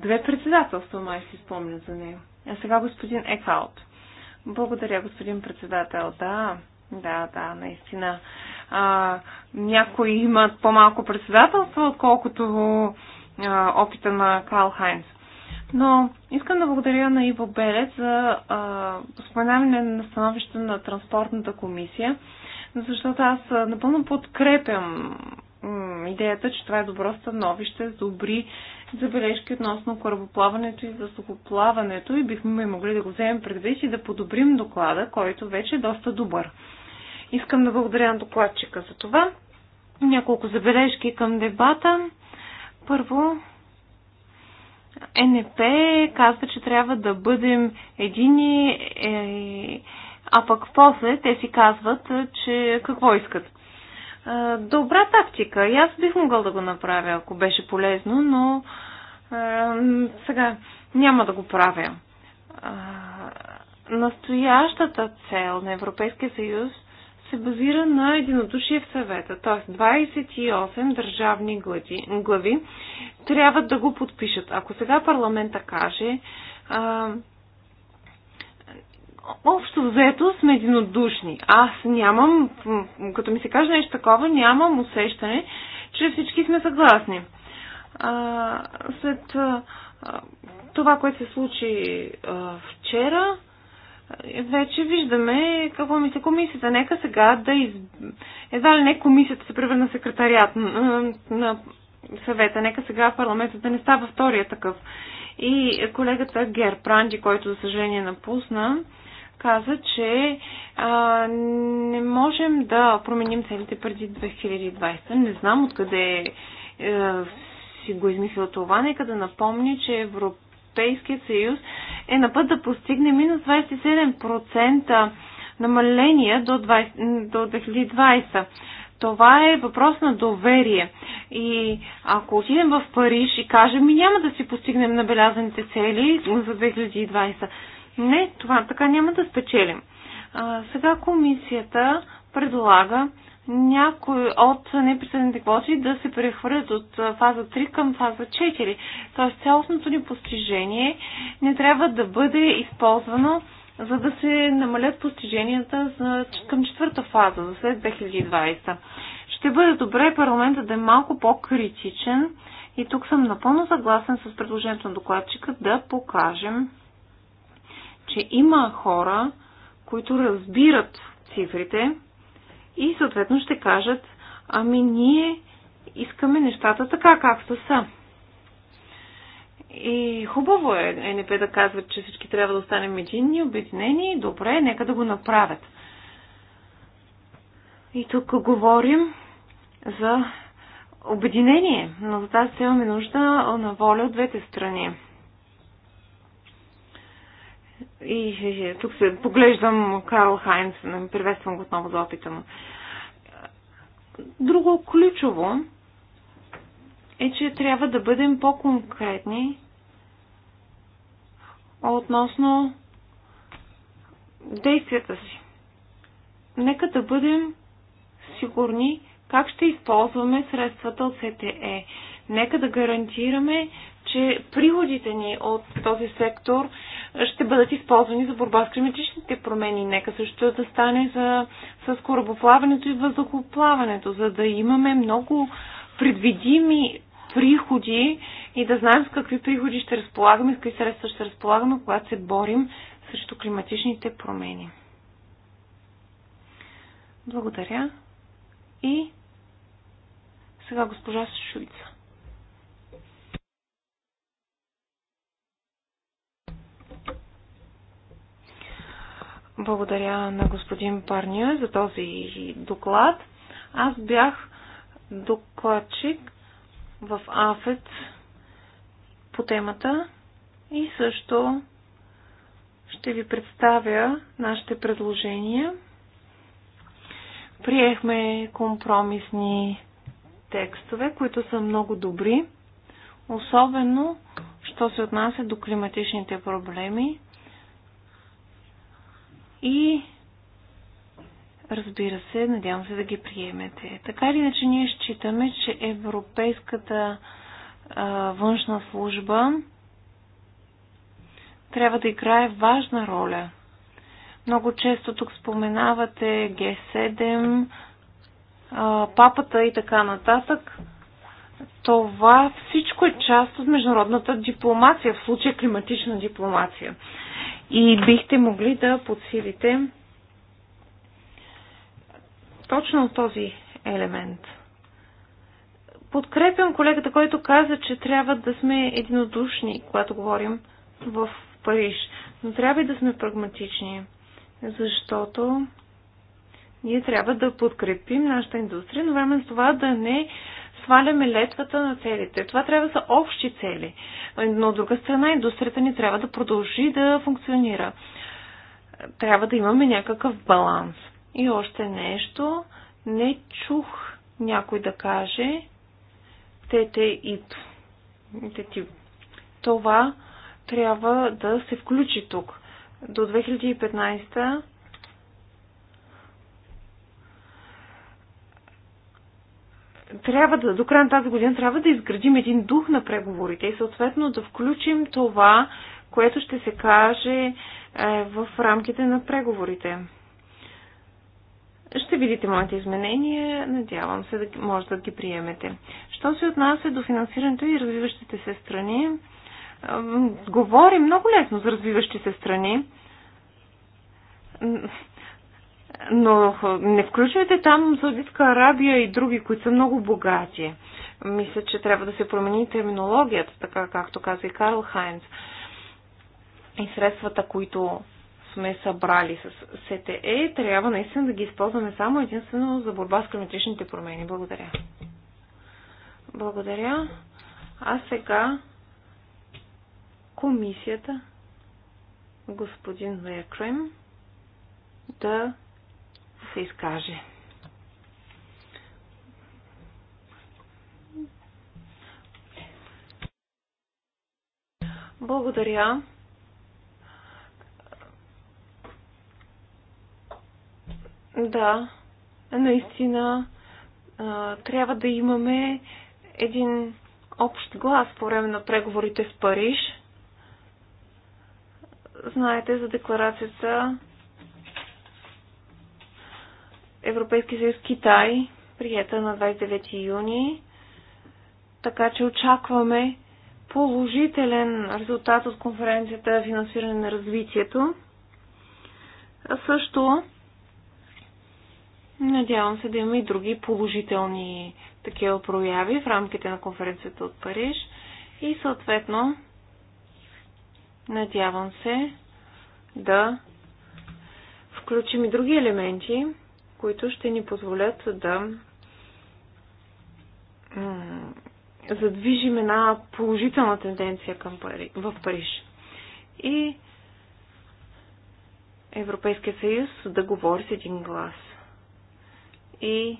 B: председателства, май си спомня за него. А сега господин Екхаут. Благодаря, господин председател. Да, да, да, наистина. А, някои имат по-малко председателство, отколкото а, опита на Карл Хайнс. Но искам да благодаря на Иво Белец за споменаване на становище на Транспортната комисия, защото аз напълно подкрепям идеята, че това е добро становище добри забележки относно корабоплаването и засухоплаването и бихме могли да го вземем предвид и да подобрим доклада, който вече е доста добър. Искам да благодаря на докладчика за това. Няколко забележки към дебата. Първо, НП казва, че трябва да бъдем едини, е, а пък после те си казват, че какво искат добра тактика. И аз бих могъл да го направя, ако беше полезно, но а, сега няма да го правя. А, настоящата цел на Европейския съюз се базира на единодушие в съвета, т.е. 28 държавни глави трябва да го подпишат. Ако сега парламента каже, общо взето сме единодушни. Аз нямам, като ми се каже нещо такова, нямам усещане, че всички сме съгласни. А, след а, това, което се случи а, вчера, вече виждаме какво мисля комисията. Нека сега да из... Едва ли не комисията се превърна секретарият на, на съвета. Нека сега парламентът да не става втория такъв. И колегата Гер Пранди, който за съжаление напусна, каза, че а, не можем да променим целите преди 2020. Не знам откъде е, си го измислил това. Нека да напомня, че Европейският съюз е на път да постигне минус 27% намаление до, 20, до 2020. Това е въпрос на доверие. И ако отидем в Париж и кажем, ми няма да си постигнем набелязаните цели за 2020, не, това така няма да спечелим. А, сега комисията предлага някои от неприсъдните квоти да се прехвърлят от фаза 3 към фаза 4. Тоест цялостното ни постижение не трябва да бъде използвано за да се намалят постиженията за, към четвърта фаза, за след 2020. Ще бъде добре парламента да е малко по-критичен и тук съм напълно съгласен с предложението на докладчика да покажем че има хора, които разбират цифрите и съответно ще кажат, ами ние искаме нещата така, както са. И хубаво е НП да казват, че всички трябва да останем единни, обединени. Добре, нека да го направят. И тук говорим за обединение, но за тази имаме нужда на воля от двете страни. И, тук се поглеждам Карл Хайнс, приветствам го отново за опита му. Друго ключово е, че трябва да бъдем по-конкретни относно действията си. Нека да бъдем сигурни как ще използваме средствата от СТЕ. Нека да гарантираме, че приходите ни от този сектор ще бъдат използвани за борба с климатичните промени. Нека също да стане за, с корабоплаването и въздухоплаването, за да имаме много предвидими приходи и да знаем с какви приходи ще разполагаме, с какви средства ще разполагаме, когато се борим срещу климатичните промени. Благодаря. И сега госпожа Шуйца. Благодаря на господин Парния за този доклад. Аз бях докладчик в АФЕЦ по темата и също ще ви представя нашите предложения. Приехме компромисни текстове, които са много добри, особено що се отнася до климатичните проблеми и разбира се, надявам се да ги приемете. Така или иначе ние считаме, че Европейската а, външна служба трябва да играе важна роля. Много често тук споменавате Г7, папата и така нататък. Това всичко е част от международната дипломация, в случая климатична дипломация и бихте могли да подсилите точно този елемент. Подкрепям колегата, който каза, че трябва да сме единодушни, когато говорим в Париж. Но трябва и да сме прагматични, защото ние трябва да подкрепим нашата индустрия, но време с това да не сваляме летвата на целите. Това трябва да са общи цели. Но от друга страна индустрията ни трябва да продължи да функционира. Трябва да имаме някакъв баланс. И още нещо, не чух някой да каже тете и тети. Това трябва да се включи тук. До 2015 трябва да, до края на тази година трябва да изградим един дух на преговорите и съответно да включим това, което ще се каже е, в рамките на преговорите. Ще видите моите изменения, надявам се да може да ги приемете. Що се отнася до финансирането и развиващите се страни, е, говори много лесно за развиващи се страни но не включвайте там Саудитска Арабия и други, които са много богати. Мисля, че трябва да се промени терминологията, така както каза и Карл Хайнц. И средствата, които сме събрали с СТЕ, трябва наистина да ги използваме само единствено за борба с климатичните промени. Благодаря. Благодаря. А сега комисията, господин Лея Крем, да се изкаже. Благодаря. Да, наистина трябва да имаме един общ глас по време на преговорите с Париж. Знаете за декларацията Европейски съюз Китай, приета на 29 юни. Така че очакваме положителен резултат от конференцията финансиране на развитието. А също надявам се да има и други положителни такива прояви в рамките на конференцията от Париж и съответно надявам се да включим и други елементи, които ще ни позволят да задвижим една положителна тенденция към Пари, в Париж. И Европейския съюз да говори с един глас. И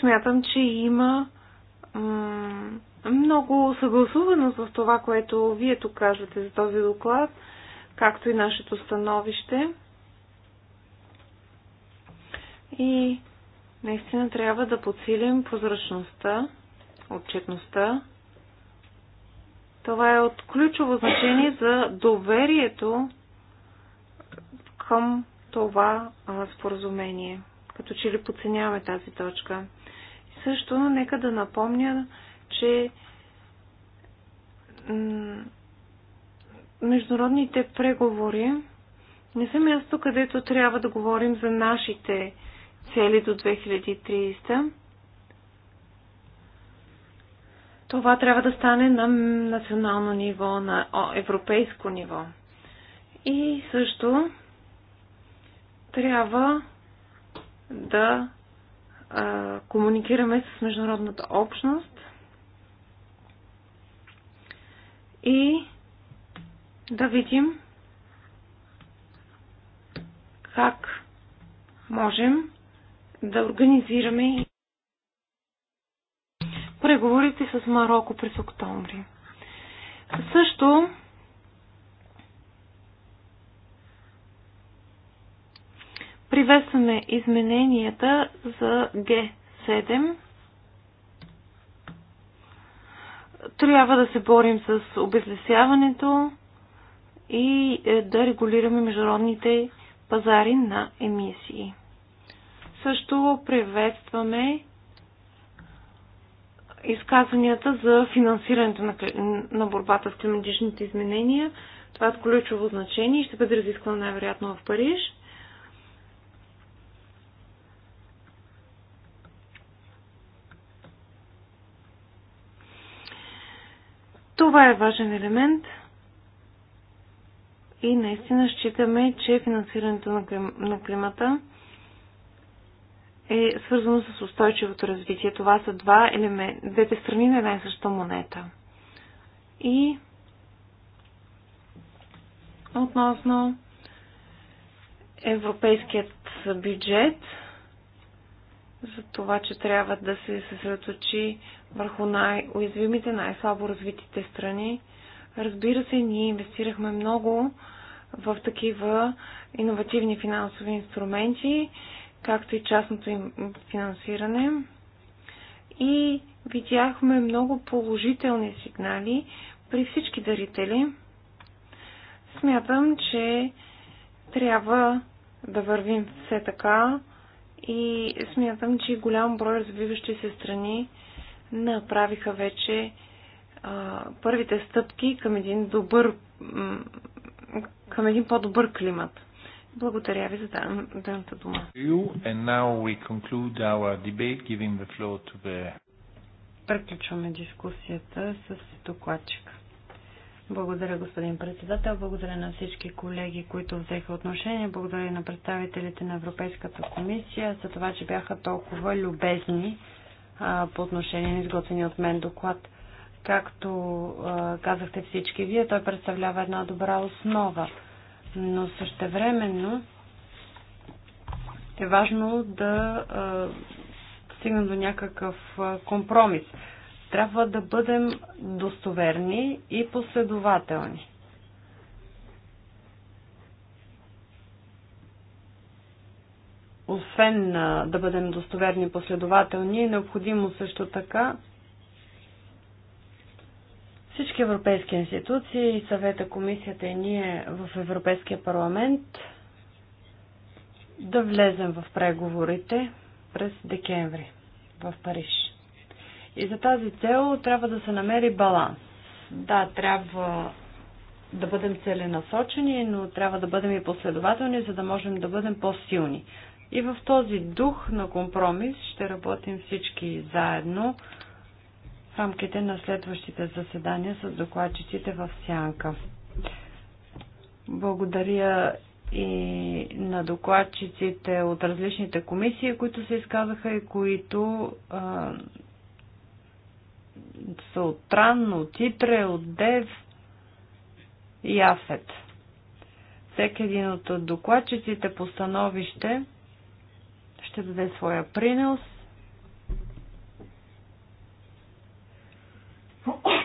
B: смятам, че има много съгласуваност в това, което вие тук казвате за този доклад, както и нашето становище и наистина трябва да подсилим прозрачността, отчетността. Това е от ключово значение за доверието към това споразумение. Като че ли подценяваме тази точка. И също нека да напомня, че международните преговори не са място, където трябва да говорим за нашите цели до 2030. Това трябва да стане на национално ниво, на европейско ниво. И също трябва да а, комуникираме с международната общност и да видим как можем да организираме преговорите с Марокко през октомври. Също приветстваме измененията за Г7. Трябва да се борим с обезлесяването и е, да регулираме международните пазари на емисии. Също приветстваме изказванията за финансирането на, на борбата с климатичните изменения. Това е от ключово значение и ще бъде разисквано най-вероятно в Париж. Това е важен елемент и наистина считаме, че финансирането на климата е свързано с устойчивото развитие. Това са два елемент, двете страни на една и съща монета. И относно европейският бюджет, за това, че трябва да се съсредоточи върху най-уязвимите, най-слабо развитите страни. Разбира се, ние инвестирахме много в такива иновативни финансови инструменти както и частното им финансиране. И видяхме много положителни сигнали при всички дарители. Смятам, че трябва да вървим все така и смятам, че голям брой развиващи се страни направиха вече а, първите стъпки към един добър, към един по-добър климат. Благодаря ви за дадената дума. Преключваме дискусията с докладчика. Благодаря, господин председател. Благодаря на всички колеги, които взеха отношение. Благодаря и на представителите на Европейската комисия за това, че бяха толкова любезни а, по отношение на изготвени от мен доклад. Както а, казахте всички вие, той представлява една добра основа но същевременно е важно да а, стигнем до някакъв компромис. Трябва да бъдем достоверни и последователни. Освен да бъдем достоверни и последователни, е необходимо също така всички европейски институции, съвета, комисията и ние в Европейския парламент да влезем в преговорите през декември в Париж. И за тази цел трябва да се намери баланс. Да, трябва да бъдем целенасочени, но трябва да бъдем и последователни, за да можем да бъдем по-силни. И в този дух на компромис ще работим всички заедно в рамките на следващите заседания с докладчиците в Сянка. Благодаря и на докладчиците от различните комисии, които се изказаха и които а, са от Тран, от Итре, от Дев и Афет. Всеки един от докладчиците по становище ще даде своя принос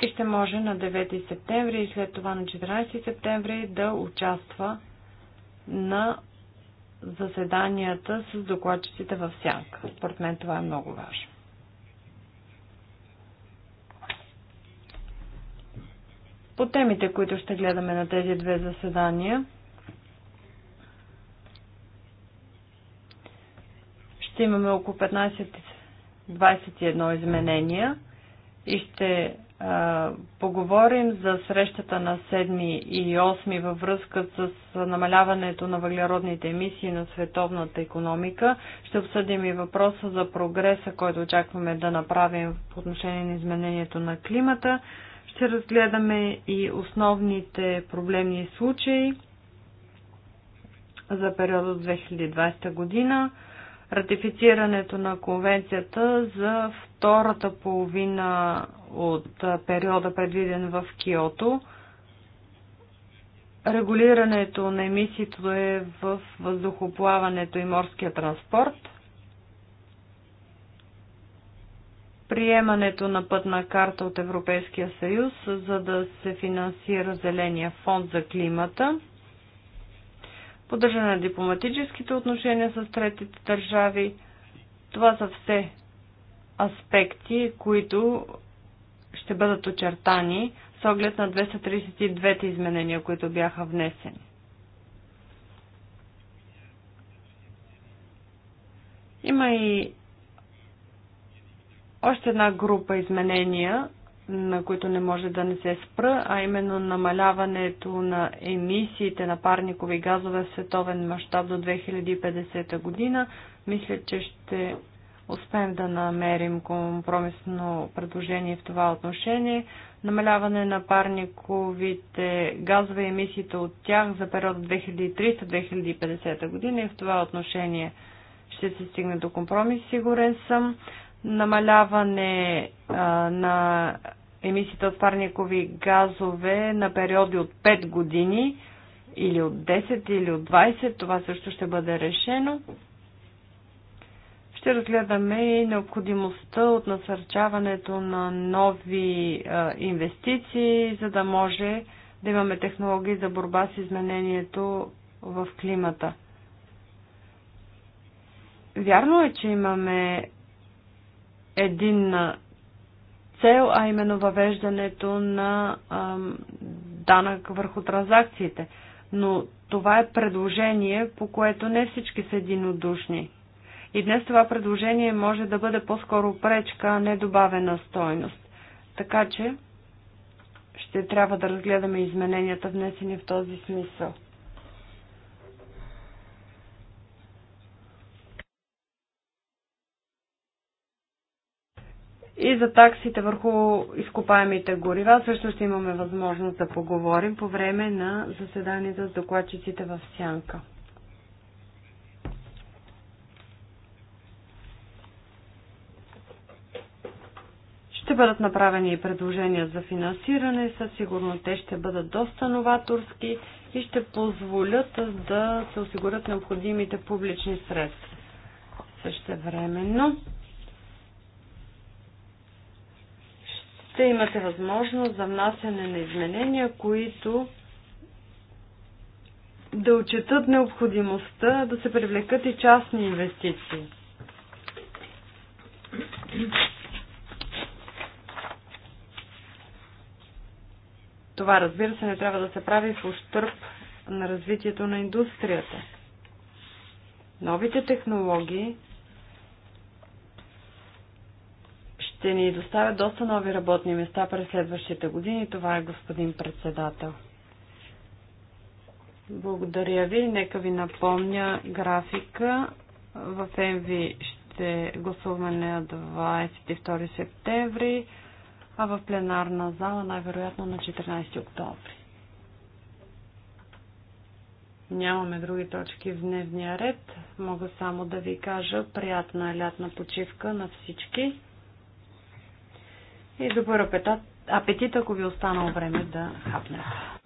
B: и ще може на 9 септември и след това на 14 септември да участва на заседанията с докладчиците в сянка. Според мен това е много важно. По темите, които ще гледаме на тези две заседания, ще имаме около 15-21 изменения и ще поговорим за срещата на 7 и 8 във връзка с намаляването на въглеродните емисии на световната економика. Ще обсъдим и въпроса за прогреса, който очакваме да направим по отношение на изменението на климата. Ще разгледаме и основните проблемни случаи за периода от 2020 година, ратифицирането на конвенцията за втората половина от периода предвиден в Киото, регулирането на емисиите е в въздухоплаването и морския транспорт, приемането на пътна карта от Европейския съюз, за да се финансира Зеления фонд за климата, поддържане на дипломатическите отношения с третите държави. Това са все аспекти, които ще бъдат очертани с оглед на 232-те изменения, които бяха внесени. Има и още една група изменения, на които не може да не се спра, а именно намаляването на емисиите на парникови газове в световен мащаб до 2050 година. Мисля, че ще успеем да намерим компромисно предложение в това отношение. Намаляване на парниковите газове и емисиите от тях за период 2030-2050 година и в това отношение ще се стигне до компромис, сигурен съм. Намаляване а, на емисиите от парникови газове на периоди от 5 години или от 10 или от 20, това също ще бъде решено. Ще разгледаме и необходимостта от насърчаването на нови инвестиции, за да може да имаме технологии за борба с изменението в климата. Вярно е, че имаме един цел, а именно въвеждането на данък върху транзакциите. Но това е предложение, по което не всички са единодушни. И днес това предложение може да бъде по-скоро пречка, а не добавена стойност. Така че ще трябва да разгледаме измененията, внесени в този смисъл. И за таксите върху изкопаемите горива също ще имаме възможност да поговорим по време на заседанието с докладчиците в Сянка. Ще бъдат направени и предложения за финансиране, със сигурно те ще бъдат доста новаторски и ще позволят да се осигурят необходимите публични средства. времено ще имате възможност за внасяне на изменения, които да отчитат необходимостта да се привлекат и частни инвестиции. Това, разбира се, не трябва да се прави в ущърп на развитието на индустрията. Новите технологии ще ни доставят доста нови работни места през следващите години. Това е господин председател. Благодаря ви. Нека ви напомня графика. В МВ ще гласуваме на 22 септември а в пленарна зала най-вероятно на 14 октомври. Нямаме други точки в дневния ред. Мога само да ви кажа приятна лятна почивка на всички. И добър апетит, апетит ако ви е останало време да хапнете.